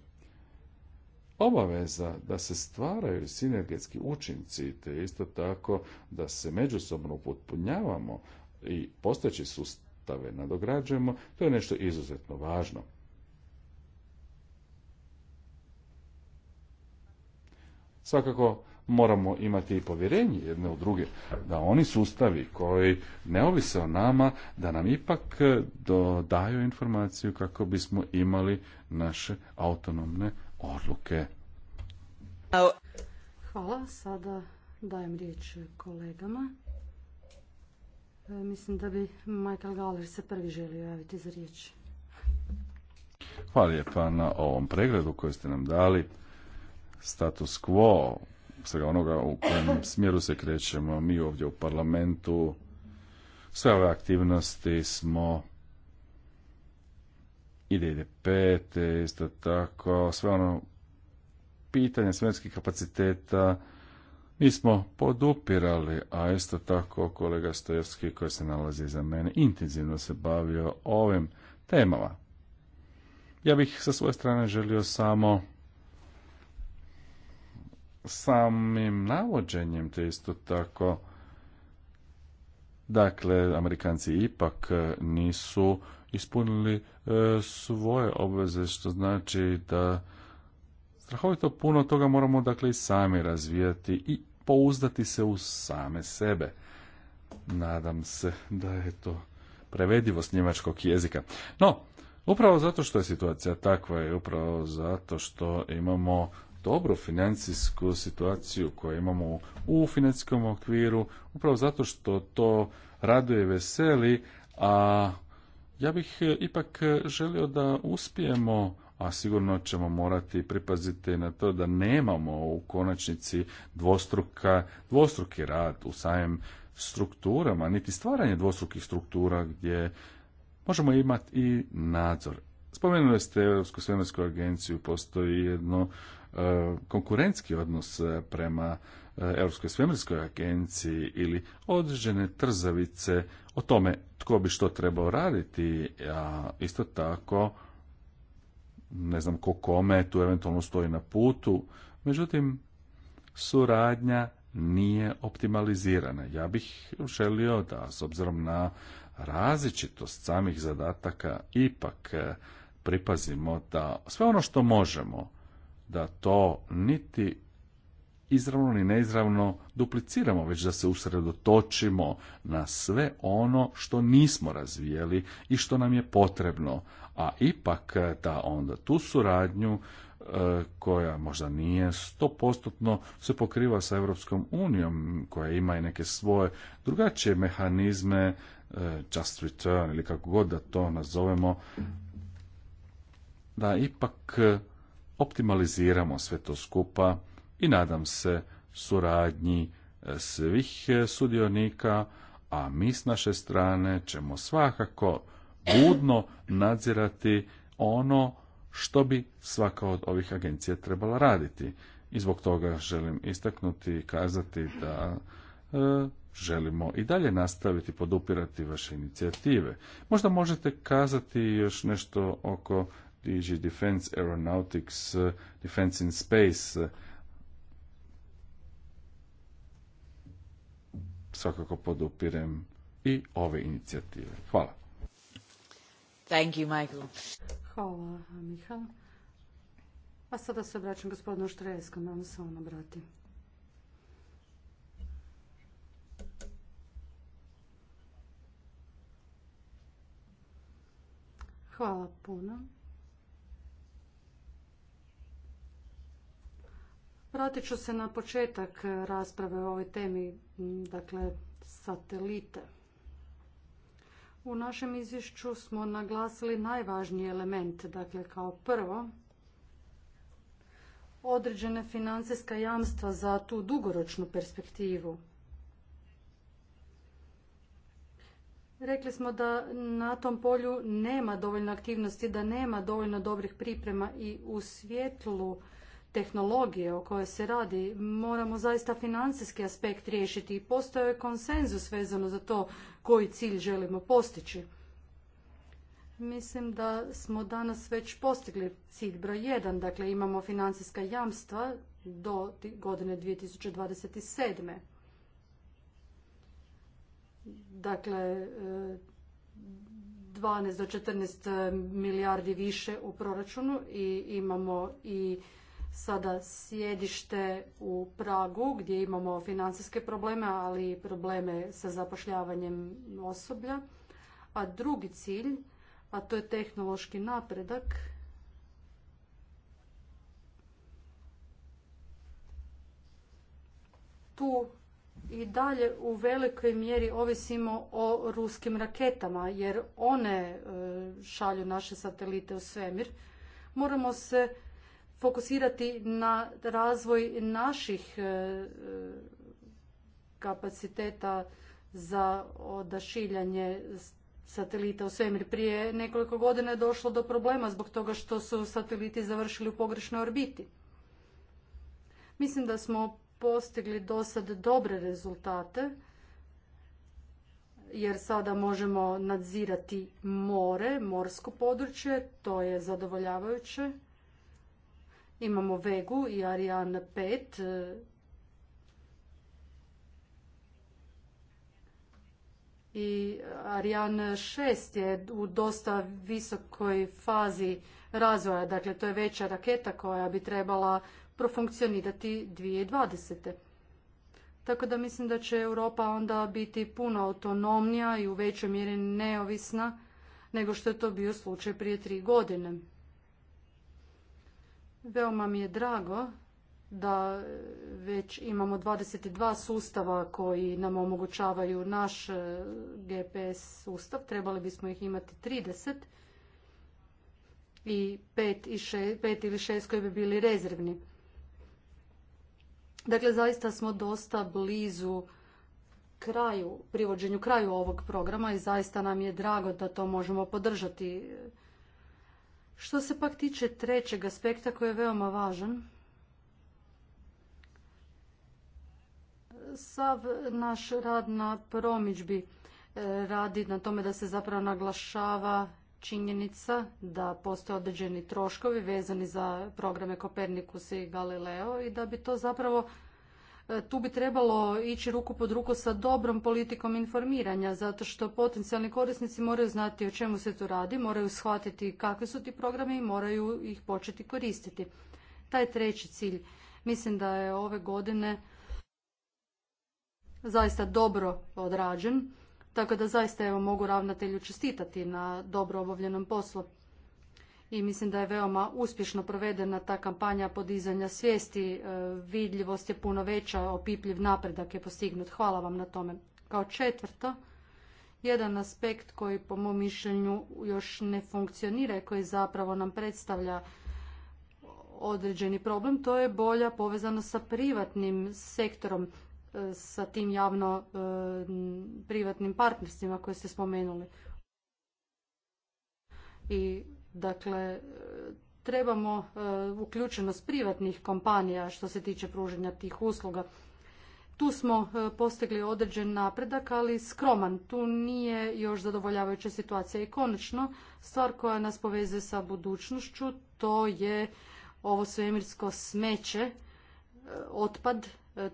Obaveza da se stvaraju sinergetski učinci, te isto tako da se međusobno upotpunjavamo i postojeći sustav sustave nadograđujemo, to je nešto izuzetno važno. Svakako moramo imati i povjerenje jedne u druge, da oni sustavi koji ne ovise o nama, da nam ipak dodaju informaciju kako bismo imali naše autonomne odluke. Hvala, sada dajem riječ kolegama. E, mislim da bi Michael Galler se prvi želio javiti za riječ. Hvala lijepa na ovom pregledu koji ste nam dali. Status quo, svega onoga u kojem smjeru se krećemo mi ovdje u parlamentu, sve ove aktivnosti smo i ide pete isto tako, sve ono pitanje svjetskih kapaciteta, mi smo podupirali, a isto tako kolega Stojevski koji se nalazi za mene, intenzivno se bavio ovim temama. Ja bih sa svoje strane želio samo samim navođenjem, te isto tako Dakle, Amerikanci ipak nisu ispunili e, svoje obveze, što znači da strahovito puno toga moramo dakle i sami razvijati i pouzdati se u same sebe. Nadam se da je to prevedivost njemačkog jezika. No, upravo zato što je situacija takva i upravo zato što imamo dobru financijsku situaciju koju imamo u financijskom okviru, upravo zato što to raduje i veseli, a ja bih ipak želio da uspijemo a sigurno ćemo morati pripaziti na to da nemamo u konačnici dvostruka, dvostruki rad u samim strukturama, niti stvaranje dvostrukih struktura gdje možemo imati i nadzor. Spomenuli ste Europsku svemirsku agenciju, postoji jedno e, konkurentski odnos prema e, Europskoj svemirskoj agenciji ili određene trzavice o tome tko bi što trebao raditi, a isto tako ne znam ko kome tu eventualno stoji na putu, međutim suradnja nije optimalizirana. Ja bih želio da s obzirom na različitost samih zadataka ipak eh, pripazimo da sve ono što možemo da to niti izravno ni neizravno dupliciramo, već da se usredotočimo na sve ono što nismo razvijeli i što nam je potrebno, a ipak da onda tu suradnju e, koja možda nije stopostotno se pokriva sa Europskom unijom, koja ima i neke svoje drugačije mehanizme, e, just return ili kako god da to nazovemo, da ipak optimaliziramo sve to skupa i nadam se suradnji e, svih sudionika, a mi s naše strane ćemo svakako budno nadzirati ono što bi svaka od ovih agencija trebala raditi. I zbog toga želim istaknuti i kazati da e, želimo i dalje nastaviti podupirati vaše inicijative. Možda možete kazati još nešto oko DG Defense Aeronautics, Defense in Space. Svakako podupirem i ove inicijative. Hvala. Thank you, Michael. Hvala, Mihael. A sada se obraćam gospodinu Štrejskom, da vam se on obrati. Hvala puno. Vratit ću se na početak rasprave o ovoj temi, dakle, satelite. U našem izvješću smo naglasili najvažniji element, dakle kao prvo određene financijska jamstva za tu dugoročnu perspektivu. Rekli smo da na tom polju nema dovoljno aktivnosti, da nema dovoljno dobrih priprema i u svjetlu tehnologije o kojoj se radi, moramo zaista financijski aspekt riješiti i postoje konsenzus vezano za to koji cilj želimo postići. Mislim da smo danas već postigli cilj broj 1, dakle imamo financijska jamstva do godine 2027. Dakle, 12 e, do 14 milijardi više u proračunu i imamo i sada sjedište u Pragu gdje imamo financijske probleme, ali i probleme sa zapošljavanjem osoblja. A drugi cilj, a to je tehnološki napredak, tu i dalje u velikoj mjeri ovisimo o ruskim raketama, jer one e, šalju naše satelite u svemir. Moramo se fokusirati na razvoj naših e, kapaciteta za odašiljanje satelita u svemir. Prije nekoliko godina je došlo do problema zbog toga što su sateliti završili u pogrešnoj orbiti. Mislim da smo postigli do sad dobre rezultate, jer sada možemo nadzirati more, morsko područje, to je zadovoljavajuće. Imamo Vegu i Ariane 5. E, I Ariane 6 je u dosta visokoj fazi razvoja. Dakle, to je veća raketa koja bi trebala profunkcionirati 2020. Tako da mislim da će Europa onda biti puno autonomnija i u većoj mjeri neovisna nego što je to bio slučaj prije tri godine. Veoma mi je drago da već imamo 22 sustava koji nam omogućavaju naš e, GPS sustav. Trebali bismo ih imati 30 i pet i ili šest koji bi bili rezervni. Dakle, zaista smo dosta blizu kraju, privođenju kraju ovog programa i zaista nam je drago da to možemo podržati što se pak tiče trećeg aspekta koji je veoma važan, sav naš rad na promičbi e, radi na tome da se zapravo naglašava činjenica da postoje određeni troškovi vezani za programe Kopernikus i Galileo i da bi to zapravo E, tu bi trebalo ići ruku pod ruku sa dobrom politikom informiranja, zato što potencijalni korisnici moraju znati o čemu se tu radi, moraju shvatiti kakvi su ti programi i moraju ih početi koristiti. Taj treći cilj, mislim da je ove godine zaista dobro odrađen, tako da zaista evo mogu ravnatelju čestitati na dobro obavljenom poslu i mislim da je veoma uspješno provedena ta kampanja podizanja svijesti. E, vidljivost je puno veća, opipljiv napredak je postignut. Hvala vam na tome. Kao četvrto, jedan aspekt koji po mom mišljenju još ne funkcionira i koji zapravo nam predstavlja određeni problem, to je bolja povezano sa privatnim sektorom, e, sa tim javno e, privatnim partnerstvima koje ste spomenuli. I Dakle, e, trebamo e, uključenost privatnih kompanija što se tiče pružanja tih usluga. Tu smo e, postigli određen napredak, ali skroman. Tu nije još zadovoljavajuća situacija. I konačno, stvar koja nas poveze sa budućnošću, to je ovo svemirsko smeće, otpad,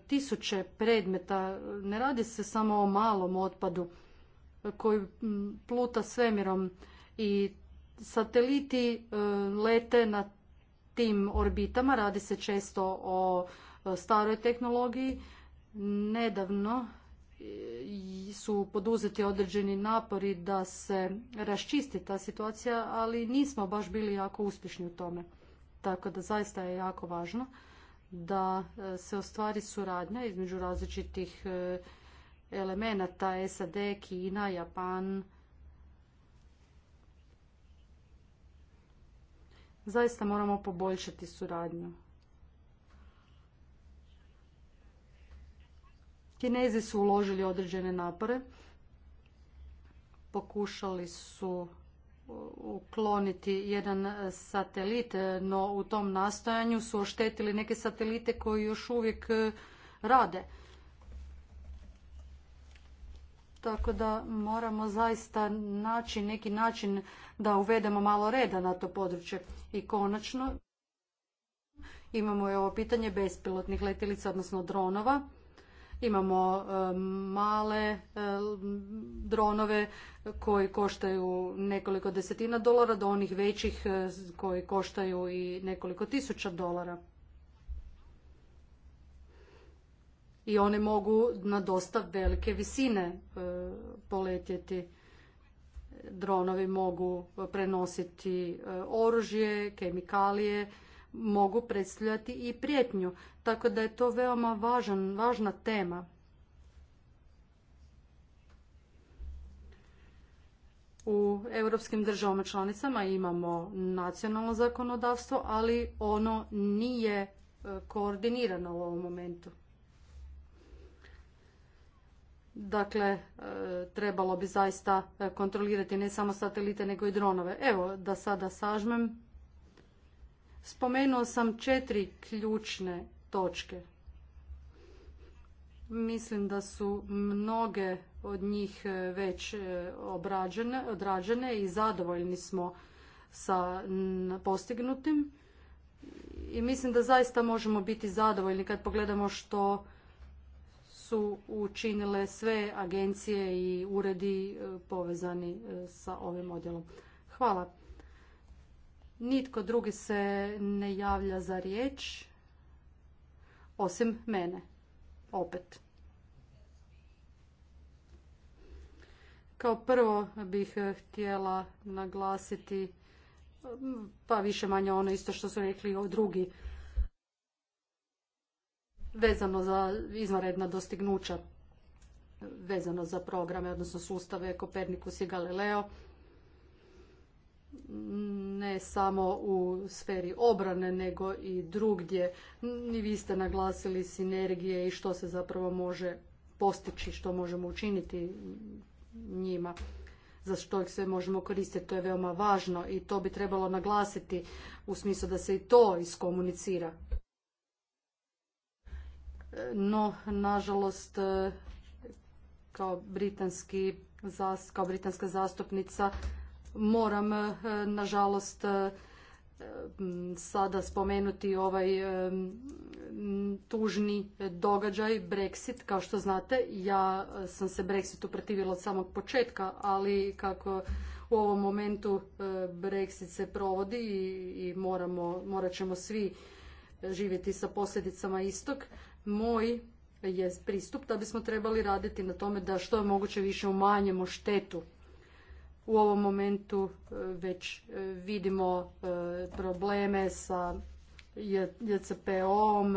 tisuće predmeta. Ne radi se samo o malom otpadu koji pluta svemirom i Sateliti e, lete na tim orbitama, radi se često o e, staroj tehnologiji. Nedavno e, su poduzeti određeni napori da se raščisti ta situacija, ali nismo baš bili jako uspješni u tome. Tako da zaista je jako važno da se ostvari suradnja između različitih elemenata SAD, Kina, Japan, Zaista moramo poboljšati suradnju. Kinezi su uložili određene napore, pokušali su uh, ukloniti jedan uh, satelit, uh, no u tom nastojanju su oštetili neke satelite koji još uvijek rade tako da moramo zaista naći neki način da uvedemo malo reda na to područje. I konačno imamo je ovo pitanje bespilotnih letjelica, odnosno dronova. Imamo e, male e, dronove koji koštaju nekoliko desetina dolara do onih većih e, koji koštaju i nekoliko tisuća dolara. i one mogu na dosta velike visine e, poletjeti. Dronovi mogu prenositi e, oružje, kemikalije, mogu predstavljati i prijetnju. Tako da je to veoma važan, važna tema. U europskim državama članicama imamo nacionalno zakonodavstvo, ali ono nije e, koordinirano u ovom momentu. Dakle, e, trebalo bi zaista e, kontrolirati ne samo satelite, nego i dronove. Evo, da sada sažmem. Spomenuo sam četiri ključne točke. Mislim da su mnoge od njih e, već obrađene, odrađene i zadovoljni smo sa postignutim. I mislim da zaista možemo biti zadovoljni kad pogledamo što su učinile sve agencije i uredi e, povezani e, sa ovim odjelom. Hvala. Nitko drugi se ne javlja za riječ, osim mene. Opet. Kao prvo bih e, htjela naglasiti, pa više manje ono isto što su rekli drugi vezano za izvanredna dostignuća vezano za programe, odnosno sustave Kopernikus i Galileo, ne samo u sferi obrane, nego i drugdje. I vi ste naglasili sinergije i što se zapravo može postići, što možemo učiniti njima, za što ih sve možemo koristiti. To je veoma važno i to bi trebalo naglasiti u smislu da se i to iskomunicira. No, nažalost, e, kao, britanski, kao britanska zastupnica moram, e, nažalost, e, sada spomenuti ovaj tužni događaj, Brexit. Kao što znate, ja sam se Brexitu protivila od samog početka, ali kako u ovom momentu Brexit se provodi i moramo, morat ćemo svi živjeti sa posljedicama istog moj je pristup da bismo trebali raditi na tome da što je moguće više umanjimo štetu. U ovom momentu e, već e, vidimo e, probleme sa JCPO-om,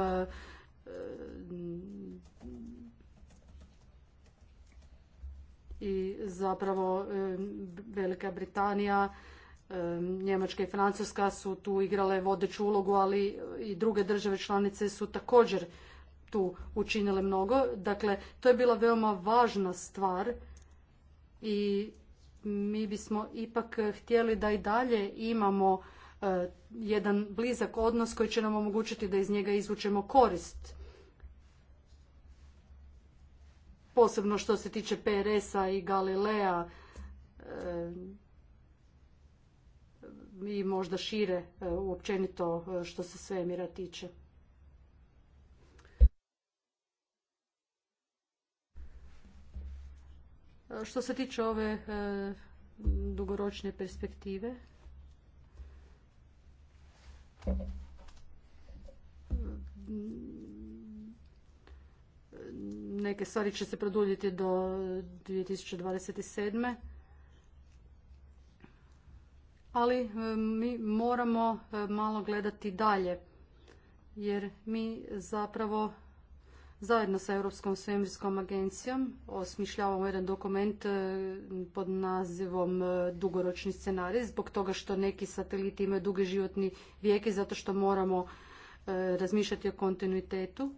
i zapravo Velika Britanija, Njemačka i Francuska su tu igrale vodeću ulogu, ali i druge države članice su također tu učinile mnogo. Dakle, to je bila veoma važna stvar i mi bismo ipak htjeli da i dalje imamo e, jedan blizak odnos koji će nam omogućiti da iz njega izvučemo korist. Posebno što se tiče PRS-a i Galilea e, i možda šire uopćenito e, što se svemira tiče. Što se tiče ove e, dugoročne perspektive, neke stvari će se produljiti do 2027. Ali e, mi moramo e, malo gledati dalje, jer mi zapravo Zajedno sa Europskom svemirskom agencijom osmišljavamo jedan dokument e, pod nazivom e, dugoročni scenarij zbog toga što neki sateliti imaju duge životni vijek i zato što moramo e, razmišljati o kontinuitetu.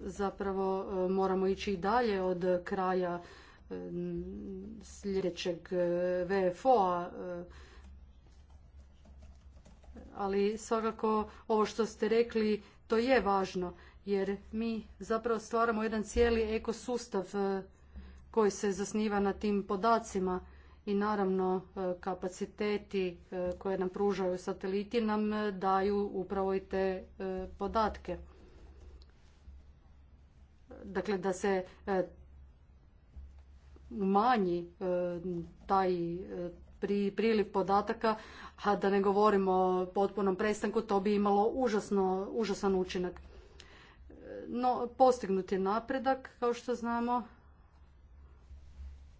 Zapravo moramo ići i dalje od kraja sljedećeg VFO-a ali svakako ovo što ste rekli to je važno jer mi zapravo stvaramo jedan cijeli ekosustav e, koji se zasniva na tim podacima i naravno e, kapaciteti e, koje nam pružaju sateliti nam daju upravo i te podatke. Dakle, da se umanji taj priliv podataka, a da ne govorimo o potpunom prestanku, to bi imalo užasno, užasan učinak no, postignuti napredak, kao što znamo,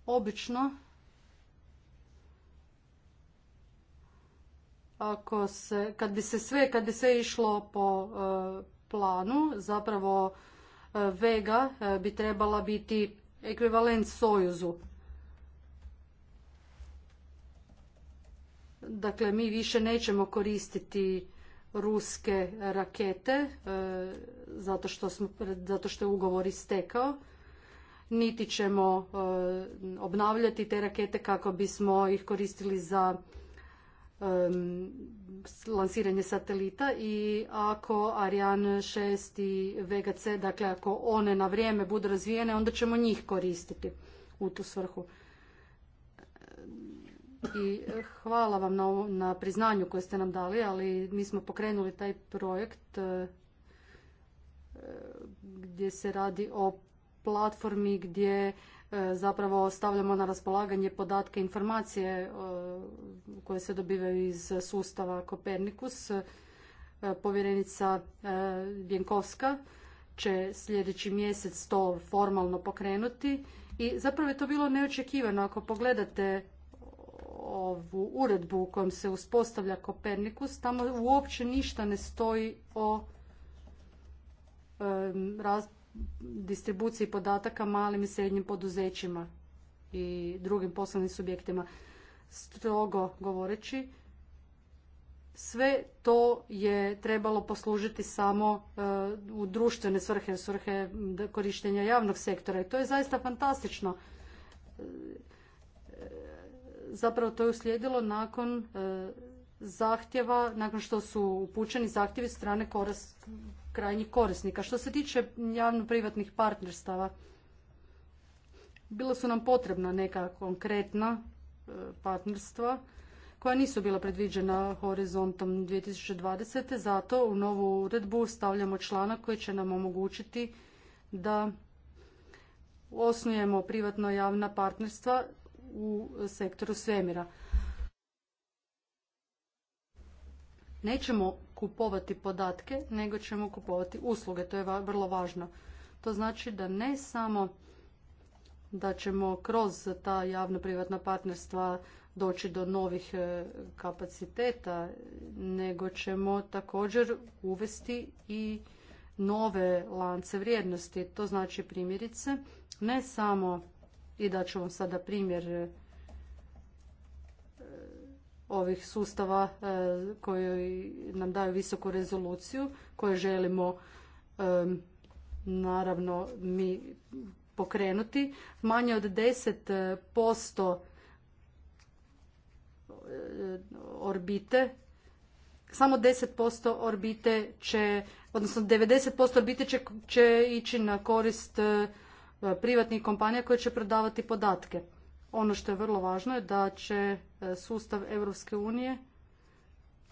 obično ako se, kad bi se sve, kad bi sve išlo po e, planu, zapravo e, Vega e, bi trebala biti ekvivalent Sojuzu. Dakle, mi više nećemo koristiti ruske rakete e, zato što, je ugovor istekao niti ćemo e, obnavljati te rakete kako bismo ih koristili za e, lansiranje satelita i ako Ariane 6 i Vega dakle ako one na vrijeme budu razvijene, onda ćemo njih koristiti u tu svrhu i eh, hvala vam na, na priznanju koje ste nam dali, ali mi smo pokrenuli taj projekt eh, eh, gdje se radi o platformi gdje zapravo stavljamo na raspolaganje podatke informacije koje se dobivaju iz sustava Kopernikus. Povjerenica Bjenkovska će sljedeći mjesec to formalno pokrenuti i zapravo je to bilo neočekivano. Ako pogledate ovu uredbu u kojom se uspostavlja Kopernikus, tamo uopće ništa ne stoji o distribuciji podataka malim i srednjim poduzećima i drugim poslovnim subjektima. Strogo govoreći, sve to je trebalo poslužiti samo eh, u društvene svrhe, svrhe korištenja javnog sektora i to je zaista fantastično zapravo to je uslijedilo nakon e, zahtjeva, nakon što su upućeni zahtjevi strane krajnjih korisnika. Što se tiče javno-privatnih partnerstava, bila su nam potrebna neka konkretna e, partnerstva koja nisu bila predviđena horizontom 2020. Zato u novu uredbu stavljamo članak koji će nam omogućiti da osnujemo privatno-javna partnerstva u sektoru svemira. Nećemo kupovati podatke, nego ćemo kupovati usluge. To je vrlo važno. To znači da ne samo da ćemo kroz ta javno-privatna partnerstva doći do novih e, kapaciteta, nego ćemo također uvesti i nove lance vrijednosti. To znači primjerice ne samo i da ću vam sada primjer e, ovih sustava e, koji nam daju visoku rezoluciju, koje želimo e, naravno mi pokrenuti. Manje od 10% orbite samo 10% orbite će, odnosno 90% orbite će, će ići na korist E, privatnih kompanija koje će prodavati podatke. Ono što je vrlo važno je da će e, sustav Europske unije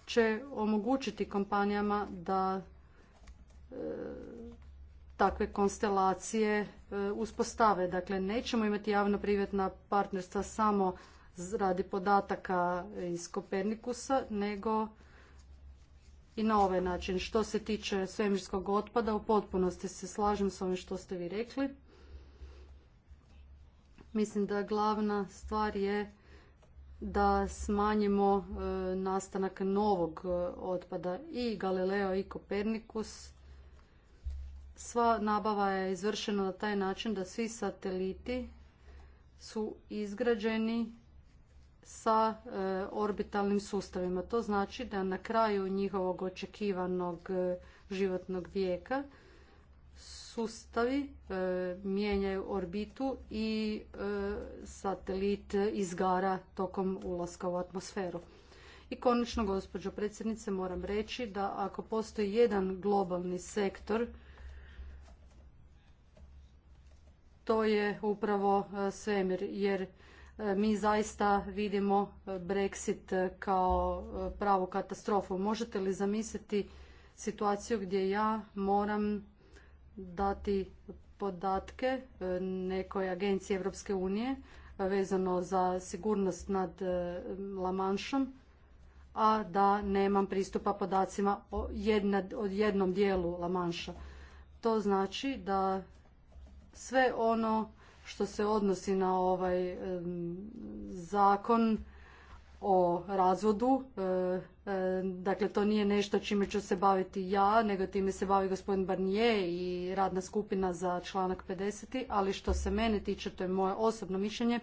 će omogućiti kompanijama da e, takve konstelacije uspostave. Dakle, nećemo imati javno-privatna partnerstva samo radi podataka iz Kopernikusa, nego i na ovaj način. Što se tiče svemirskog otpada, u potpunosti se slažem s ovim što ste vi rekli. Mislim da glavna stvar je da smanjimo e, nastanak novog e, otpada i Galileo i Kopernikus. Sva nabava je izvršena na taj način da svi sateliti su izgrađeni sa e, orbitalnim sustavima. To znači da na kraju njihovog očekivanog životnog vijeka sustavi e, mijenjaju orbitu i e, satelit izgara tokom ulaska u atmosferu. I konačno, gospođo predsjednice, moram reći da ako postoji jedan globalni sektor, to je upravo e, svemir, jer mi zaista vidimo Brexit kao pravu katastrofu. Možete li zamisliti situaciju gdje ja moram dati podatke e, nekoj agenciji Europske unije e, vezano za sigurnost nad e, Lamanšom, a da nemam pristupa podacima od jednom dijelu Lamanša. To znači da sve ono što se odnosi na ovaj zakon o razvodu. E, e, dakle, to nije nešto čime ću se baviti ja, nego time se bavi gospodin Barnier i radna skupina za članak 50. Ali što se mene tiče, to je moje osobno mišljenje,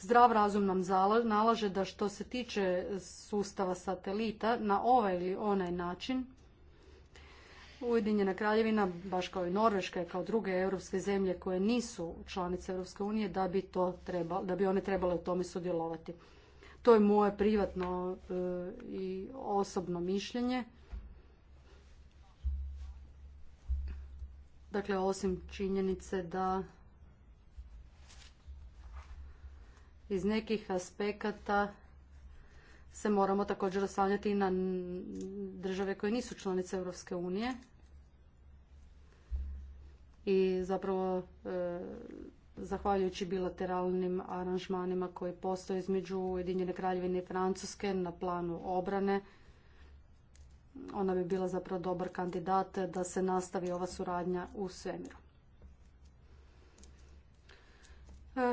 zdrav razum nam nalaže da što se tiče sustava satelita na ovaj ili onaj način, Ujedinjena kraljevina, baš kao i Norveška i kao druge europske zemlje koje nisu članice Europske unije, da bi, to da bi one trebale u tome sudjelovati. To je moje privatno e, i osobno mišljenje. Dakle, osim činjenice da iz nekih aspekata se moramo također oslanjati i na države koje nisu članice Europske unije. I zapravo e, zahvaljujući bilateralnim aranžmanima koji postoje između Ujedinjene kraljevine i Francuske na planu obrane. Ona bi bila zapravo dobar kandidat da se nastavi ova suradnja u svemiru.